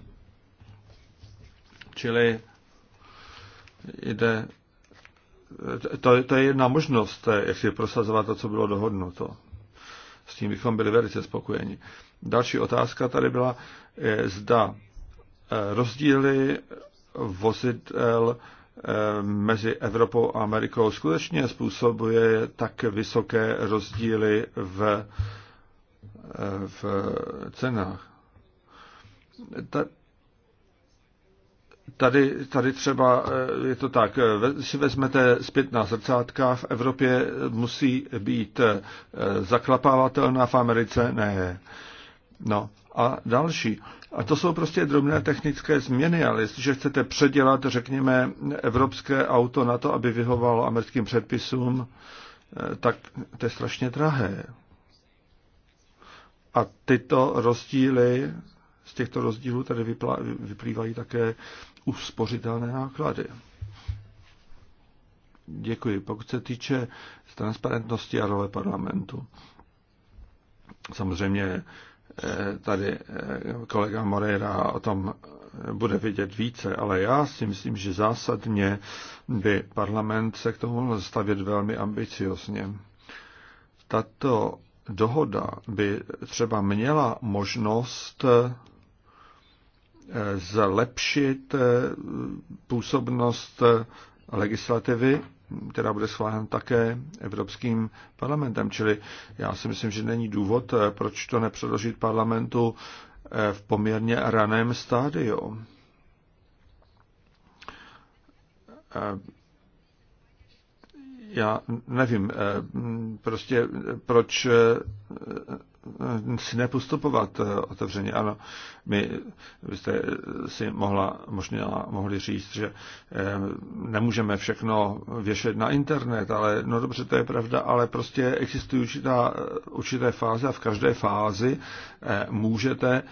Čili jde to, to je jedna možnost, jak si prosazovat to, co bylo dohodnuto. S tím bychom byli velice spokojeni. Další otázka tady byla, eh, zda eh, rozdíly vozidel eh, mezi Evropou a Amerikou skutečně způsobuje tak vysoké rozdíly v, v cenách. Tady, tady třeba eh, je to tak, eh, si vezmete zpětná zrcátka, v Evropě musí být eh, zaklapávatelná, v Americe ne. No a další. A to jsou prostě drobné technické změny, ale jestliže chcete předělat, řekněme, evropské auto na to, aby vyhovalo americkým předpisům, tak to je strašně drahé. A tyto rozdíly, z těchto rozdílů tady vyplývají také uspořitelné náklady. Děkuji. Pokud se týče transparentnosti a role parlamentu, samozřejmě eh, tady eh, kolega Moreira o tom eh, bude vědět více, ale já si myslím, že zásadně by parlament se k tomu mohl stavět velmi ambiciozně. Tato dohoda by třeba měla možnost zlepšit eh, působnost eh, legislativy, která bude schválena také Evropským parlamentem. Čili já si myslím, že není důvod, eh, proč to nepředložit parlamentu v poměrně raném stádiu. Já nevím, prostě proč si nepostupovat eh, otevřeně. Ano, my byste si mohla, možná mohli říct, že eh, nemůžeme všechno věšet na internet, ale no dobře, to je pravda, ale prostě existují určitá, eh, určité fáze a v každé fázi můžete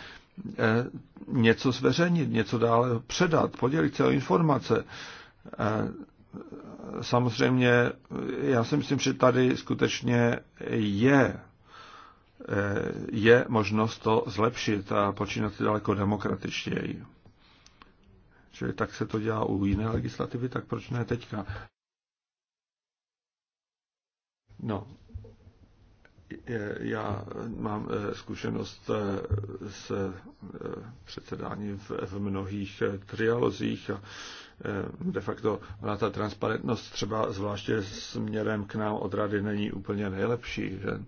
něco zveřejnit, něco dále předat, podělit se o informace. Samozřejmě, já si myslím, že tady skutečně je Eh, je možnost to zlepšit a počínat si daleko demokratičtěji. Čili tak se to dělá u jiné legislativy, tak proč ne teďka? No, já mám eh, zkušenost eh, s předsedáním v mnohých trialozích a de facto ona ta transparentnost třeba zvláště směrem k nám od rady není úplně nejlepší. Že?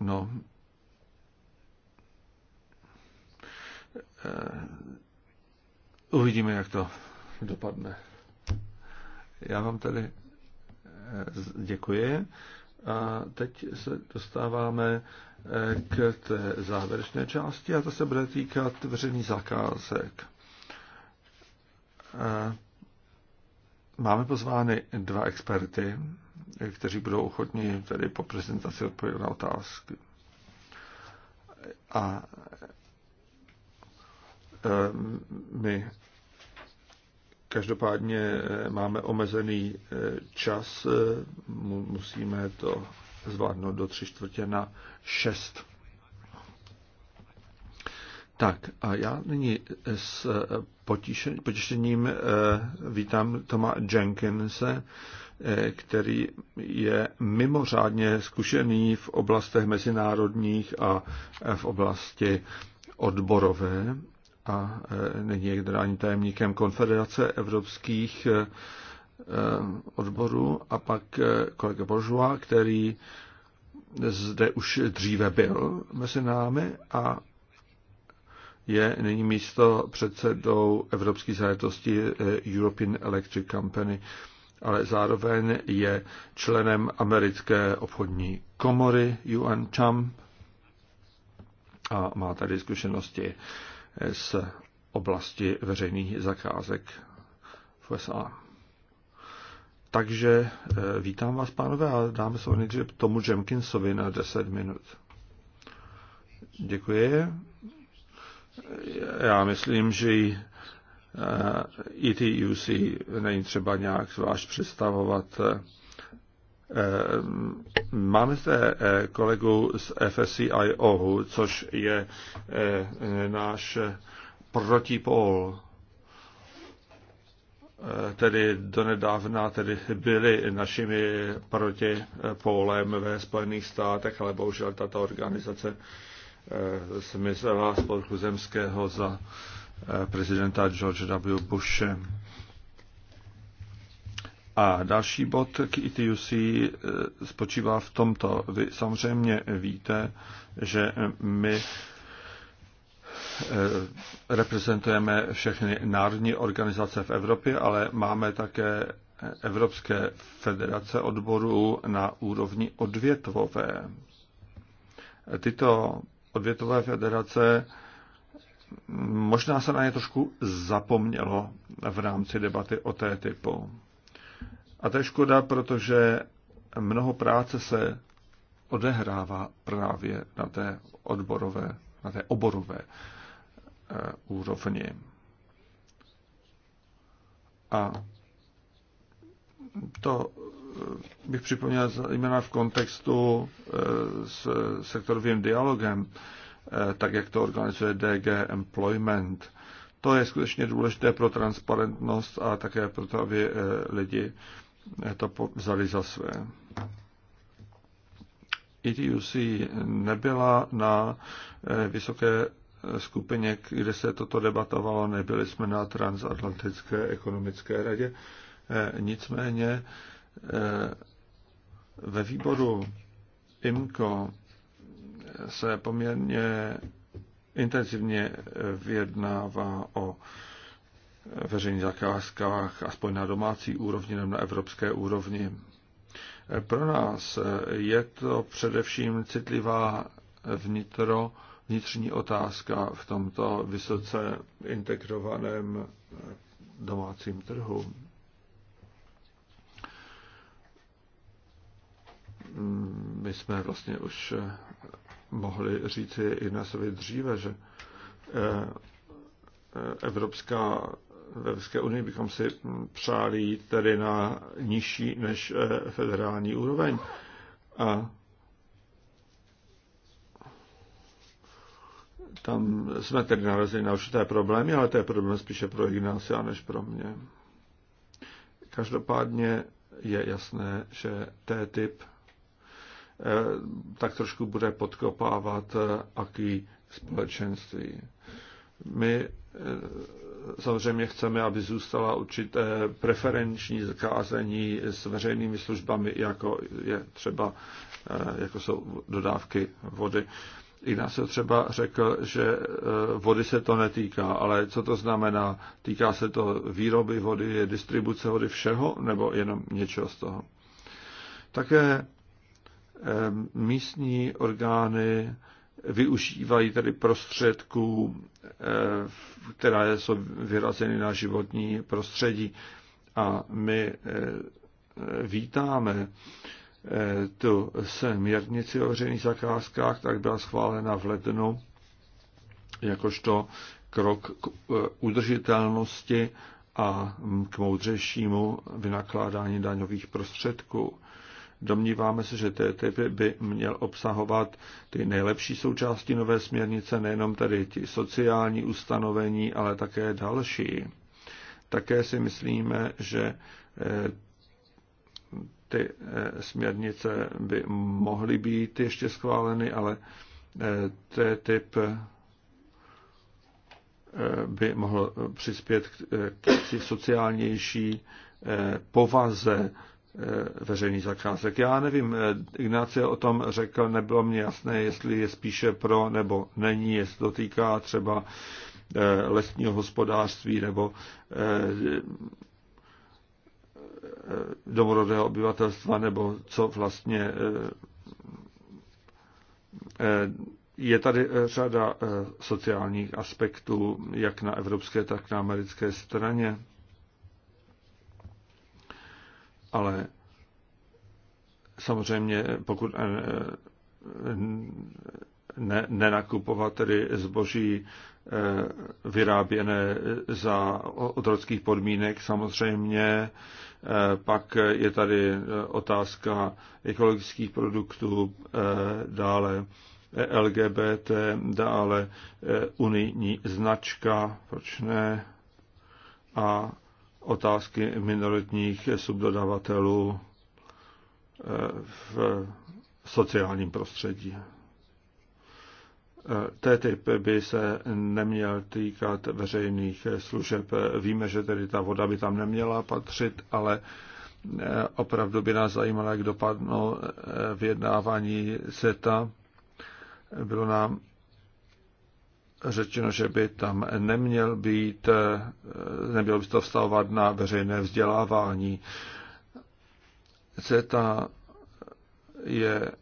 No, eh, uvidíme, jak to dopadne. Já vám tady eh, děkuji. A teď se dostáváme eh, k té závěrečné části a to se bude týkat veřejných zakázek. Máme pozvány dva experty kteří budou ochotni tedy po prezentaci odpovědět na otázky. A e, my každopádně máme omezený e, čas, e, musíme to zvládnout do tři čtvrtě na šest. Tak a já nyní s potěšením vítám Toma Jenkinse, Eh, který je mimořádně zkušený v oblastech mezinárodních a v oblasti odborové a eh, není generální tajemníkem Konfederace evropských eh, odborů a pak kolega Božua, který zde už dříve byl mezi námi a je nyní místo předsedou Evropské zajetosti European Electric Company ale zároveň je členem americké obchodní komory UN Champ a má tady zkušenosti z oblasti veřejných zakázek v USA. Takže eh, vítám vás, pánové, a dáme se nejdřív tomu Jenkinsovi na 10 minut. Děkuji. Já myslím, že i eh, e ty ETUC není třeba nějak zvlášť představovat. Eh, mm, máme zde eh, kolegu z FSCI OHU, což je náš protipol tedy donedávna tedy byli našimi protipolem ve Spojených státech, ale bohužel tato organizace zmizela z zemského za prezidenta George W. Bushe. A další bod k ITUC e eh, spočívá v tomto. Vy samozřejmě víte, že my eh, reprezentujeme všechny národní organizace v Evropě, ale máme také Evropské federace odborů na úrovni odvětvové. Tyto odvětové federace možná se na ně trošku zapomnělo v rámci debaty o té typu. A to je škoda, protože mnoho práce se odehrává právě na té odborové, na té oborové eh, úrovni. A to eh, bych připomněl zejména v kontextu eh, s sektorovým dialogem. Eh, tak jak to organizuje DG Employment. To je skutečně důležité pro transparentnost a také pro to, aby eh, lidi eh, to vzali za své. ETUC nebyla na vysoké skupině, kde se toto debatovalo, nebyli jsme na transatlantické ekonomické radě. Nicméně ve výboru IMCO se poměrně intenzivně vyjednává o veřejných zakázkách, aspoň na domácí úrovni nebo na evropské úrovni. Pro nás je to především citlivá vnitro, vnitřní otázka v tomto vysoce integrovaném domácím trhu. My jsme vlastně už mohli říci i na sobě dříve, že eh, eh, Evropská, v Evropské unii bychom si přáli jít tedy na nižší než eh, federální úroveň. A tam jsme tedy narazili na určité problémy, ale to je problém spíše pro Ignácia než pro mě. Každopádně je jasné, že té typ Eh, tak trošku bude podkopávat eh, aký společenství. My eh, samozřejmě chceme, aby zůstala určité preferenční zakázení s veřejnými službami, jako je třeba, jako jsou dodávky vody. I se třeba řekl, že vody se to netýká, ale co to znamená? Týká se to výroby vody, distribuce vody, všeho, nebo jenom něčeho z toho? Také Ehm, místní orgány využívají tedy prostředků, ehm, které jsou vyrazeny na životní prostředí. A my ehm, vítáme tu směrnici o veřejných zakázkách, tak byla schválena v lednu jakožto krok k udržitelnosti a k moudřejšímu vynakládání daňových prostředků. Domníváme se, že TTIP by měl obsahovat ty nejlepší součásti nové směrnice, nejenom tedy ty sociální ustanovení, ale také další. Také si myslíme, že eh, ty eh, směrnice by mohly být ještě schváleny, ale eh, TTIP by mohl přispět k, k sociálnější povaze Eh, veřejných zakázek. Já nevím, eh, Ignáce o tom řekl, nebylo mě jasné, jestli je spíše pro nebo není, jestli to týká třeba eh, lesního hospodářství nebo domorodého obyvatelstva, nebo co vlastně je tady řada sociálních aspektů, jak na evropské, tak na americké straně ale samozřejmě pokud eh, ne, nenakupovat tedy zboží eh, vyráběné za otrockých podmínek. Samozřejmě eh, pak je tady otázka ekologických produktů, dále LGBT, dále unijní značka, proč ne, a otázky minoritních subdodavatelů eh, v sociálním prostředí. Eh, TTIP by se neměl týkat veřejných služeb. Víme, že tedy ta voda by tam neměla patřit, ale eh, opravdu by nás zajímalo, jak dopadlo vyjednávání seta. Bylo nám řečeno, že by tam neměl být, eh, nemělo by to vstávat na veřejné vzdělávání. CETA je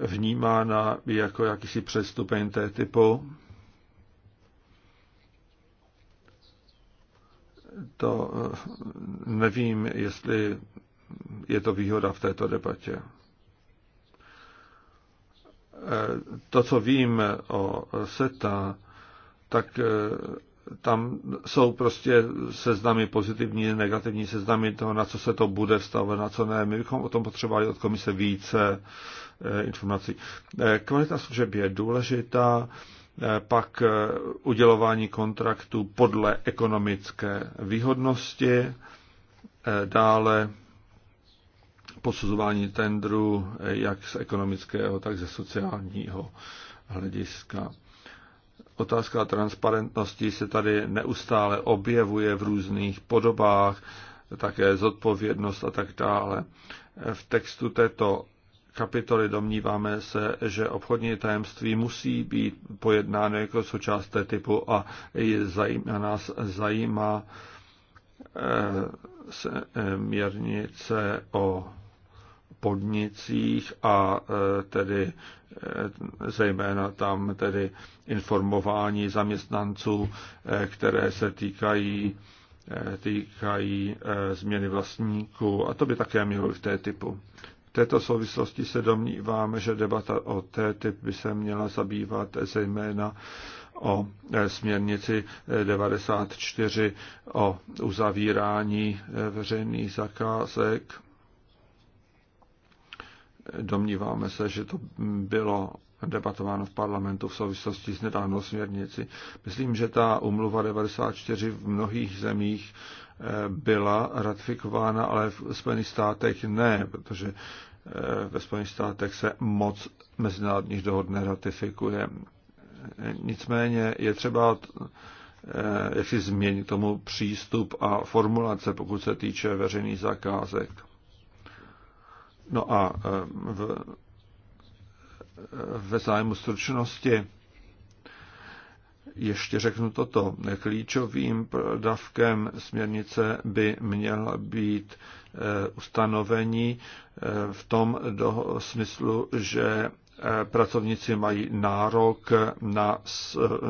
vnímána jako jakýsi přestupeň té typu. To eh, nevím, jestli je to výhoda v této debatě. Eh, to, co vím o SETA, tak eh, tam jsou prostě seznamy pozitivní, negativní seznamy toho, na co se to bude vztahovat, na co ne. My bychom o tom potřebovali od komise více eh, informací. Kvalita služeb je důležitá, pak udělování kontraktu podle ekonomické výhodnosti, dále posuzování tendru jak z ekonomického, tak ze sociálního hlediska. Otázka transparentnosti se tady neustále objevuje v různých podobách, také zodpovědnost a tak dále. V textu této kapitoly domníváme se, že obchodní tajemství musí být pojednáno jako součást té typu a je zajímá, nás zajímá eh, měrnice o podnicích a e, tedy e, zejména tam tedy informování zaměstnanců, e, které se týkají, týkají změny vlastníků. A to by také mělo v té typu. V této souvislosti se domníváme, že debata o té typ by se měla zabývat zejména o směrnici 94 o uzavírání veřejných zakázek Domníváme se, že to bylo debatováno v parlamentu v souvislosti s nedávnou směrnici. Myslím, že ta umluva 94 v mnohých zemích eh, byla ratifikována, ale v Spojených státech ne, protože eh, ve Spojených státech se moc mezinárodních dohod neratifikuje. Nicméně je třeba eh, jak si změnit tomu přístup a formulace, pokud se týče veřejných zakázek. No a eh, v, eh, ve zájmu stručnosti ještě řeknu toto. Klíčovým dávkem směrnice by měla být eh, ustanovení v tom do smyslu, že pracovníci mají nárok na,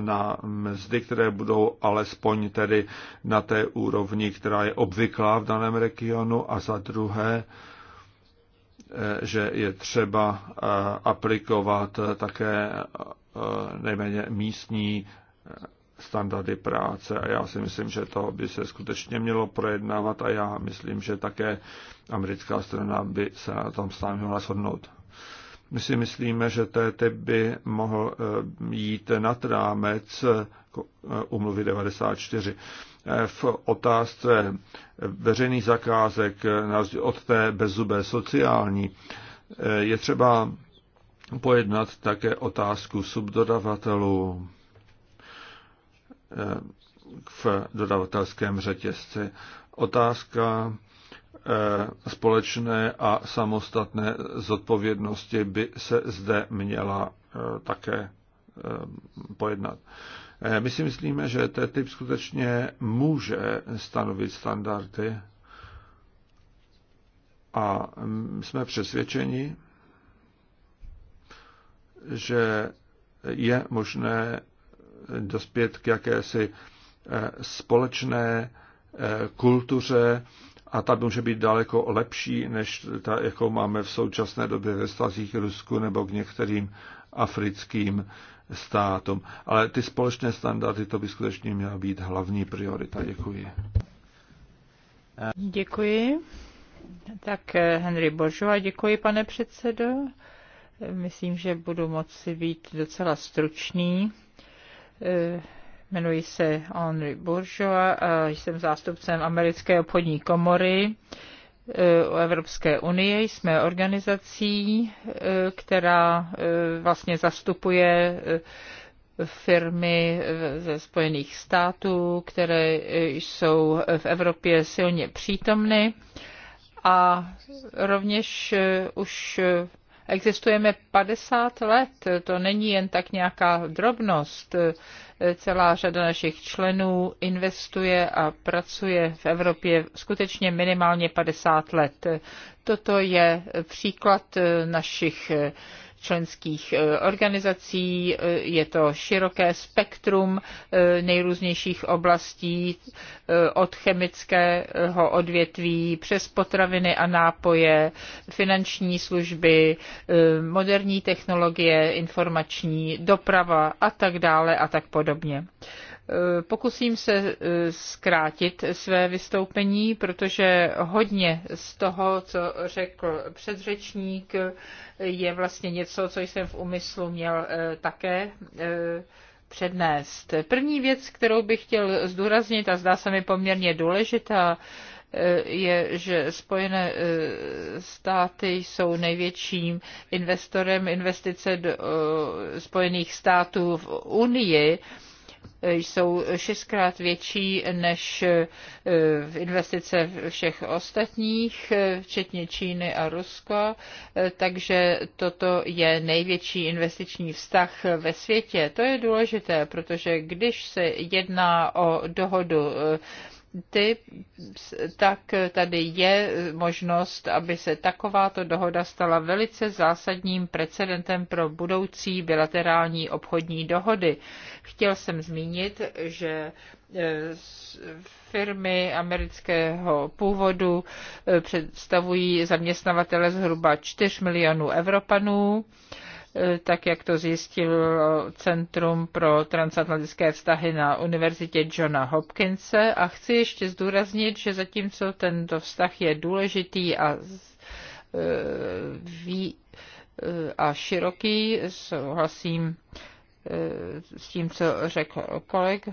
na mzdy, které budou alespoň tedy na té úrovni, která je obvyklá v daném regionu a za druhé Eh, že je třeba eh, aplikovat eh, také nejméně místní standardy práce a já si myslím, že to by se skutečně mělo projednávat a já myslím, že také americká strana by se na tom s námi mohla shodnout. My si myslíme, že TTIP by mohl jít nad rámec Eh, umluvy 94. Eh, v otázce veřejných zakázek, eh, od té bezzubé sociální, je třeba pojednat také otázku subdodavatelů v dodavatelském řetězci. Otázka společné a samostatné zodpovědnosti by se zde měla také pojednat. Eh, my si myslíme, že TTIP skutečně může stanovit standardy a mm, jsme přesvědčeni, že je možné dospět k jakési eh, společné eh, kultuře a ta může být daleko lepší, než ta, jakou máme v současné době ve stazích Rusku nebo k některým africkým státům. Ale ty společné standardy, to by skutečně měla být hlavní priorita. Děkuji. Děkuji. Tak eh, Henry Božova, děkuji pane předsedo. Myslím, že budu moci být docela stručný. Eh, jmenuji se Henry Bourgeois a jsem zástupcem americké obchodní komory. Evropské unie. Jsme organizací, eh, která eh, vlastně zastupuje eh, firmy ze Spojených států, které jsou v Evropě silně přítomny a rovněž už existujeme 50 let. To není jen tak nějaká drobnost. Celá řada našich členů investuje a pracuje v Evropě skutečně minimálně 50 let. Toto je příklad našich členských eh, organizací, eh, je to široké spektrum eh, nejrůznějších oblastí, od chemického odvětví přes potraviny a nápoje, finanční služby, moderní technologie, informační, doprava a tak dále a tak podobně. Eh, pokusím se eh, zkrátit své vystoupení, protože hodně z toho, co řekl předřečník, je vlastně něco, co jsem v úmyslu měl eh, také přednést. První věc, kterou bych chtěl zdůraznit a zdá se mi poměrně důležitá, je, že Spojené státy jsou největším investorem investice do Spojených států v Unii jsou šestkrát větší než eh, investice všech ostatních, eh, včetně Číny a Ruska, eh, takže toto je největší investiční vztah ve světě. To je důležité, protože když se jedná o dohodu ty, tak tady je možnost, aby se takováto dohoda stala velice zásadním precedentem pro budoucí bilaterální obchodní dohody. Chtěl jsem zmínit, že e, firmy amerického původu e, představují zaměstnavatele zhruba 4 milionů Evropanů tak jak to zjistil Centrum pro transatlantické vztahy na Univerzitě Johna Hopkinse. A chci ještě zdůraznit, že zatímco tento vztah je důležitý a e, ví, e, a široký, souhlasím e, s tím, co řekl kolega,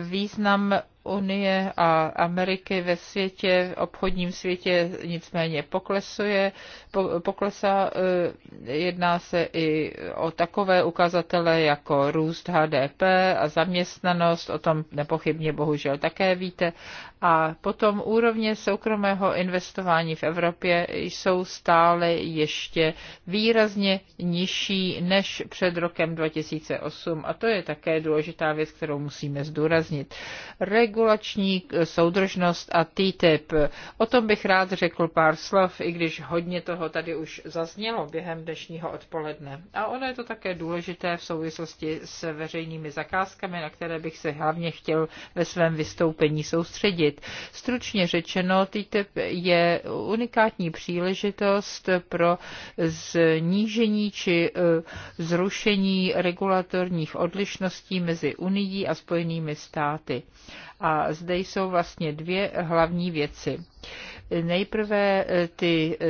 význam Unie a Ameriky ve světě, v obchodním světě nicméně poklesuje, po, eh, jedná se i o takové ukazatele jako růst HDP a zaměstnanost, o tom nepochybně bohužel také víte. A potom úrovně soukromého investování v Evropě jsou stále ještě výrazně nižší než před rokem 2008 a to je také důležitá věc, kterou musíme zdůraznit. Reg- regulační eh, soudržnost a TTIP. O tom bych rád řekl pár slov, i když hodně toho tady už zaznělo během dnešního odpoledne. A ono je to také důležité v souvislosti s veřejnými zakázkami, na které bych se hlavně chtěl ve svém vystoupení soustředit. Stručně řečeno, TTIP je unikátní příležitost pro znížení či eh, zrušení regulatorních odlišností mezi Unií a Spojenými státy. A zde jsou vlastně dvě hlavní věci. Nejprve eh, ty eh,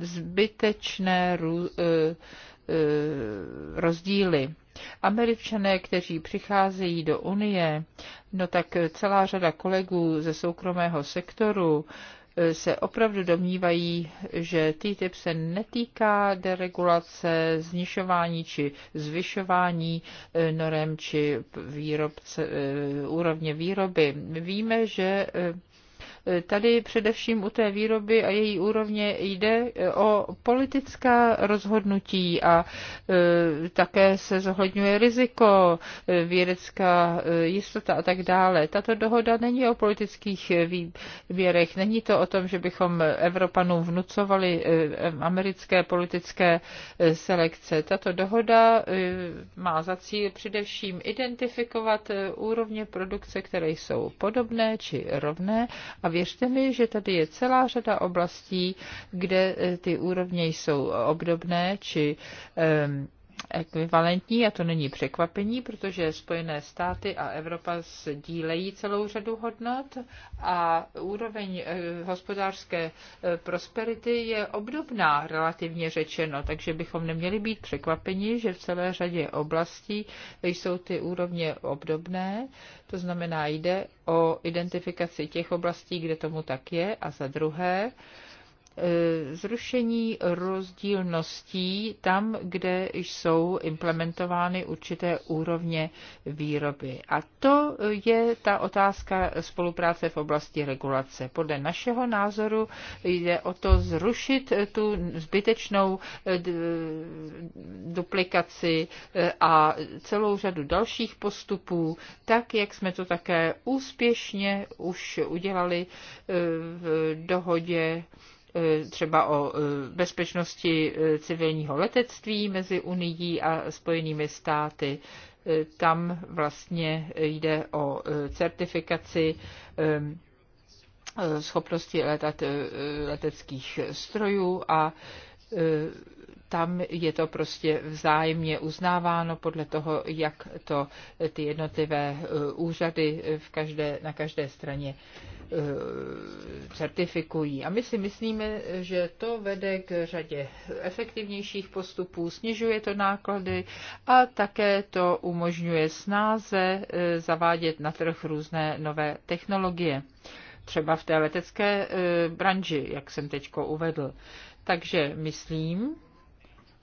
zbytečné eh, rozdíly. Američané, kteří přicházejí do Unie, no tak celá řada kolegů ze soukromého sektoru se opravdu domnívají, že TTIP se netýká deregulace, znišování či zvyšování eh, norem či výrobce, eh, úrovně výroby. víme, že eh, Tady především u té výroby a její úrovně jde e, o politická rozhodnutí a e, také se zohledňuje riziko, e, vědecká jistota a tak dále. Tato dohoda není o politických výběrech, není to o tom, že bychom Evropanům vnucovali americké politické selekce. Tato dohoda má za cíl především identifikovat úrovně produkce, které jsou podobné či rovné a věřte mi, že tady je celá řada oblastí, kde eh, ty úrovně jsou obdobné či um, ekvivalentní a to není překvapení, protože Spojené státy a Evropa sdílejí celou řadu hodnot a úroveň eh, hospodářské eh, prosperity je obdobná relativně řečeno, takže bychom neměli být překvapeni, že v celé řadě oblastí jsou ty úrovně obdobné, to znamená jde o identifikaci těch oblastí, kde tomu tak je a za druhé, Eh, zrušení rozdílností tam, kde jsou implementovány určité úrovně výroby. A to je ta otázka spolupráce v oblasti regulace. Podle našeho názoru jde o to zrušit tu zbytečnou eh, duplikaci eh, a celou řadu dalších postupů, tak, jak jsme to také úspěšně už udělali v dohodě E, třeba o e, bezpečnosti e, civilního letectví mezi Unií a Spojenými státy. Tam vlastně jde o certifikaci schopnosti letat leteckých strojů a tam je to prostě vzájemně uznáváno podle toho, jak to eh, ty jednotlivé eh, úřady eh, v každé, na každé straně certifikují. A my si myslíme, že to vede k řadě efektivnějších postupů, snižuje to náklady a také to umožňuje snáze zavádět na trh různé nové technologie. Třeba v té letecké branži, jak jsem teď uvedl. Takže myslím,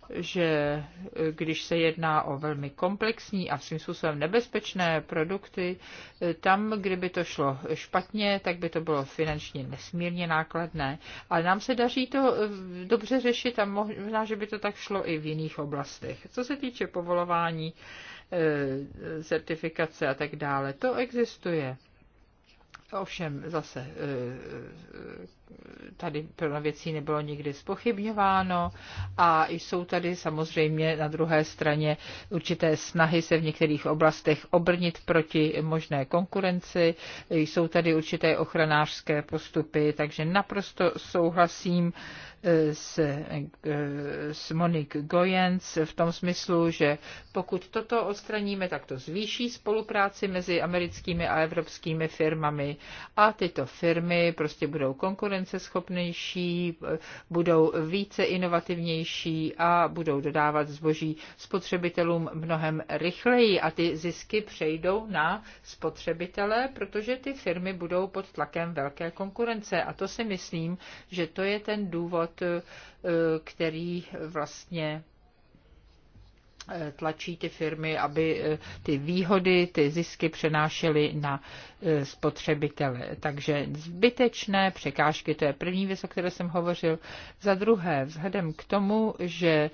že eh, když se jedná o velmi komplexní a svým způsobem nebezpečné produkty, eh, tam, kdyby to šlo špatně, tak by to bylo finančně nesmírně nákladné. Ale nám se daří to eh, dobře řešit a možná, že by to tak šlo i v jiných oblastech. Co se týče povolování, certifikace a tak dále, to existuje. Ovšem zase tady plno věcí nebylo nikdy spochybňováno a jsou tady samozřejmě na druhé straně určité snahy se v některých oblastech obrnit proti možné konkurenci, jsou tady určité ochranářské postupy, takže naprosto souhlasím s, s Monik Gojenc v tom smyslu, že pokud toto odstraníme, tak to zvýší spolupráci mezi americkými a evropskými firmami a tyto firmy prostě budou konkurenceschopnější, budou více inovativnější a budou dodávat zboží spotřebitelům mnohem rychleji a ty zisky přejdou na spotřebitele, protože ty firmy budou pod tlakem velké konkurence a to si myslím, že to je ten důvod, Eh, který vlastně Eh, tlačí ty firmy, aby eh, ty výhody, ty zisky přenášely na eh, spotřebitele. Takže zbytečné překážky, to je první věc, o které jsem hovořil. Za druhé, vzhledem k tomu, že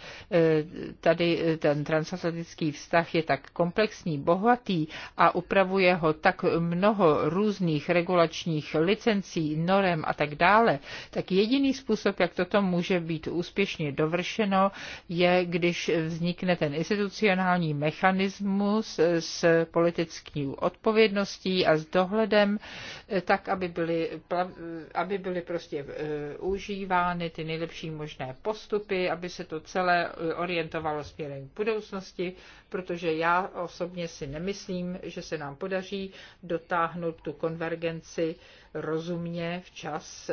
tady ten transatlantický vztah je tak komplexní, bohatý a upravuje ho tak mnoho různých regulačních licencí, norem a tak dále, tak jediný způsob, jak toto může být úspěšně dovršeno, je, když vznikne ten institucionální mechanismus s politickou odpovědností a s dohledem, eh, tak, aby byly, eh, aby byly prostě eh, užívány ty nejlepší možné postupy, aby se to celé orientovalo směrem k budoucnosti, protože já osobně si nemyslím, že se nám podaří dotáhnout tu konvergenci rozumně, včas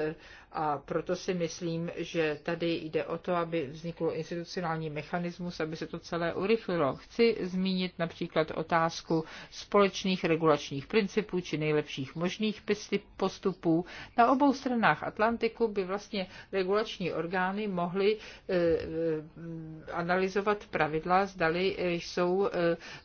a proto si myslím, že tady jde o to, aby vznikl institucionální mechanismus, aby se to celé urychlilo. Chci zmínit například otázku společných regulačních principů či nejlepších možných postupů. Na obou stranách Atlantiku by vlastně regulační orgány mohly eh, eh, analyzovat pravidla, zdali eh, jsou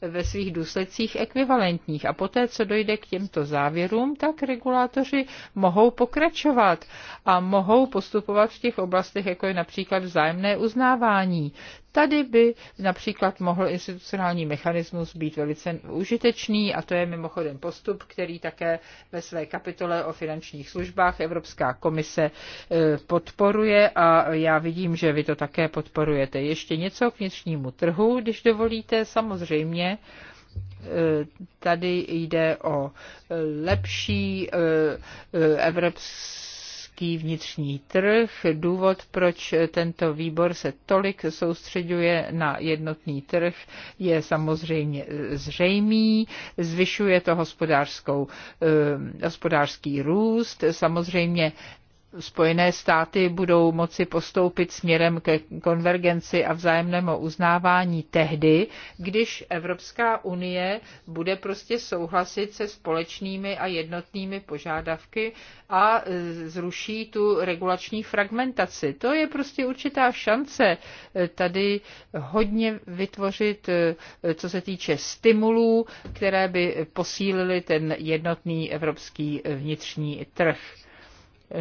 ve svých důsledcích ekvivalentních. A poté, co dojde k těmto závěrům, tak regulátoři mohou pokračovat a mohou postupovat v těch oblastech, jako je například vzájemné uznávání. Tady by například mohl institucionální mechanismus být velice užitečný a to je mimochodem postup, který také ve své kapitole o finančních službách Evropská komise e, podporuje a já vidím, že vy to také podporujete. Ještě něco k vnitřnímu trhu, když dovolíte, samozřejmě. Tady jde o lepší eh, eh, evropský vnitřní trh. Důvod, proč tento výbor se tolik soustředuje na jednotný trh, je samozřejmě zřejmý. Zvyšuje to hospodářskou, eh, hospodářský růst. Samozřejmě Spojené státy budou moci postoupit směrem ke konvergenci a vzájemnému uznávání tehdy, když Evropská unie bude prostě souhlasit se společnými a jednotnými požádavky a e, zruší tu regulační fragmentaci. To je prostě určitá šance e, tady hodně vytvořit, e, co se týče stimulů, které by posílily ten jednotný evropský vnitřní trh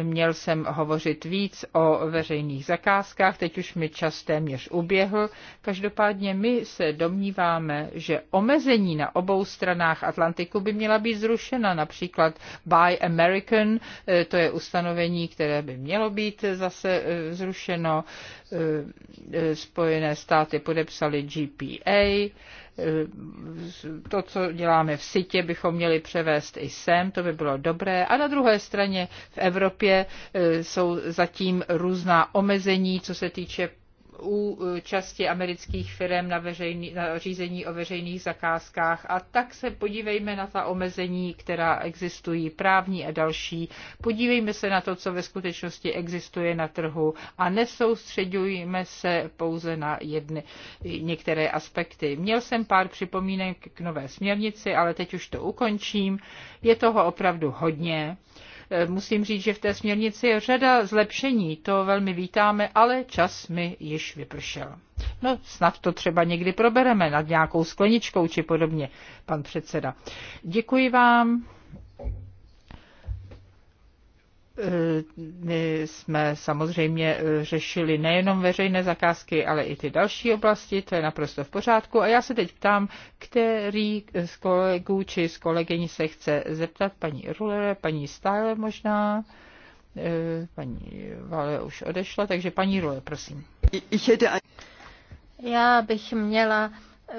Měl jsem hovořit víc o veřejných zakázkách, teď už mi čas téměř uběhl. Každopádně my se domníváme, že omezení na obou stranách Atlantiku by měla být zrušena, například Buy American, eh, to je ustanovení, které by mělo být zase eh, zrušeno. Eh, eh, Spojené státy podepsaly GPA, eh, to, co děláme v sitě, bychom měli převést i sem, to by bylo dobré. A na druhé straně v Evropě jsou zatím různá omezení, co se týče účasti e, amerických firm na, veřejný, na řízení o veřejných zakázkách. A tak se podívejme na ta omezení, která existují, právní a další. Podívejme se na to, co ve skutečnosti existuje na trhu a nesoustředujme se pouze na jedny, některé aspekty. Měl jsem pár připomínek k nové směrnici, ale teď už to ukončím. Je toho opravdu hodně. Eh, musím říct, že v té směrnici je řada zlepšení, to velmi vítáme, ale čas mi již vypršel. No, snad to třeba někdy probereme nad nějakou skleničkou či podobně, pan předseda. Děkuji vám my jsme samozřejmě eh, řešili nejenom veřejné zakázky, ale i ty další oblasti, to je naprosto v pořádku. A já se teď ptám, který z kolegů či z kolegyní se chce zeptat, paní Rulere, paní Stále možná, eh, paní Vale už odešla, takže paní Rulere, prosím. Já bych měla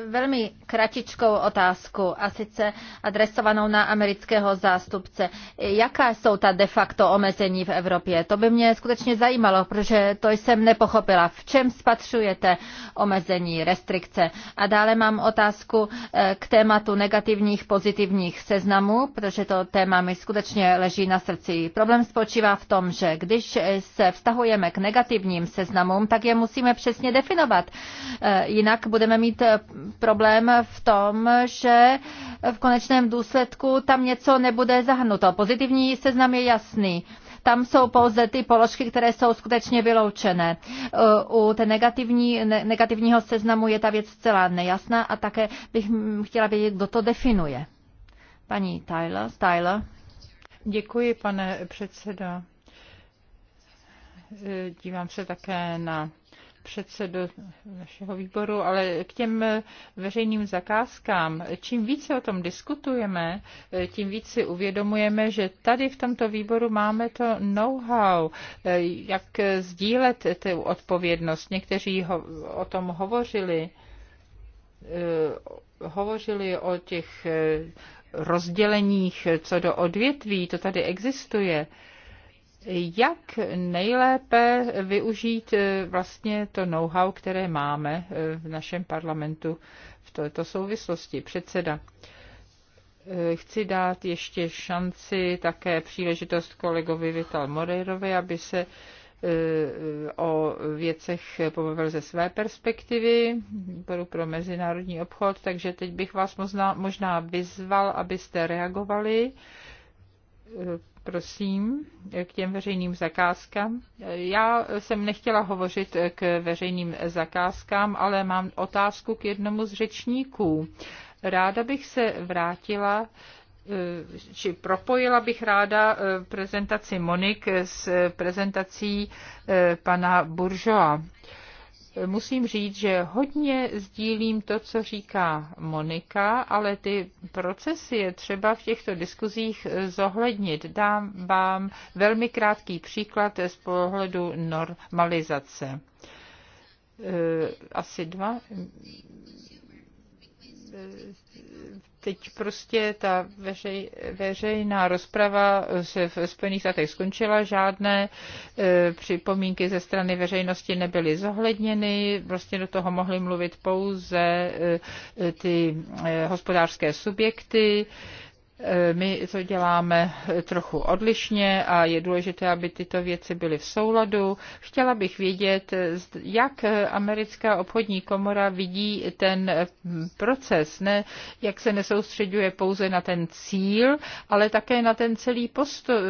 velmi kratičkou otázku, a sice adresovanou na amerického zástupce. Jaká jsou ta de facto omezení v Evropě? To by mě skutečně zajímalo, protože to jsem nepochopila. V čem spatřujete omezení, restrikce? A dále mám otázku eh, k tématu negativních, pozitivních seznamů, protože to téma mi skutečně leží na srdci. Problém spočívá v tom, že když se vztahujeme k negativním seznamům, tak je musíme přesně definovat. Eh, jinak budeme mít problém v tom, že v konečném důsledku tam něco nebude zahrnuto. Pozitivní seznam je jasný tam jsou pouze ty položky, které jsou skutečně vyloučené. U té negativní, negativního seznamu je ta věc celá nejasná a také bych chtěla vědět, kdo to definuje. Paní Tyler. Tyler. Děkuji, pane předsedo. Dívám se také na předsedo našeho výboru, ale k těm veřejným zakázkám. Čím více o tom diskutujeme, tím víc si uvědomujeme, že tady v tomto výboru máme to know-how, jak sdílet tu odpovědnost. Někteří ho, o tom hovořili, eh, hovořili o těch eh, rozděleních co do odvětví, to tady existuje jak nejlépe využít eh, vlastně to know-how, které máme eh, v našem parlamentu v této souvislosti. Předseda, eh, chci dát ještě šanci, také příležitost kolegovi Vital Moreirovi, aby se o věcech pobavil ze své perspektivy, výboru pro mezinárodní obchod, takže teď bych vás možná, možná vyzval, abyste reagovali prosím, k těm veřejným zakázkám. Já jsem nechtěla hovořit k veřejným zakázkám, ale mám otázku k jednomu z řečníků. Ráda bych se vrátila či propojila bych ráda eh, prezentaci Monik s prezentací eh, pana Buržoa musím říct, že hodně sdílím to, co říká Monika, ale ty procesy je třeba v těchto diskuzích zohlednit. Dám vám velmi krátký příklad z pohledu normalizace. E, asi dva teď prostě ta veřej, veřejná rozprava se v Spojených státech skončila, žádné e, připomínky ze strany veřejnosti nebyly zohledněny, prostě do toho mohly mluvit pouze e, e, ty hospodářské subjekty, Eh, my to děláme eh, trochu odlišně a je důležité, aby tyto věci byly v souladu. Chtěla bych vědět, eh, jak americká obchodní komora vidí ten proces, ne, jak se nesoustředuje pouze na ten cíl, ale také na ten celý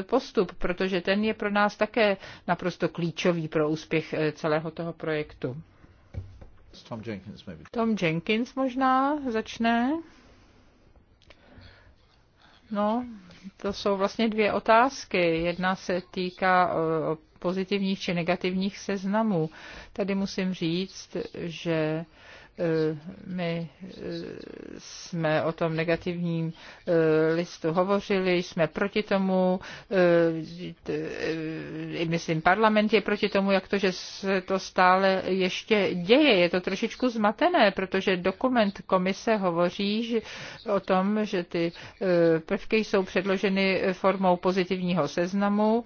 postup, protože ten je pro nás také naprosto klíčový pro úspěch celého toho projektu. Tom Jenkins, maybe. Tom Jenkins možná začne. No, to jsou vlastně dvě otázky. Jedna se týká pozitivních či negativních seznamů. Tady musím říct, že Eh, my eh, jsme o tom negativním eh, listu hovořili, jsme proti tomu, myslím, parlament je proti tomu, jak to, že se to stále ještě děje. Je to trošičku zmatené, protože dokument komise hovoří že o tom, že ty prvky jsou předloženy formou pozitivního seznamu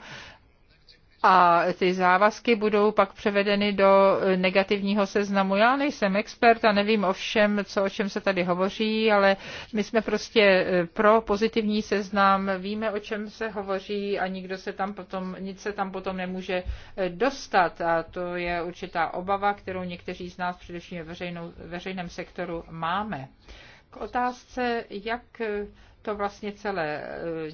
a ty závazky budou pak převedeny do negativního seznamu. Já nejsem expert a nevím o všem, co, o čem se tady hovoří, ale my jsme prostě eh, pro pozitivní seznam, víme, o čem se hovoří a nikdo se tam potom, nic se tam potom nemůže eh, dostat a to je určitá obava, kterou někteří z nás především ve veřejném sektoru máme. K otázce, jak eh, to vlastně celé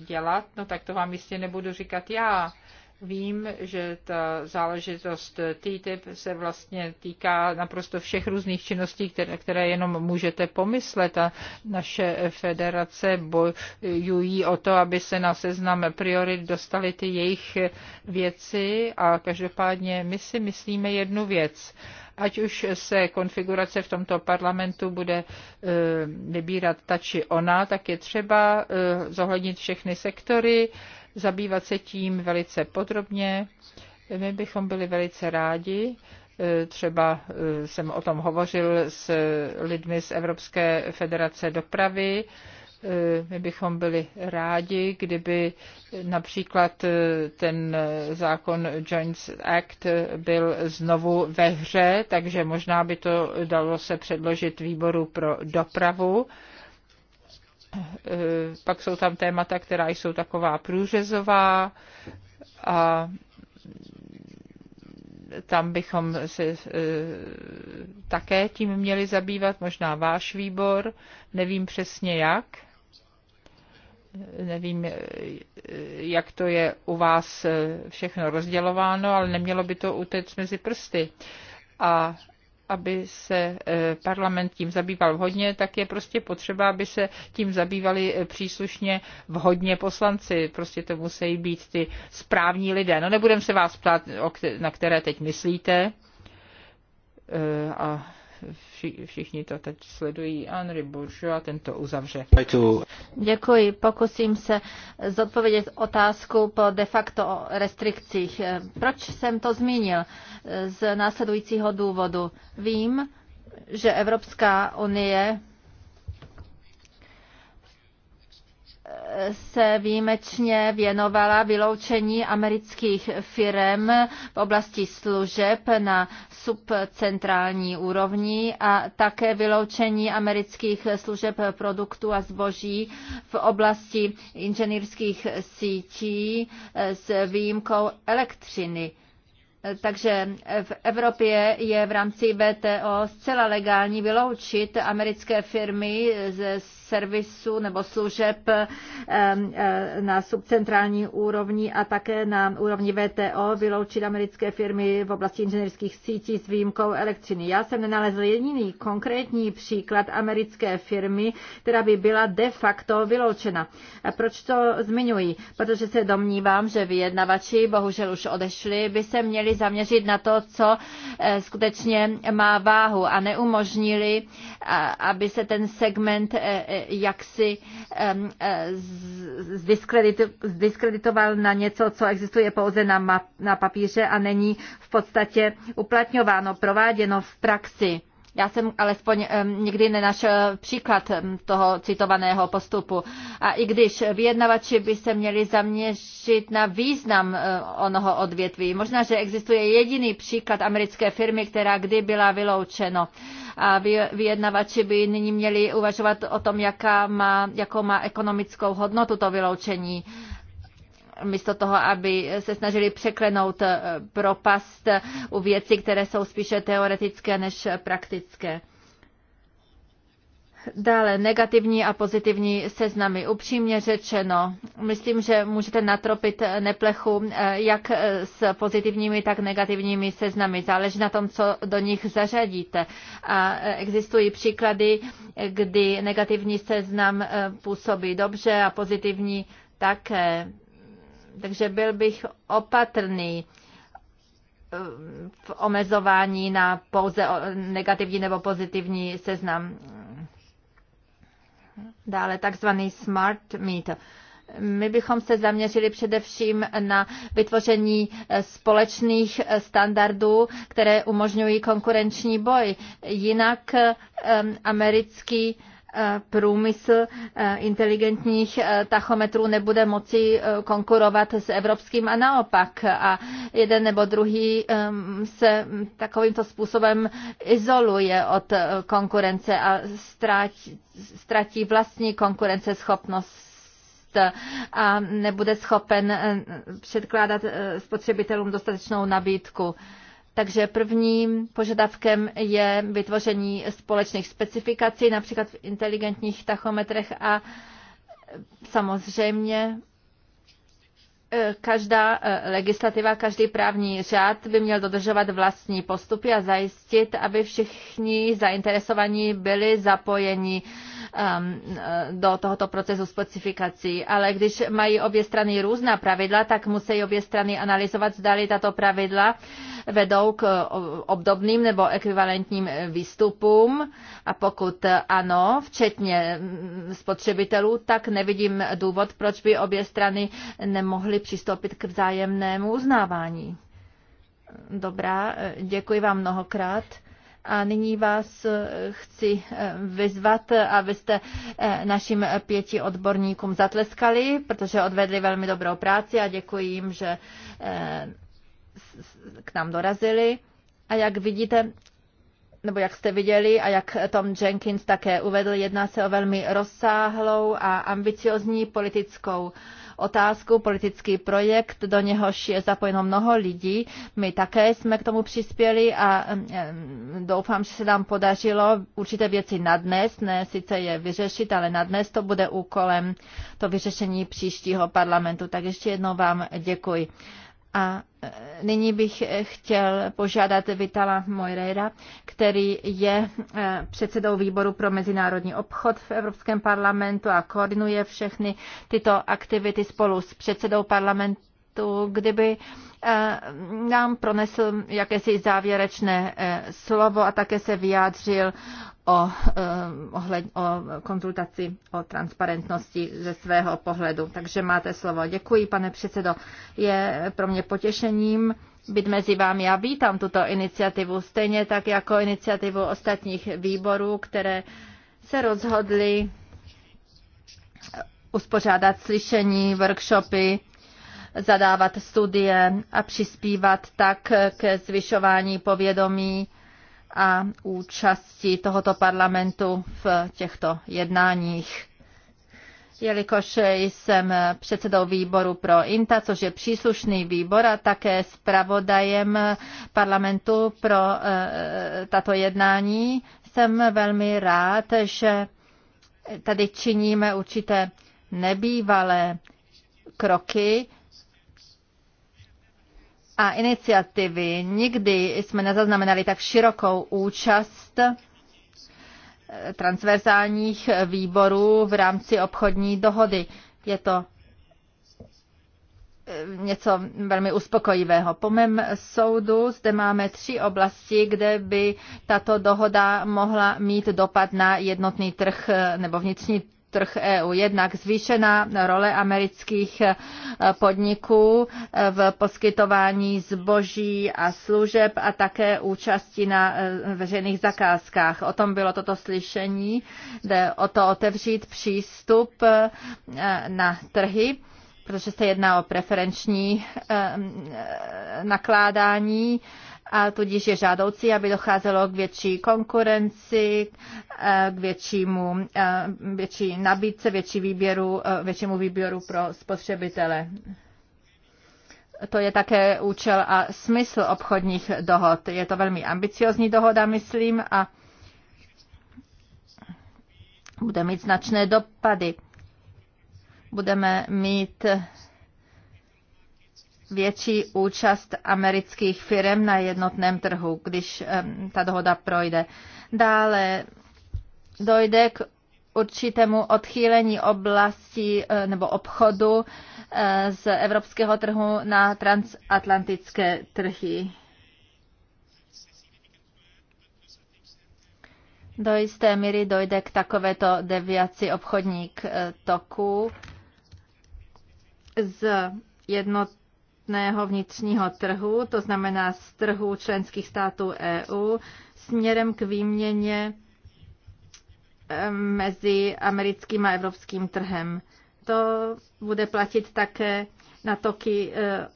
dělat, no tak to vám jistě nebudu říkat já Vím, že ta záležitost TTIP se vlastně týká naprosto všech různých činností, které, které jenom můžete pomyslet a naše federace bojují o to, aby se na seznam priorit dostaly ty jejich věci a každopádně my si myslíme jednu věc ať už se konfigurace v tomto parlamentu bude eh, vybírat ta či ona, tak je třeba eh, zohlednit všechny sektory zabývat se tím velice podrobně. My bychom byli velice rádi, e, třeba e, jsem o tom hovořil s lidmi z Evropské federace dopravy, e, my bychom byli rádi, kdyby například ten zákon Joint Act byl znovu ve hře, takže možná by to dalo se předložit výboru pro dopravu Eh, pak jsou tam témata, která jsou taková průřezová a tam bychom se eh, také tím měli zabývat, možná váš výbor, nevím přesně jak. Nevím, eh, jak to je u vás všechno rozdělováno, ale nemělo by to utéct mezi prsty. A aby se e, parlament tím zabýval vhodně, tak je prostě potřeba, aby se tím zabývali e, příslušně vhodně poslanci. Prostě to musí být ty správní lidé. No nebudem se vás ptát, na které teď myslíte. E, a všichni to teď sledují. Henri Bourgeois ten to uzavře. Děkuji. Pokusím se zodpovědět otázku po de facto restrikcích. Proč jsem to zmínil? Z následujícího důvodu. Vím, že Evropská unie se výjimečně věnovala vyloučení amerických firm v oblasti služeb na subcentrální úrovni a také vyloučení amerických služeb produktů a zboží v oblasti inženýrských sítí s výjimkou elektřiny. Takže v Evropě je v rámci VTO zcela legální vyloučit americké firmy ze servisu nebo služeb eh, eh, na subcentrální úrovni a také na úrovni VTO vyloučit americké firmy v oblasti inženýrských sítí s výjimkou elektřiny. Já jsem nenalezl jediný konkrétní příklad americké firmy, která by byla de facto vyloučena. Proč to zmiňuji? Protože se domnívám, že vyjednavači, bohužel už odešli, by se měli zaměřit na to, co eh, skutečně má váhu a neumožnili, aby se ten segment jaksi eh, zdiskreditoval na něco, co existuje pouze na, map, na papíře a není v podstatě uplatňováno, prováděno v praxi. Já jsem alespoň nikdy nenašel příklad toho citovaného postupu. A i když vyjednavači by se měli zaměřit na význam e, onoho odvětví, možná, že existuje jediný příklad americké firmy, která kdy byla vyloučeno a vyjednavači by nyní měli uvažovat o tom, jaká má, jakou má ekonomickou hodnotu to vyloučení místo toho, aby se snažili překlenout eh, propast eh, u věcí, které jsou spíše teoretické než praktické. Dále negativní a pozitivní seznamy. Upřímně řečeno, myslím, že můžete natropit eh, neplechu jak s pozitivními, tak negativními seznamy. Záleží na tom, co do nich zařadíte. A existují příklady, kdy negativní seznam působí dobře a pozitivní také. Takže byl bych opatrný eh, v omezování na pouze negativní nebo pozitivní seznam. Dále takzvaný smart meter. My bychom se zaměřili především na vytvoření eh, společných eh, standardů, které umožňují konkurenční boj. Jinak americký Eh, průmysl eh, inteligentních eh, tachometrů nebude moci konkurovat s evropským a naopak. A jeden nebo druhý ehm, se takovýmto způsobem izoluje od konkurence a ztratí vlastní konkurenceschopnost a nebude schopen předkládat spotřebitelům dostatečnou nabídku. Takže prvním požadavkem je vytvoření společných specifikací, například v inteligentních tachometrech a e, samozřejmě e, každá e, legislativa, každý právní řád by měl dodržovat vlastní postupy a zajistit, aby všichni zainteresovaní byli zapojeni Um, eh, do tohoto procesu specifikací. Ale když mají obě strany různá pravidla, tak musí obě strany analyzovat, zdali tato pravidla vedou k eh, obdobným nebo ekvivalentním eh, výstupům a pokud ano, včetně mm, spotřebitelů, tak nevidím důvod, proč by obě strany nemohly přistoupit k vzájemnému uznávání. Dobrá, děkuji vám mnohokrát. A nyní vás eh, chci eh, vyzvat, abyste eh, našim pěti odborníkům zatleskali, protože odvedli velmi dobrou práci a děkuji jim, že k nám dorazili. A jak vidíte, nebo jak jste viděli a jak Tom Jenkins také uvedl, jedná se o velmi rozsáhlou a ambiciozní politickou otázku, politický projekt, do něhož je zapojeno mnoho lidí. My také jsme k tomu přispěli a doufám, že se nám podařilo určité věci nadnes, ne sice je vyřešit, ale nadnes to bude úkolem to vyřešení příštího parlamentu. Tak ještě jednou vám děkuji. A e, nyní bych e, chtěl požádat Vitala Moireira, který je e, předsedou výboru pro mezinárodní obchod v Evropském parlamentu a koordinuje všechny tyto aktivity spolu s předsedou parlamentu parlamentu, kdyby eh, nám pronesl jakési závěrečné eh, slovo a také se vyjádřil o, eh, ohled, o konzultaci o transparentnosti ze svého pohledu. Takže máte slovo. Děkuji, pane předsedo. Je pro mě potěšením být mezi vámi. Já vítám tuto iniciativu, stejně tak jako iniciativu ostatních výborů, které se rozhodly uspořádat slyšení, workshopy zadávat studie a přispívat tak ke zvyšování povědomí a účasti tohoto parlamentu v těchto jednáních. Jelikož jsem předsedou výboru pro INTA, což je příslušný výbor a také zpravodajem parlamentu pro eh, tato jednání, jsem velmi rád, že tady činíme určité nebývalé kroky a iniciativy. Nikdy jsme nezaznamenali tak širokou účast eh, transverzálních výborů v rámci obchodní dohody. Je to eh, něco velmi uspokojivého. Po mém soudu zde máme tři oblasti, kde by tato dohoda mohla mít dopad na jednotný trh eh, nebo vnitřní trh EU. Jednak zvýšená role amerických eh, podniků eh, v poskytování zboží a služeb a také účasti na eh, veřejných zakázkách. O tom bylo toto slyšení. Jde o to otevřít přístup na trhy protože se jedná o preferenční nakládání a tudíž je žádoucí, aby docházelo k větší konkurenci, eh, k většímu, eh, větší nabídce, větší výběru, eh, většímu výběru pro spotřebitele. To je také účel a smysl obchodních dohod. Je to velmi ambiciozní dohoda, myslím, a bude mít značné dopady. Budeme mít větší účast amerických firm na jednotném trhu, když ta dohoda projde. Dále dojde k určitému odchýlení oblasti eh, nebo obchodu eh, z evropského trhu na transatlantické trhy. Do jisté míry dojde k takovéto deviaci obchodník eh, toku z jednot jednotného vnitřního trhu, to znamená z trhu členských států EU, směrem k výměně mezi americkým a evropským trhem. To bude platit také na toky, eh,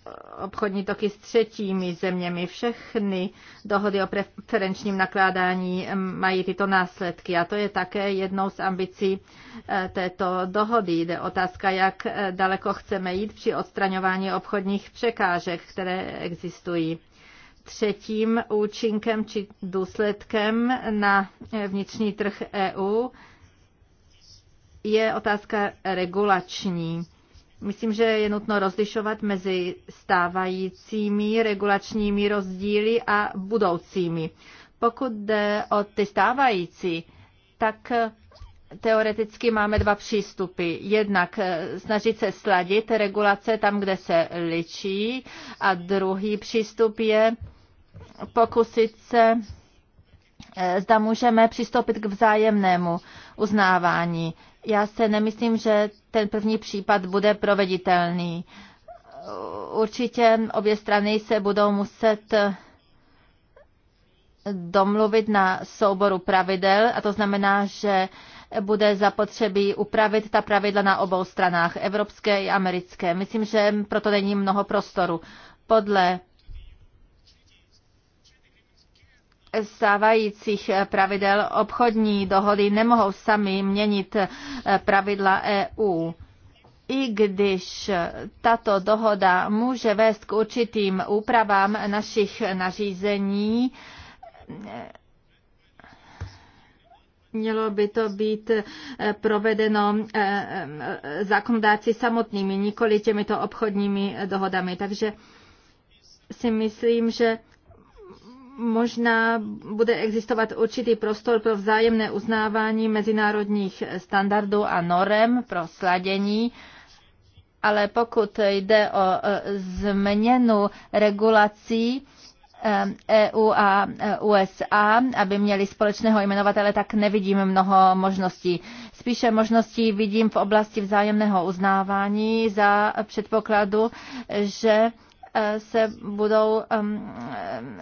obchodní toky s třetími zeměmi. Všechny dohody o preferenčním nakládání mají tyto následky a to je také jednou z ambicí eh, této dohody. Jde otázka, jak eh, daleko chceme jít při odstraňování obchodních překážek, které existují třetím účinkem či důsledkem na vnitřní trh EU je otázka regulační. Myslím, že je nutno rozlišovat mezi stávajícími regulačními rozdíly a budoucími. Pokud jde o ty stávající, tak eh, teoreticky máme dva přístupy. Jednak eh, snažit se sladit regulace tam, kde se ličí a druhý přístup je pokusit se, eh, zda můžeme přistoupit k vzájemnému uznávání. Já se nemyslím, že ten první případ bude proveditelný. Určitě obě strany se budou muset domluvit na souboru pravidel a to znamená, že bude zapotřebí upravit ta pravidla na obou stranách, evropské i americké. Myslím, že proto není mnoho prostoru. Podle stávajících eh, pravidel obchodní dohody nemohou sami měnit eh, pravidla EU. I když eh, tato dohoda může vést k určitým úpravám našich nařízení, Mělo by to být provedeno zákonodáci samotnými, nikoli těmito obchodními dohodami. Takže si myslím, že možná bude existovat určitý prostor pro vzájemné uznávání mezinárodních standardů a norem pro sladění, ale pokud jde o e, změnu regulací, EU e a e, USA, aby měli společného jmenovatele, tak nevidím mnoho možností. Spíše možností vidím v oblasti vzájemného uznávání za předpokladu, že Eh, se budou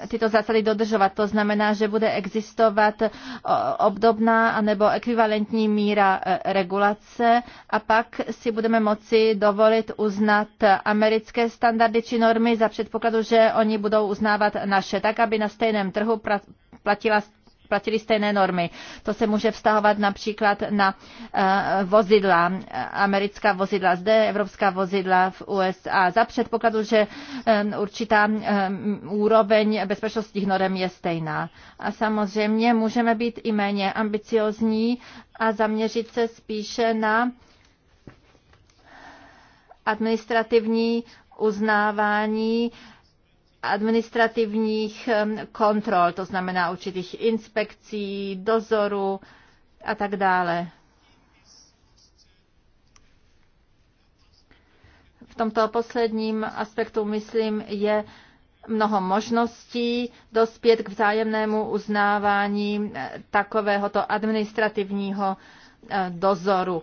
tyto zásady dodržovat. To znamená, že bude existovat eh, obdobná anebo ekvivalentní míra eh, regulace a pak si budeme moci dovolit uznat americké standardy či normy za předpokladu, že oni budou uznávat naše, tak aby na stejném trhu platila platili stejné normy. To se může vztahovat například na eh, vozidla, eh, americká vozidla zde, evropská vozidla v USA, za předpokladu, že eh, určitá úroveň bezpečnostních norm je stejná. A samozřejmě můžeme být i méně ambiciozní a zaměřit se spíše na administrativní uznávání administrativních kontrol, to znamená určitých inspekcí, dozoru a tak dále. V tomto posledním aspektu, myslím, je mnoho možností dospět k vzájemnému uznávání eh, takovéhoto administrativního eh, dozoru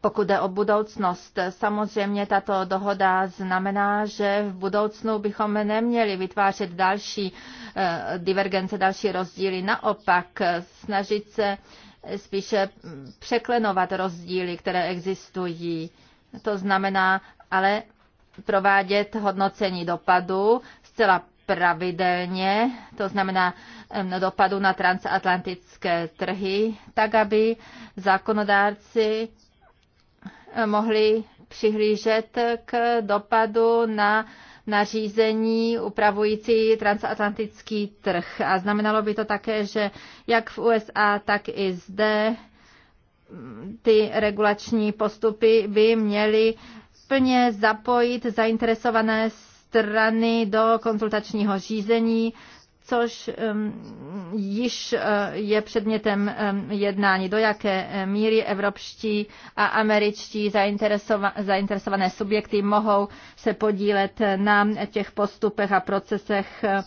pokud jde o budoucnost, samozřejmě tato dohoda znamená, že v budoucnu bychom neměli vytvářet další eh, divergence, další rozdíly. Naopak snažit se spíše překlenovat rozdíly, které existují. To znamená ale provádět hodnocení dopadu zcela pravidelně, to znamená dopadu na transatlantické trhy, tak aby zákonodárci mohli přihlížet k dopadu na nařízení upravující transatlantický trh. A znamenalo by to také, že jak v USA, tak i zde ty regulační postupy by měly plně zapojit zainteresované strany do konzultačního řízení což um, již uh, je předmětem um, jednání, do jaké eh, míry evropští a američtí zainteresované subjekty mohou se podílet na těch postupech a procesech, eh,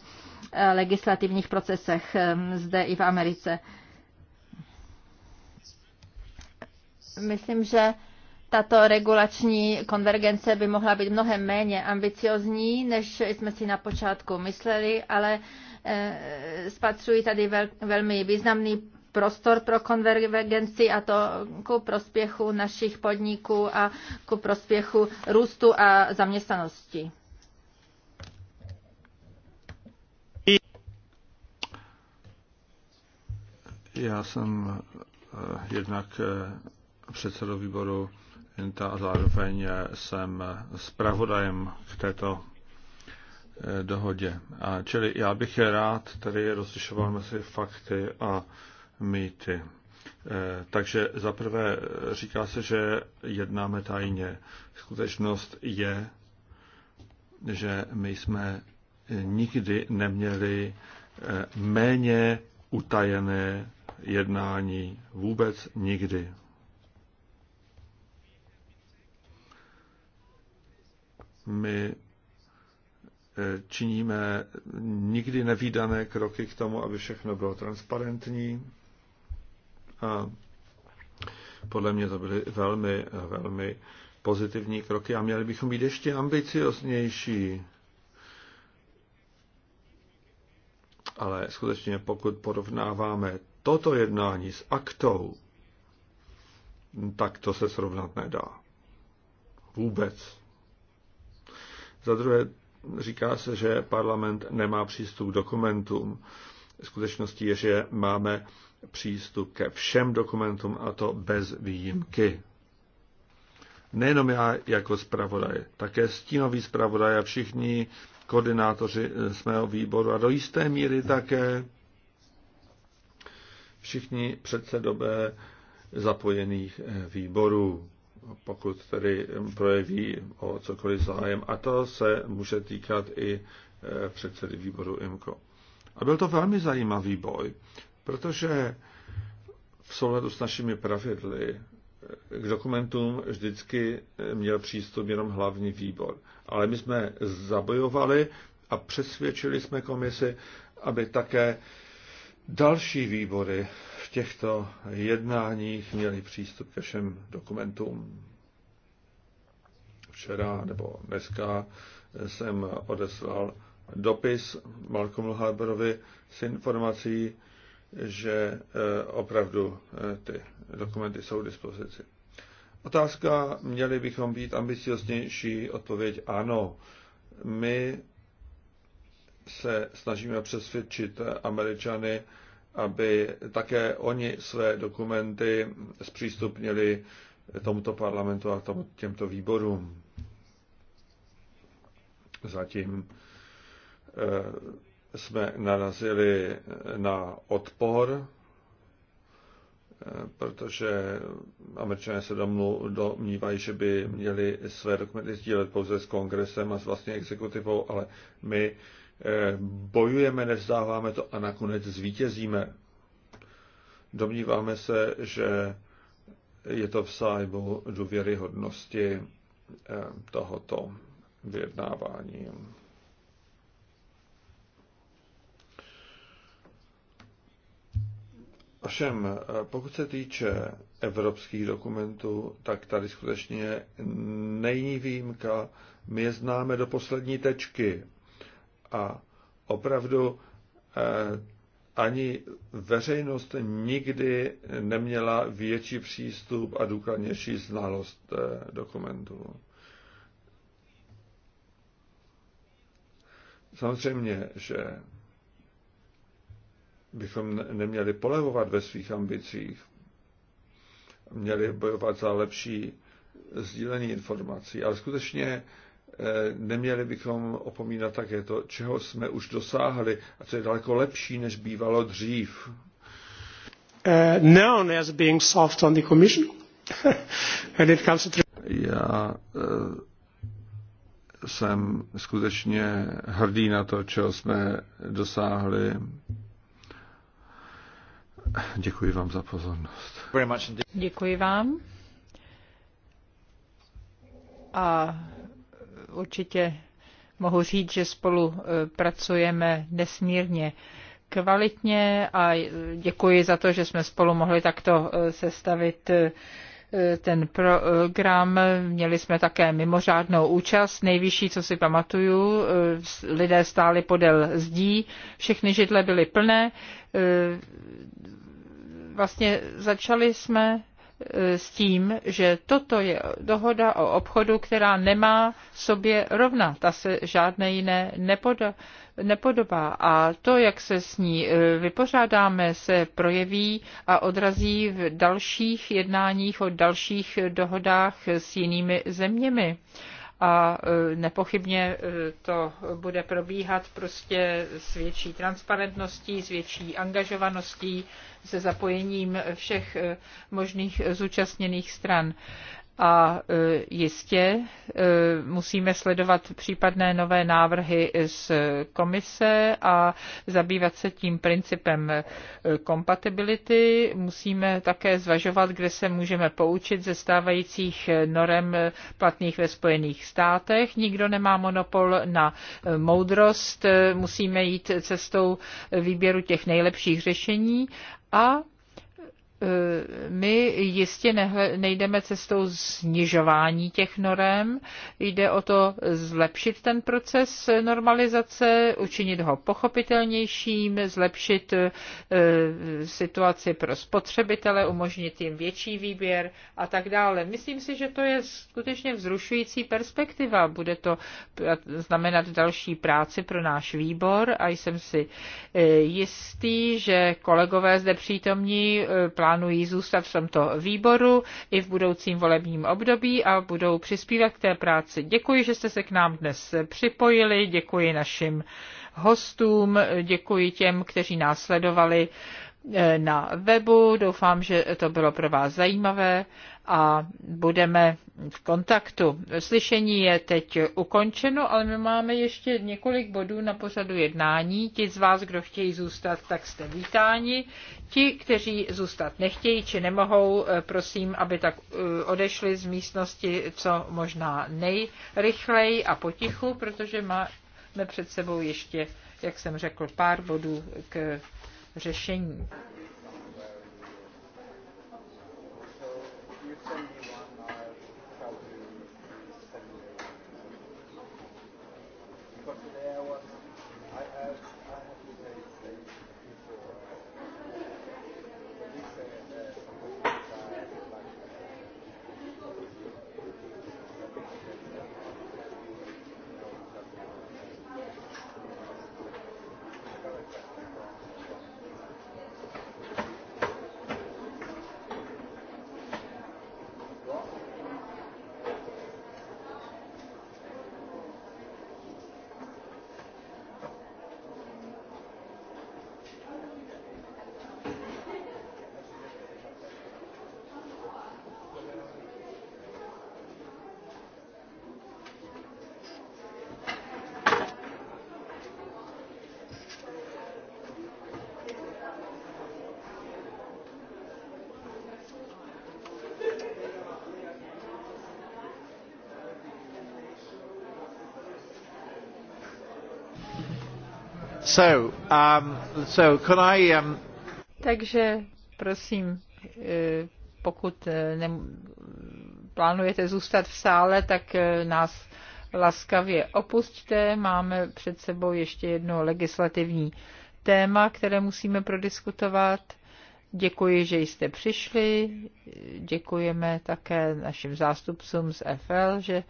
legislativních procesech eh, zde i v Americe. Myslím, že tato regulační konvergence by mohla být mnohem méně ambiciozní, než jsme si na počátku mysleli, ale Eh, spatřuji tady vel, velmi významný prostor pro konvergenci a to ku prospěchu našich podniků a ku prospěchu růstu a zaměstnanosti. Já jsem eh, jednak eh, předsedou výboru INTA a zároveň jsem zpravodajem k této Eh, dohodě. A čili já bych rád tady rozlišoval mezi fakty a mýty. Eh, takže zaprvé eh, říká se, že jednáme tajně. Skutečnost je, že my jsme nikdy neměli méně utajené jednání. Vůbec nikdy. My činíme nikdy nevýdané kroky k tomu, aby všechno bylo transparentní. A podle mě to byly velmi, velmi pozitivní kroky a měli bychom být ještě ambicioznější. Ale skutečně, pokud porovnáváme toto jednání s aktou, tak to se srovnat nedá. Vůbec. Za druhé, Říká se, že parlament nemá přístup k dokumentům. Skutečností je, že máme přístup ke všem dokumentům a to bez výjimky. Nejenom já jako zpravodaj, také stínový zpravodaj a všichni koordinátoři z mého výboru a do jisté míry také všichni předsedové zapojených výborů pokud tedy projeví o cokoliv zájem. A to se může týkat i e, předsedy výboru IMCO. A byl to velmi zajímavý boj, protože v souladu s našimi pravidly e, k dokumentům vždycky e, měl přístup jenom hlavní výbor. Ale my jsme zabojovali a přesvědčili jsme komisi, aby také další výbory těchto jednáních měli přístup ke všem dokumentům. Včera nebo dneska jsem odeslal dopis Malcolmu Harberovi s informací, že eh, opravdu eh, ty dokumenty jsou k dispozici. Otázka, měli bychom být ambicioznější, odpověď ano. My se snažíme přesvědčit Američany, aby také oni své dokumenty zpřístupnili tomuto parlamentu a tomu, těmto výborům. Zatím eh, jsme narazili na odpor, eh, protože američané se domů domnívají, že by měli své dokumenty sdílet pouze s kongresem a s vlastní exekutivou, ale my Eh, bojujeme, nevzdáváme to a nakonec zvítězíme. Domníváme se, že je to v sájmu důvěryhodnosti eh, tohoto vyjednávání. Ovšem, eh, pokud se týče evropských dokumentů, tak tady skutečně není výjimka. My je známe do poslední tečky a opravdu eh, ani veřejnost nikdy neměla větší přístup a důkladnější znalost eh, dokumentů. Samozřejmě, že bychom neměli polevovat ve svých ambicích. Měli bojovat za lepší sdílení informací, ale skutečně Eh, neměli bychom opomínat také to, čeho jsme už dosáhli a co je daleko lepší, než bývalo dřív. Eh, known as being soft on the commission. When it comes to... Já uh, jsem skutečně hrdý na to, čeho jsme dosáhli. Děkuji vám za pozornost. Děkuji vám. A určitě mohu říct, že spolu e, pracujeme nesmírně kvalitně a děkuji za to, že jsme spolu mohli takto e, sestavit e, ten program. Měli jsme také mimořádnou účast, nejvyšší, co si pamatuju. Lidé stáli podél zdí, všechny židle byly plné. Vlastně začali jsme Eh, s tím, že toto je dohoda o obchodu, která nemá sobě rovna, ta se žádné jiné nepoda, nepodobá. A to, jak se s ní eh, vypořádáme, se projeví a odrazí v dalších jednáních o dalších dohodách s jinými zeměmi a e, nepochybně e, to bude probíhat prostě s větší transparentností, s větší angažovaností, se zapojením všech e, možných zúčastněných stran a e, jistě e, musíme sledovat případné nové návrhy z komise a zabývat se tím principem e, kompatibility. Musíme také zvažovat, kde se můžeme poučit ze stávajících norem platných ve Spojených státech. Nikdo nemá monopol na moudrost, musíme jít cestou výběru těch nejlepších řešení a Eh, my jistě nejdeme cestou snižování těch norem, jde o to zlepšit ten proces normalizace, učinit ho pochopitelnějším, zlepšit eh, situaci pro spotřebitele, umožnit jim větší výběr a tak dále. Myslím si, že to je skutečně vzrušující perspektiva. Bude to znamenat další práci pro náš výbor a jsem si eh, jistý, že kolegové zde přítomní plánují zůstat v tomto výboru i v budoucím volebním období a budou přispívat k té práci. Děkuji, že jste se k nám dnes připojili, děkuji našim hostům, děkuji těm, kteří nás sledovali eh, na webu. Doufám, že to bylo pro vás zajímavé a budeme v kontaktu. Slyšení je teď ukončeno, ale my máme ještě několik bodů na pořadu jednání. Ti z vás, kdo chtějí zůstat, tak jste vítáni. Ti, kteří zůstat nechtějí či nemohou, eh, prosím, aby tak eh, odešli z místnosti co možná nejrychleji a potichu, protože máme před sebou ještě, jak jsem řekl, pár bodů k řešení. So, um, so can I, um... Takže prosím, eh, pokud eh, ne, plánujete zůstat v sále, tak eh, nás laskavě opustte. Máme před sebou ještě jedno legislativní téma, které musíme prodiskutovat. Děkuji, že jste přišli. Děkujeme také našim zástupcům z FL, že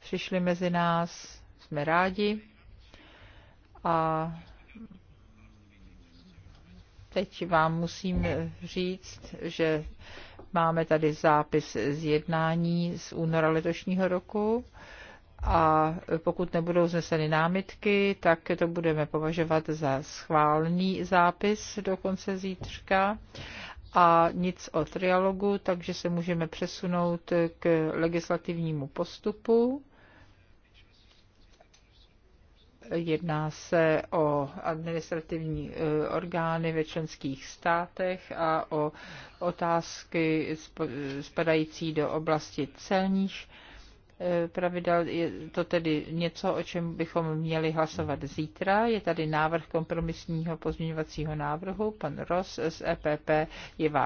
přišli mezi nás. Jsme rádi. A Teď vám musím říct, že máme tady zápis z jednání z února letošního roku a pokud nebudou zneseny námitky, tak to budeme považovat za schválný zápis do konce zítřka a nic o trialogu, takže se můžeme přesunout k legislativnímu postupu. Jedná se o administrativní e, orgány ve členských státech a o otázky spadající do oblasti celních e, pravidel. Je to tedy něco, o čem bychom měli hlasovat zítra. Je tady návrh kompromisního pozměňovacího návrhu. Pan Ross z EPP je váš.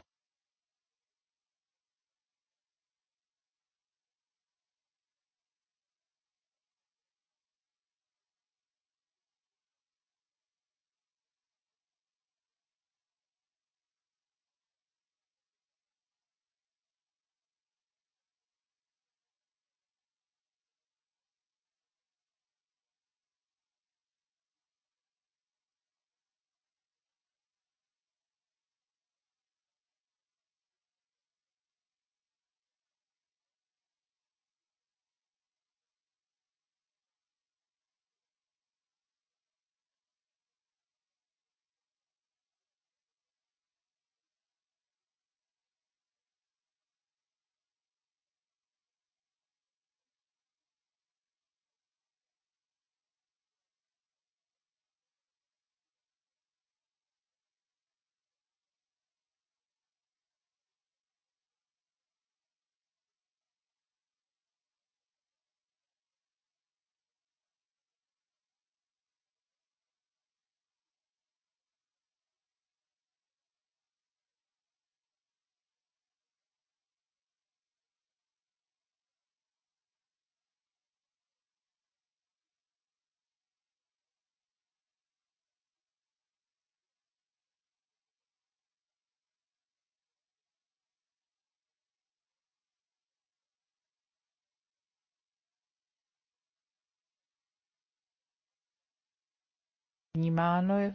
vnímáno, eh,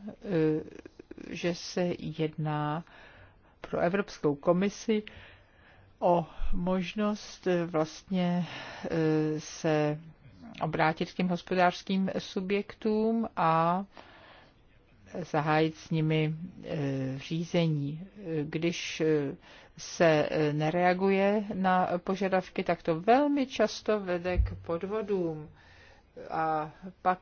že se jedná pro Evropskou komisi o možnost eh, vlastně eh, se obrátit k těm hospodářským subjektům a zahájit s nimi řízení. Když se nereaguje na požadavky, tak to velmi často vede k podvodům a pak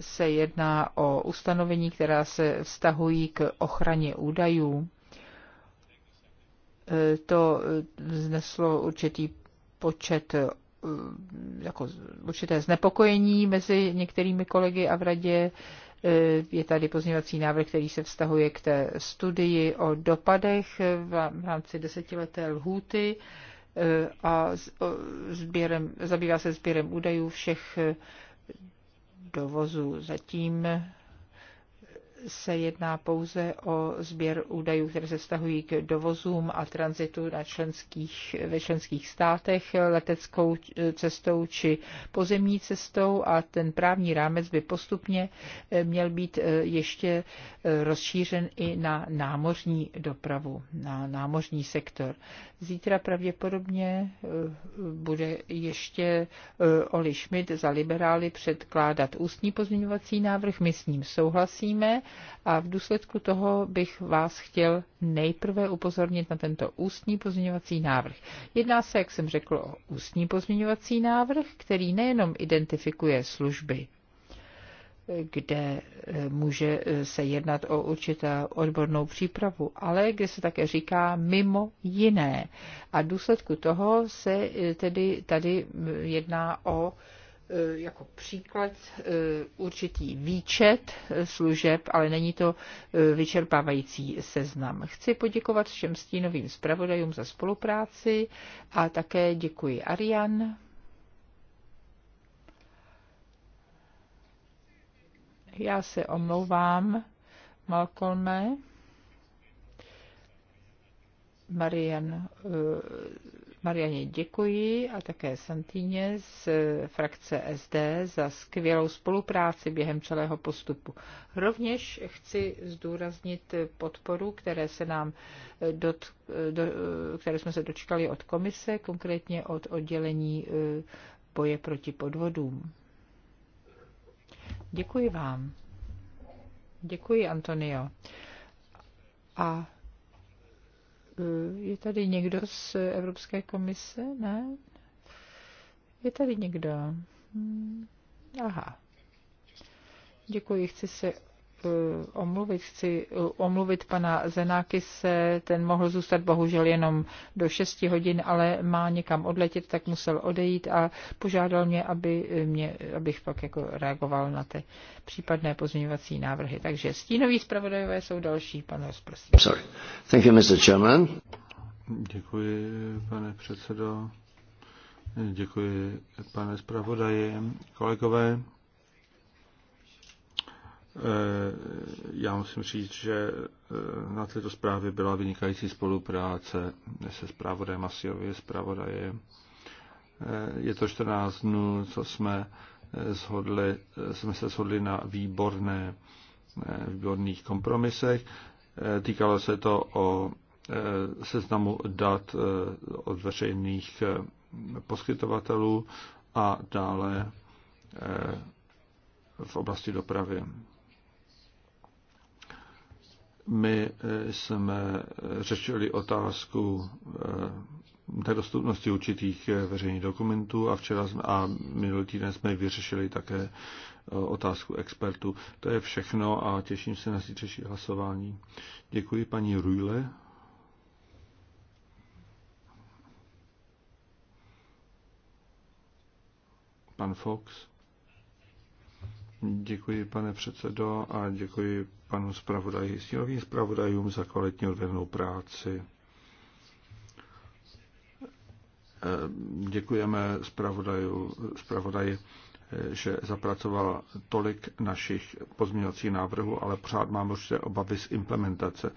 se jedná o ustanovení, která se vztahují k ochraně údajů. To vzneslo určitý počet eh, jako určité znepokojení mezi některými kolegy a v radě. Eh, je tady pozměňovací návrh, který se vztahuje k té studii o dopadech v rámci desetileté lhůty eh, a sběrem, zabývá se sběrem údajů všech dovozu. Zatím se jedná pouze o sběr údajů, které se stahují k dovozům a tranzitu na členských, ve členských státech leteckou cestou či pozemní cestou a ten právní rámec by postupně eh, měl být eh, ještě eh, rozšířen i na námořní dopravu, na námořní sektor. Zítra pravděpodobně bude ještě Oli Schmidt za liberály předkládat ústní pozměňovací návrh, my s ním souhlasíme a v důsledku toho bych vás chtěl nejprve upozornit na tento ústní pozměňovací návrh. Jedná se, jak jsem řekl, o ústní pozměňovací návrh, který nejenom identifikuje služby kde eh, může eh, se jednat o určitou odbornou přípravu, ale kde se také říká mimo jiné. A v důsledku toho se eh, tedy tady jedná o E, jako příklad e, určitý výčet e, služeb, ale není to vyčerpávající seznam. Chci poděkovat všem stínovým zpravodajům za spolupráci a také děkuji Arian. Já se omlouvám, Malcolme. Marian Marianě děkuji a také Santíně z frakce SD za skvělou spolupráci během celého postupu. Rovněž chci zdůraznit podporu, které se nám dot, do, které jsme se dočkali od komise, konkrétně od oddělení eh, boje proti podvodům. Děkuji vám. Děkuji, Antonio. A Eh, je tady někdo z Evropské komise? Ne? Je tady někdo? Hmm. Aha. Děkuji, chci se Eh, omluvit. Chci eh, omluvit pana se, ten mohl zůstat bohužel jenom do 6 hodin, ale má někam odletět, tak musel odejít a požádal mě, aby mě, abych pak jako reagoval na ty případné pozměňovací návrhy. Takže stínoví zpravodajové jsou další, pane, prosím. Sorry. Thank you, Mr. Chairman. Děkuji, pane předsedo. Děkuji, pane zpravodaji. Kolegové, Eh, já musím říct, že eh, na této zprávě byla vynikající spolupráce se zpravodajem Asiově, zpravodajem. Eh, je to 14 dnů, co jsme, shodli, jsme se shodli na výborné, výborných kompromisech. Týkalo se to o seznamu dat od veřejných poskytovatelů a dále v oblasti dopravy. My eh, jsme eh, řešili otázku eh, nedostupnosti určitých veřejných dokumentů a včera jsme, a minulý týden jsme vyřešili také otázku expertů. To je všechno a těším se na zítřejší hlasování. Děkuji paní Rujle. Pan Fox. Děkuji, pane předsedo, a děkuji panu zpravodaji, stínovým zpravodajům za kvalitní odvednou práci. Děkujeme zpravodaji, že zapracoval tolik našich pozměňovacích návrhů, ale pořád máme určité obavy z implementace.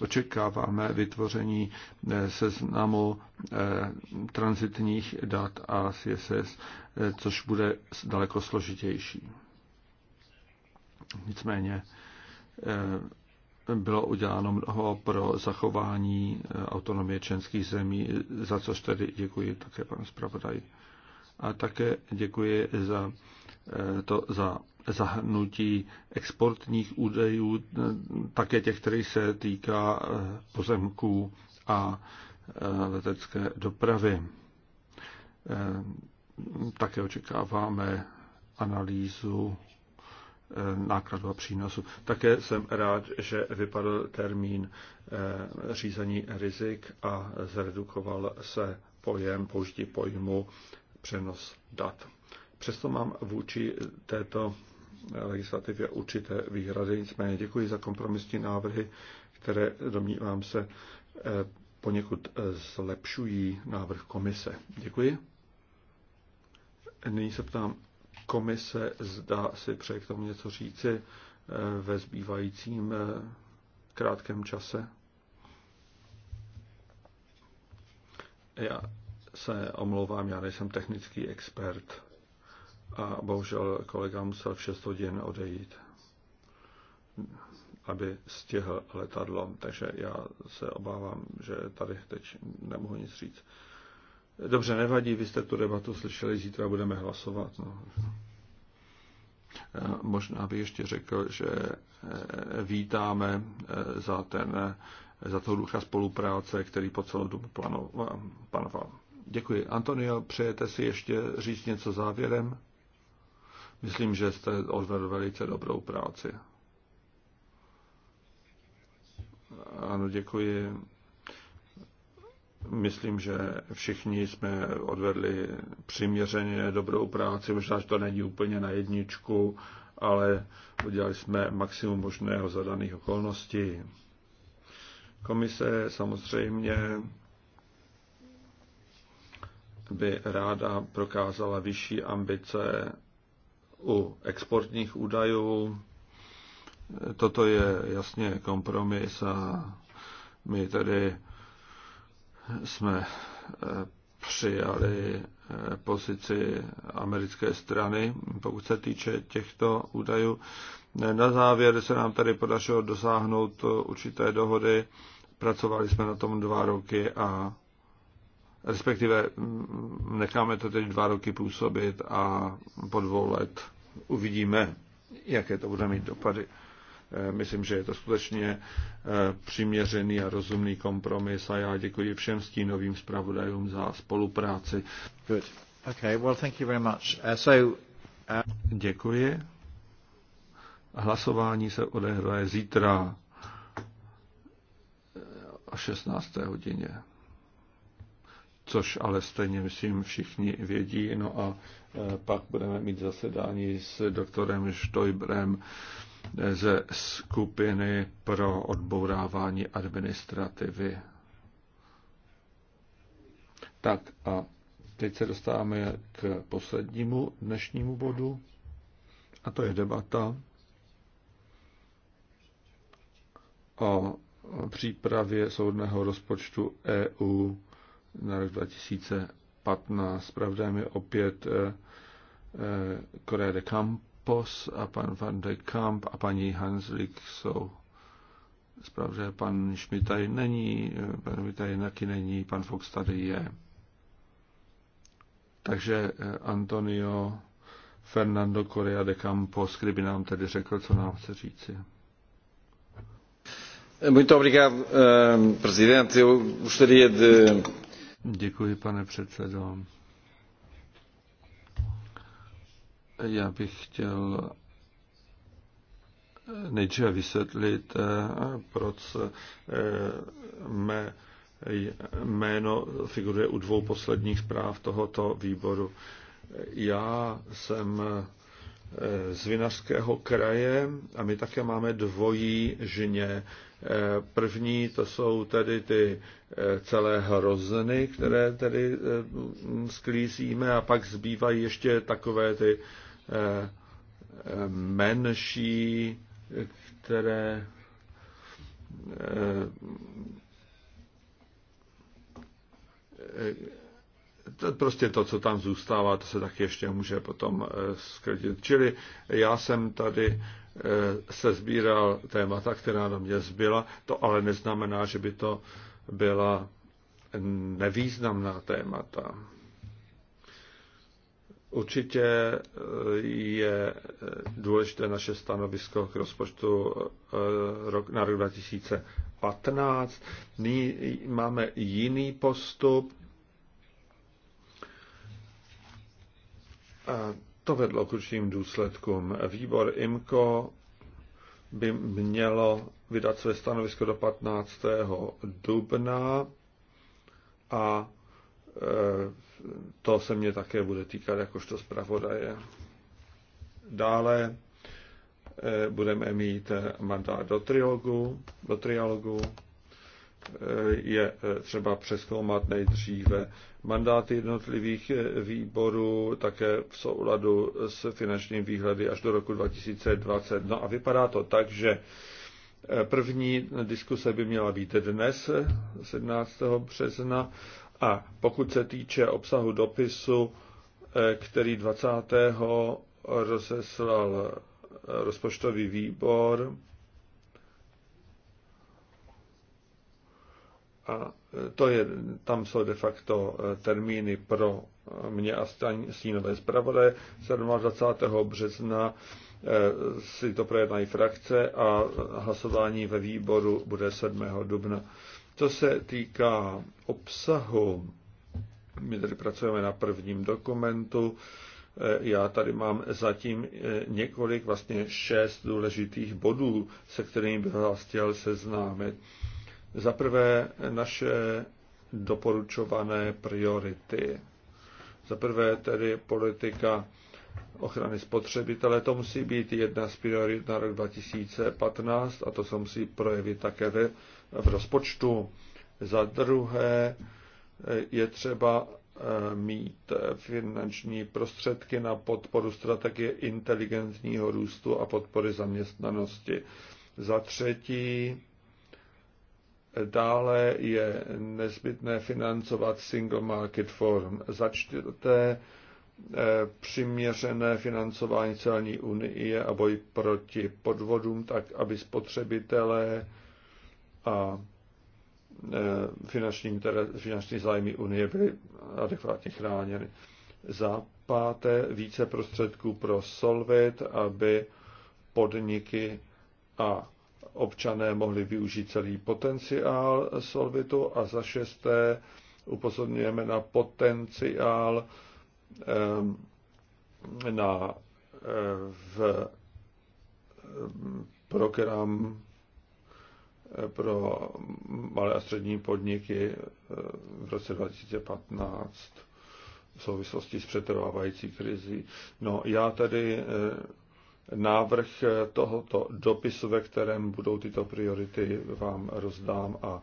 Očekáváme vytvoření eh, seznamu eh, transitních dat a CSS, eh, což bude daleko složitější. Nicméně Eh, bylo uděláno mnoho pro zachování eh, autonomie členských zemí, za což tedy děkuji také panu zpravodaji. A také děkuji za eh, to za zahrnutí exportních údajů, také těch, který se týká pozemků a letecké dopravy. Také očekáváme analýzu Eh, nákladu a přínosu. Také jsem rád, že vypadl termín eh, řízení rizik a zredukoval se pojem, použití pojmu přenos dat. Přesto mám vůči této legislativě určité výhrady, nicméně děkuji za kompromisní návrhy, které, domnívám se, eh, poněkud zlepšují návrh komise. Děkuji. Nyní se ptám komise, zda si přeje k tomu něco říci eh, ve zbývajícím eh, krátkém čase. Já se omlouvám, já nejsem technický expert a bohužel kolega musel v 6 hodin odejít, aby stihl letadlo, takže já se obávám, že tady teď nemohu nic říct. Dobře, nevadí, vy jste tu debatu slyšeli, zítra budeme hlasovat. No. Eh, možná bych ještě řekl, že eh, vítáme eh, za, ten, za toho ducha spolupráce, který po celou dobu panoval. Děkuji. Antonio, přejete si ještě říct něco závěrem? Myslím, že jste odvedl velice dobrou práci. Ano, děkuji. Myslím, že všichni jsme odvedli přiměřeně dobrou práci, možná, že to není úplně na jedničku, ale udělali jsme maximum možného za daných okolností. Komise samozřejmě by ráda prokázala vyšší ambice u exportních údajů. Toto je jasně kompromis a my tedy jsme eh, přijali eh, pozici americké strany, pokud se týče těchto údajů. Na závěr se nám tady podařilo dosáhnout eh, určité dohody. Pracovali jsme na tom dva roky a respektive mm, necháme to teď dva roky působit a po dvou let uvidíme, jaké to bude mít dopady. Eh, myslím, že je to skutečně eh, přiměřený a rozumný kompromis a já děkuji všem stínovým zpravodajům za spolupráci. Good. Okay, well, thank you very much. Uh, so, uh... Děkuji. Hlasování se odehraje zítra o 16. hodině. Což ale stejně, myslím, všichni vědí. No a pak budeme mít zasedání s doktorem Štojbrem ze skupiny pro odbourávání administrativy. Tak a teď se dostáváme k poslednímu dnešnímu bodu a to je debata o přípravě soudného rozpočtu EU na rok 2015. Pravda je opět Korea eh, eh, de Camp, Pos a pan Van de Kamp a paní Hanslik jsou Zpravře pan Schmidt tady není, pan tady taky není, pan Fox tady je. Takže eh, Antonio Fernando Correa de Campos, kdyby nám tedy řekl, co nám chce říci. Muito obrigado, eh, presidente. Eu gostaria de... Děkuji, pane předsedo. Já bych chtěl nejdříve vysvětlit, eh, proč eh, mé jméno figuruje u dvou posledních zpráv tohoto výboru. Já jsem eh, z Vinařského kraje a my také máme dvojí žně. První to jsou tedy ty celé hrozny, které tedy sklízíme a pak zbývají ještě takové ty menší, které eh, to, prostě to, co tam zůstává, to se tak ještě může potom skrytit. Eh, Čili já jsem tady eh, se sbíral témata, která na mě zbyla, to ale neznamená, že by to byla nevýznamná témata. Určitě eh, je eh, důležité naše stanovisko k rozpočtu eh, na rok 2015. Nyní máme jiný postup. A to vedlo k určitým důsledkům. Výbor IMCO by mělo vydat své stanovisko do 15. dubna a to se mě také bude týkat jakožto zpravodaje. Dále eh, budeme mít eh, mandát do trialogu, do trialogu. Eh, je třeba přeskoumat nejdříve mandáty jednotlivých výborů, také v souladu s finančním výhledy až do roku 2020. No a vypadá to tak, že První diskuse by měla být dnes, 17. března, a pokud se týče obsahu dopisu, eh, který 20. rozeslal eh, rozpočtový výbor, a eh, to je, tam jsou de facto termíny pro mě a stínové zpravodaje. 27. března si to projednají frakce a hlasování ve výboru bude 7. dubna. Co se týká obsahu, my tady pracujeme na prvním dokumentu, e, já tady mám zatím e, několik, vlastně šest důležitých bodů, se kterými bych vás chtěl seznámit. Za prvé naše doporučované priority. Za prvé tedy politika ochrany spotřebitele. To musí být jedna z priorit na rok 2015 a to se musí projevit také ve, v rozpočtu. Za druhé eh, je třeba eh, mít finanční prostředky na podporu strategie inteligentního růstu a podpory zaměstnanosti. Za třetí, eh, dále je nezbytné financovat Single Market Forum. Za čtvrté, Eh, přiměřené financování celní unie a boj proti podvodům, tak aby spotřebitelé a eh, finanční, finanční zájmy unie byly adekvátně chráněny. Za páté více prostředků pro Solvit, aby podniky a občané mohli využít celý potenciál Solvitu a za šesté upozorňujeme na potenciál Ehm, na, eh, v ehm, program eh, pro malé a střední podniky eh, v roce 2015 v souvislosti s přetrvávající krizí. No, já tady návrh tohoto dopisu, ve kterém budou tyto priority, vám rozdám a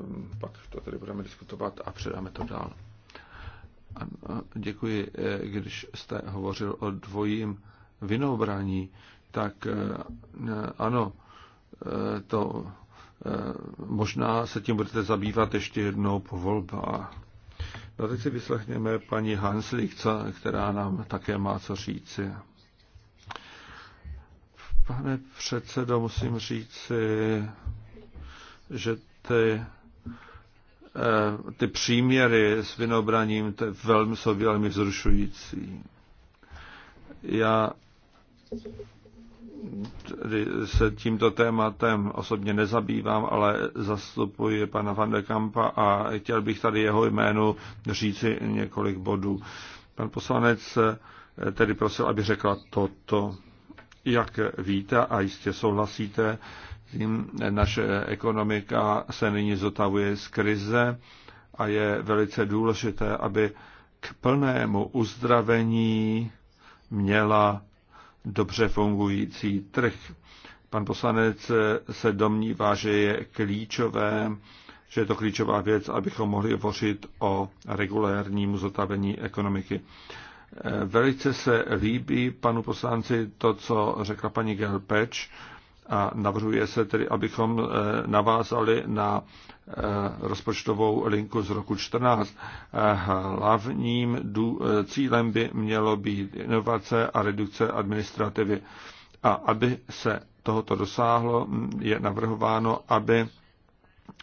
ehm, pak to tady budeme diskutovat a předáme to dál. Ano, děkuji. Eh, když jste hovořil o dvojím vynobraní, tak eh, eh, ano, to možná se tím budete zabývat ještě jednou po volbách. A no, teď si vyslechněme paní Hanslík, která nám také má co říci. Pane předsedo, musím říci, že ty Eh, ty příměry s vinobraním to je velmi, jsou velmi vzrušující. Já tedy se tímto tématem osobně nezabývám, ale zastupuji pana Van de Kampa a chtěl bych tady jeho jménu říci několik bodů. Pan poslanec eh, tedy prosil, aby řekla toto. Jak víte a jistě souhlasíte, naše ekonomika se nyní zotavuje z krize a je velice důležité, aby k plnému uzdravení měla dobře fungující trh. Pan poslanec se domnívá, že je klíčové, že je to klíčová věc, abychom mohli hovořit o regulérním zotavení ekonomiky. Velice se líbí panu poslanci to, co řekla paní Gelpeč a navrhuje se tedy, abychom eh, navázali na eh, rozpočtovou linku z roku 14. Eh, hlavním cílem by mělo být inovace a redukce administrativy. A aby se tohoto dosáhlo, je navrhováno, aby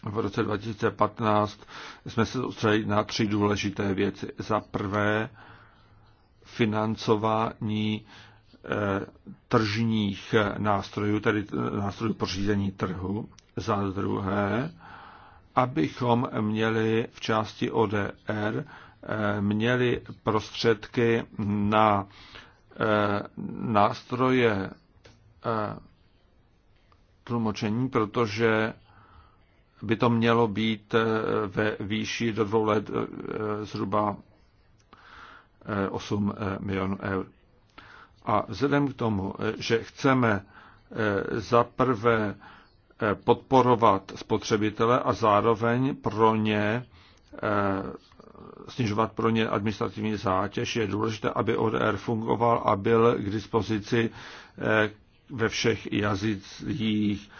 v roce 2015 jsme se soustředili na tři důležité věci. Za prvé, financování Eh, tržních nástrojů, tedy eh, nástrojů pořízení trhu, za druhé, abychom měli v části ODR eh, měli prostředky na nástroje tlumočení, protože by to mělo být ve výši do dvou let zhruba 8 milionů eur. A vzhledem k tomu, že chceme eh, zaprvé eh, podporovat spotřebitele a zároveň pro ně eh, snižovat pro ně administrativní zátěž, je důležité, aby ODR fungoval a byl k dispozici ve všech jazycích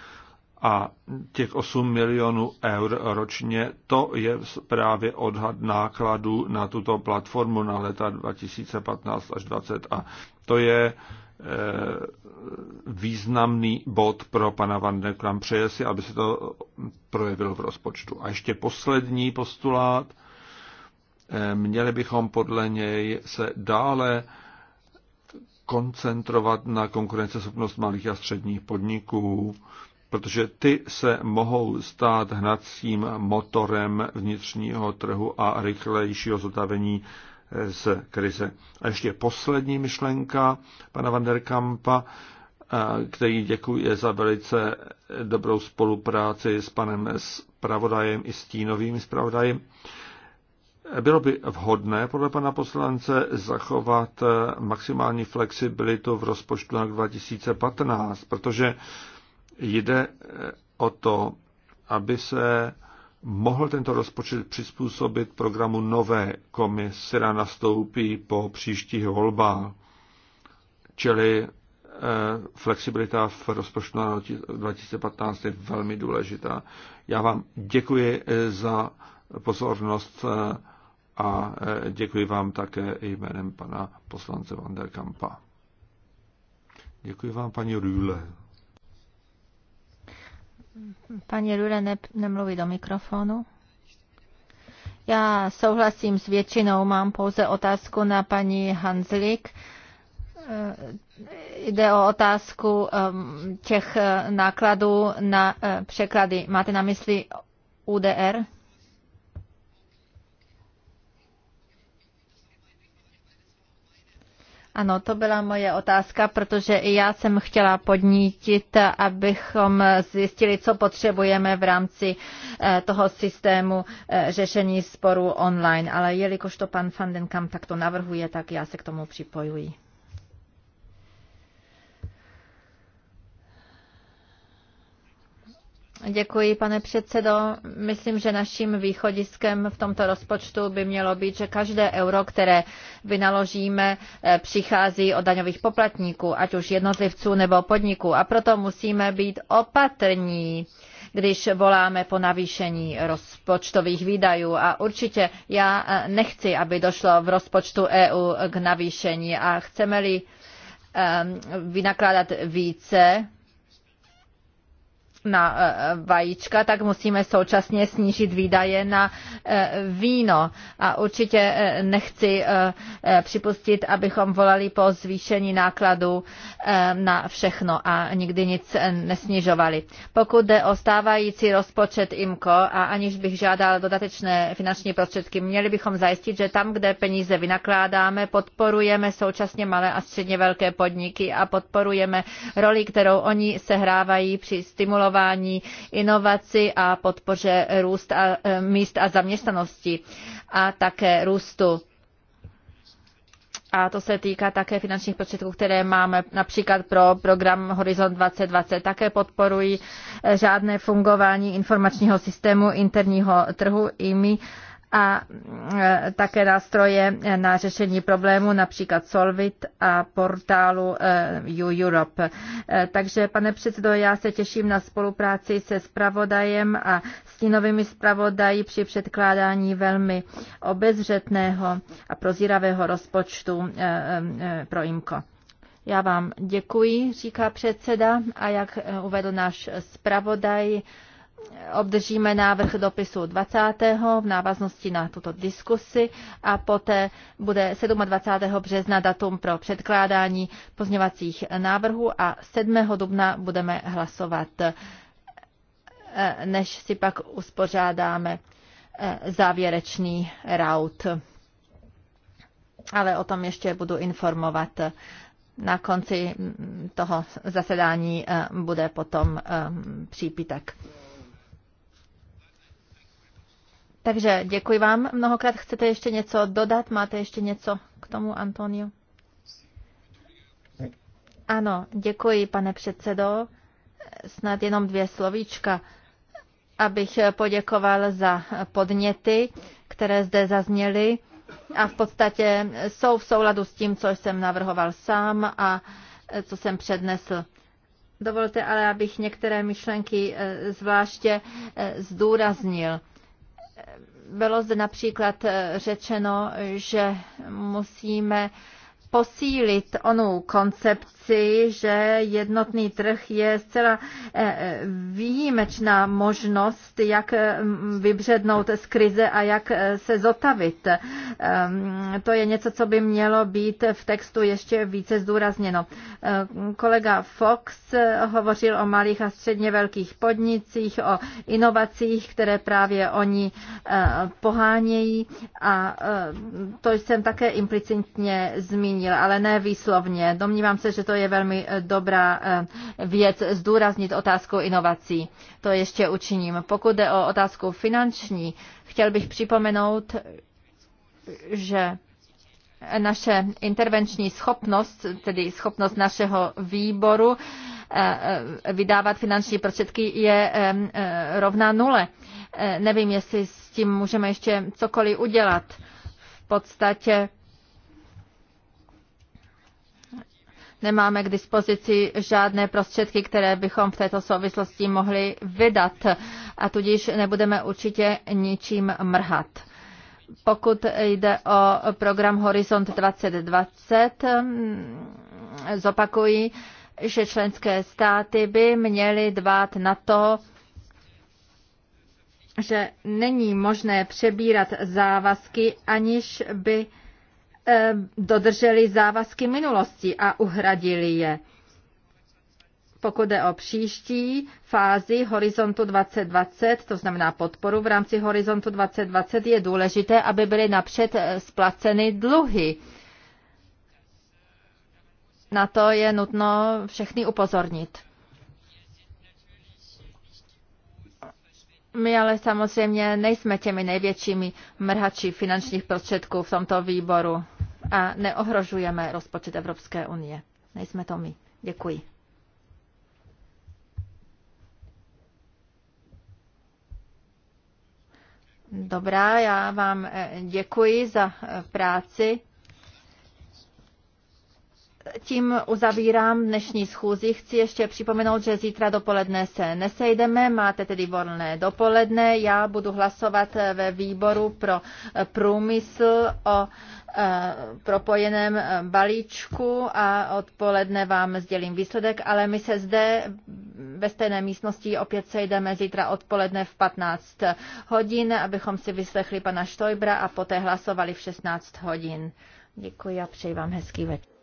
a těch 8 milionů eur ročně, to je právě odhad nákladů na tuto platformu na leta 2015 až 2020 a to je eh, významný bod pro pana Van der Kram. Přeje si, aby se to projevilo v rozpočtu. A ještě poslední postulát. Eh, měli bychom podle něj se dále koncentrovat na konkurenceschopnost malých a středních podniků, protože ty se mohou stát hnacím motorem vnitřního trhu a rychlejšího zotavení z krize. A ještě poslední myšlenka pana Vanderkampa, který děkuje za velice dobrou spolupráci s panem zpravodajem i stínovým zpravodajem. Bylo by vhodné podle pana poslance zachovat maximální flexibilitu v rozpočtu na 2015, protože jde e, o to, aby se mohl tento rozpočet přizpůsobit programu nové komise, která nastoupí po příštích volbách, čili eh, flexibilita v rozpočtu na 2015 je velmi důležitá. Já vám děkuji eh, za pozornost eh, a děkuji vám také jménem pana poslance Vanderkampa. Děkuji vám, paní Rühle. Paní Rure ne, nemluví do mikrofonu. Já souhlasím s většinou, mám pouze otázku na paní Hanzlik. Eh, jde o otázku ehm, těch eh, nákladů na eh, překlady. Máte na mysli UDR? Ano, to byla moje otázka, protože i já jsem chtěla podnítit, abychom zjistili, co potřebujeme v rámci eh, toho systému eh, řešení sporů online. Ale jelikož to pan Fandenkam takto navrhuje, tak já se k tomu připojuji. Děkuji, pane předsedo. Myslím, že naším východiskem v tomto rozpočtu by mělo být, že každé euro, které vynaložíme, eh, přichází od daňových poplatníků, ať už jednotlivců nebo podniků. A proto musíme být opatrní když voláme po navýšení rozpočtových výdajů. A určitě já eh, nechci, aby došlo v rozpočtu EU k navýšení. A chceme-li ehm, vynakládat více, na eh, vajíčka, tak musíme současně snížit výdaje na eh, víno. A určitě eh, nechci připustit, abychom volali po zvýšení nákladů na všechno a nikdy nic nesnižovali. Pokud jde o stávající rozpočet IMCO, a aniž bych žádal dodatečné finanční prostředky, měli bychom zajistit, že tam, kde peníze vynakládáme, podporujeme současně malé a středně velké podniky a podporujeme roli, kterou oni sehrávají při stimulování vzdělávání, inovaci a podpoře růst a, e, míst a zaměstnanosti a také růstu. A to se týká také finančních prostředků, které máme například pro program Horizont 2020. Také podporují e, řádné fungování informačního systému interního trhu IMI a e, také nástroje na řešení problému, například Solvit a portálu e, u Europe. E, takže, pane předsedo, já se těším na spolupráci se spravodajem a stínovými spravodají při předkládání velmi obezřetného a prozíravého rozpočtu pro IMCO. Já vám děkuji, říká předseda, a jak uvedl náš zpravodaj, obdržíme návrh dopisu 20. v návaznosti na tuto diskusi a poté bude 27. března datum pro předkládání pozněvacích návrhů a 7. dubna budeme hlasovat, eh, než si pak uspořádáme eh, závěrečný raut. Ale o tom ještě budu informovat na konci mm, toho zasedání eh, bude potom přípitek. Takže děkuji vám mnohokrát. Chcete ještě něco dodat? Máte ještě něco k tomu, Antonio? Ano, děkuji, pane předsedo. Snad jenom dvě slovíčka, abych poděkoval za podněty, které zde zazněly a v podstatě jsou v souladu s tím, co jsem navrhoval sám a co jsem přednesl. Dovolte ale, abych některé myšlenky eh, zvláště eh, zdůraznil. Bylo zde například eh, řečeno, že musíme posílit onu koncept říci, že jednotný trh je zcela eh, eh, výjimečná možnost, jak mm, vybřednout z krize a jak eh, se zotavit. Ehm, to je něco, co by mělo být v textu ještě více zdůrazněno. Ehm, kolega Fox hovořil o malých a středně velkých podnicích, o inovacích, které právě oni pohánějí a to jsem také implicitně zmínil, ale ne výslovně. Domnívám se, že to je velmi eh, dobrá eh, věc zdůraznit otázku inovací. To ještě učiním. Pokud jde o otázku finanční, chtěl bych připomenout, že naše intervenční schopnost, tedy schopnost našeho výboru eh, vydávat finanční prostředky je rovná nule. Nevím, jestli s tím můžeme ještě cokoliv udělat. V podstatě nemáme k dispozici žádné prostředky, které bychom v této souvislosti mohli vydat a tudíž nebudeme určitě ničím mrhat. Pokud jde o program Horizont 2020, zopakuji, že členské státy by měly dbát na to, že není možné přebírat závazky, aniž by Eh, dodrželi závazky minulosti a uhradili je. Pokud jde o příští fázi Horizontu 2020, to znamená podporu v rámci Horizontu 2020, je důležité, aby byly napřed eh, splaceny dluhy. Na to je nutno všechny upozornit. My ale samozřejmě nejsme těmi největšími mrhači finančních prostředků v tomto výboru a neohrožujeme rozpočet Evropské unie. Nejsme to my. Děkuji. Dobrá, já vám eh, děkuji za eh, práci tím uzavírám dnešní schůzi. Chci ještě připomenout, že zítra dopoledne se nesejdeme, máte tedy volné dopoledne. Já budu hlasovat ve výboru pro průmysl o e, propojeném e, balíčku a odpoledne vám sdělím výsledek, ale my se zde ve stejné místnosti opět sejdeme zítra odpoledne v 15 hodin, abychom si vyslechli pana Štojbra a poté hlasovali v 16 hodin. Děkuji a přeji vám hezký večer.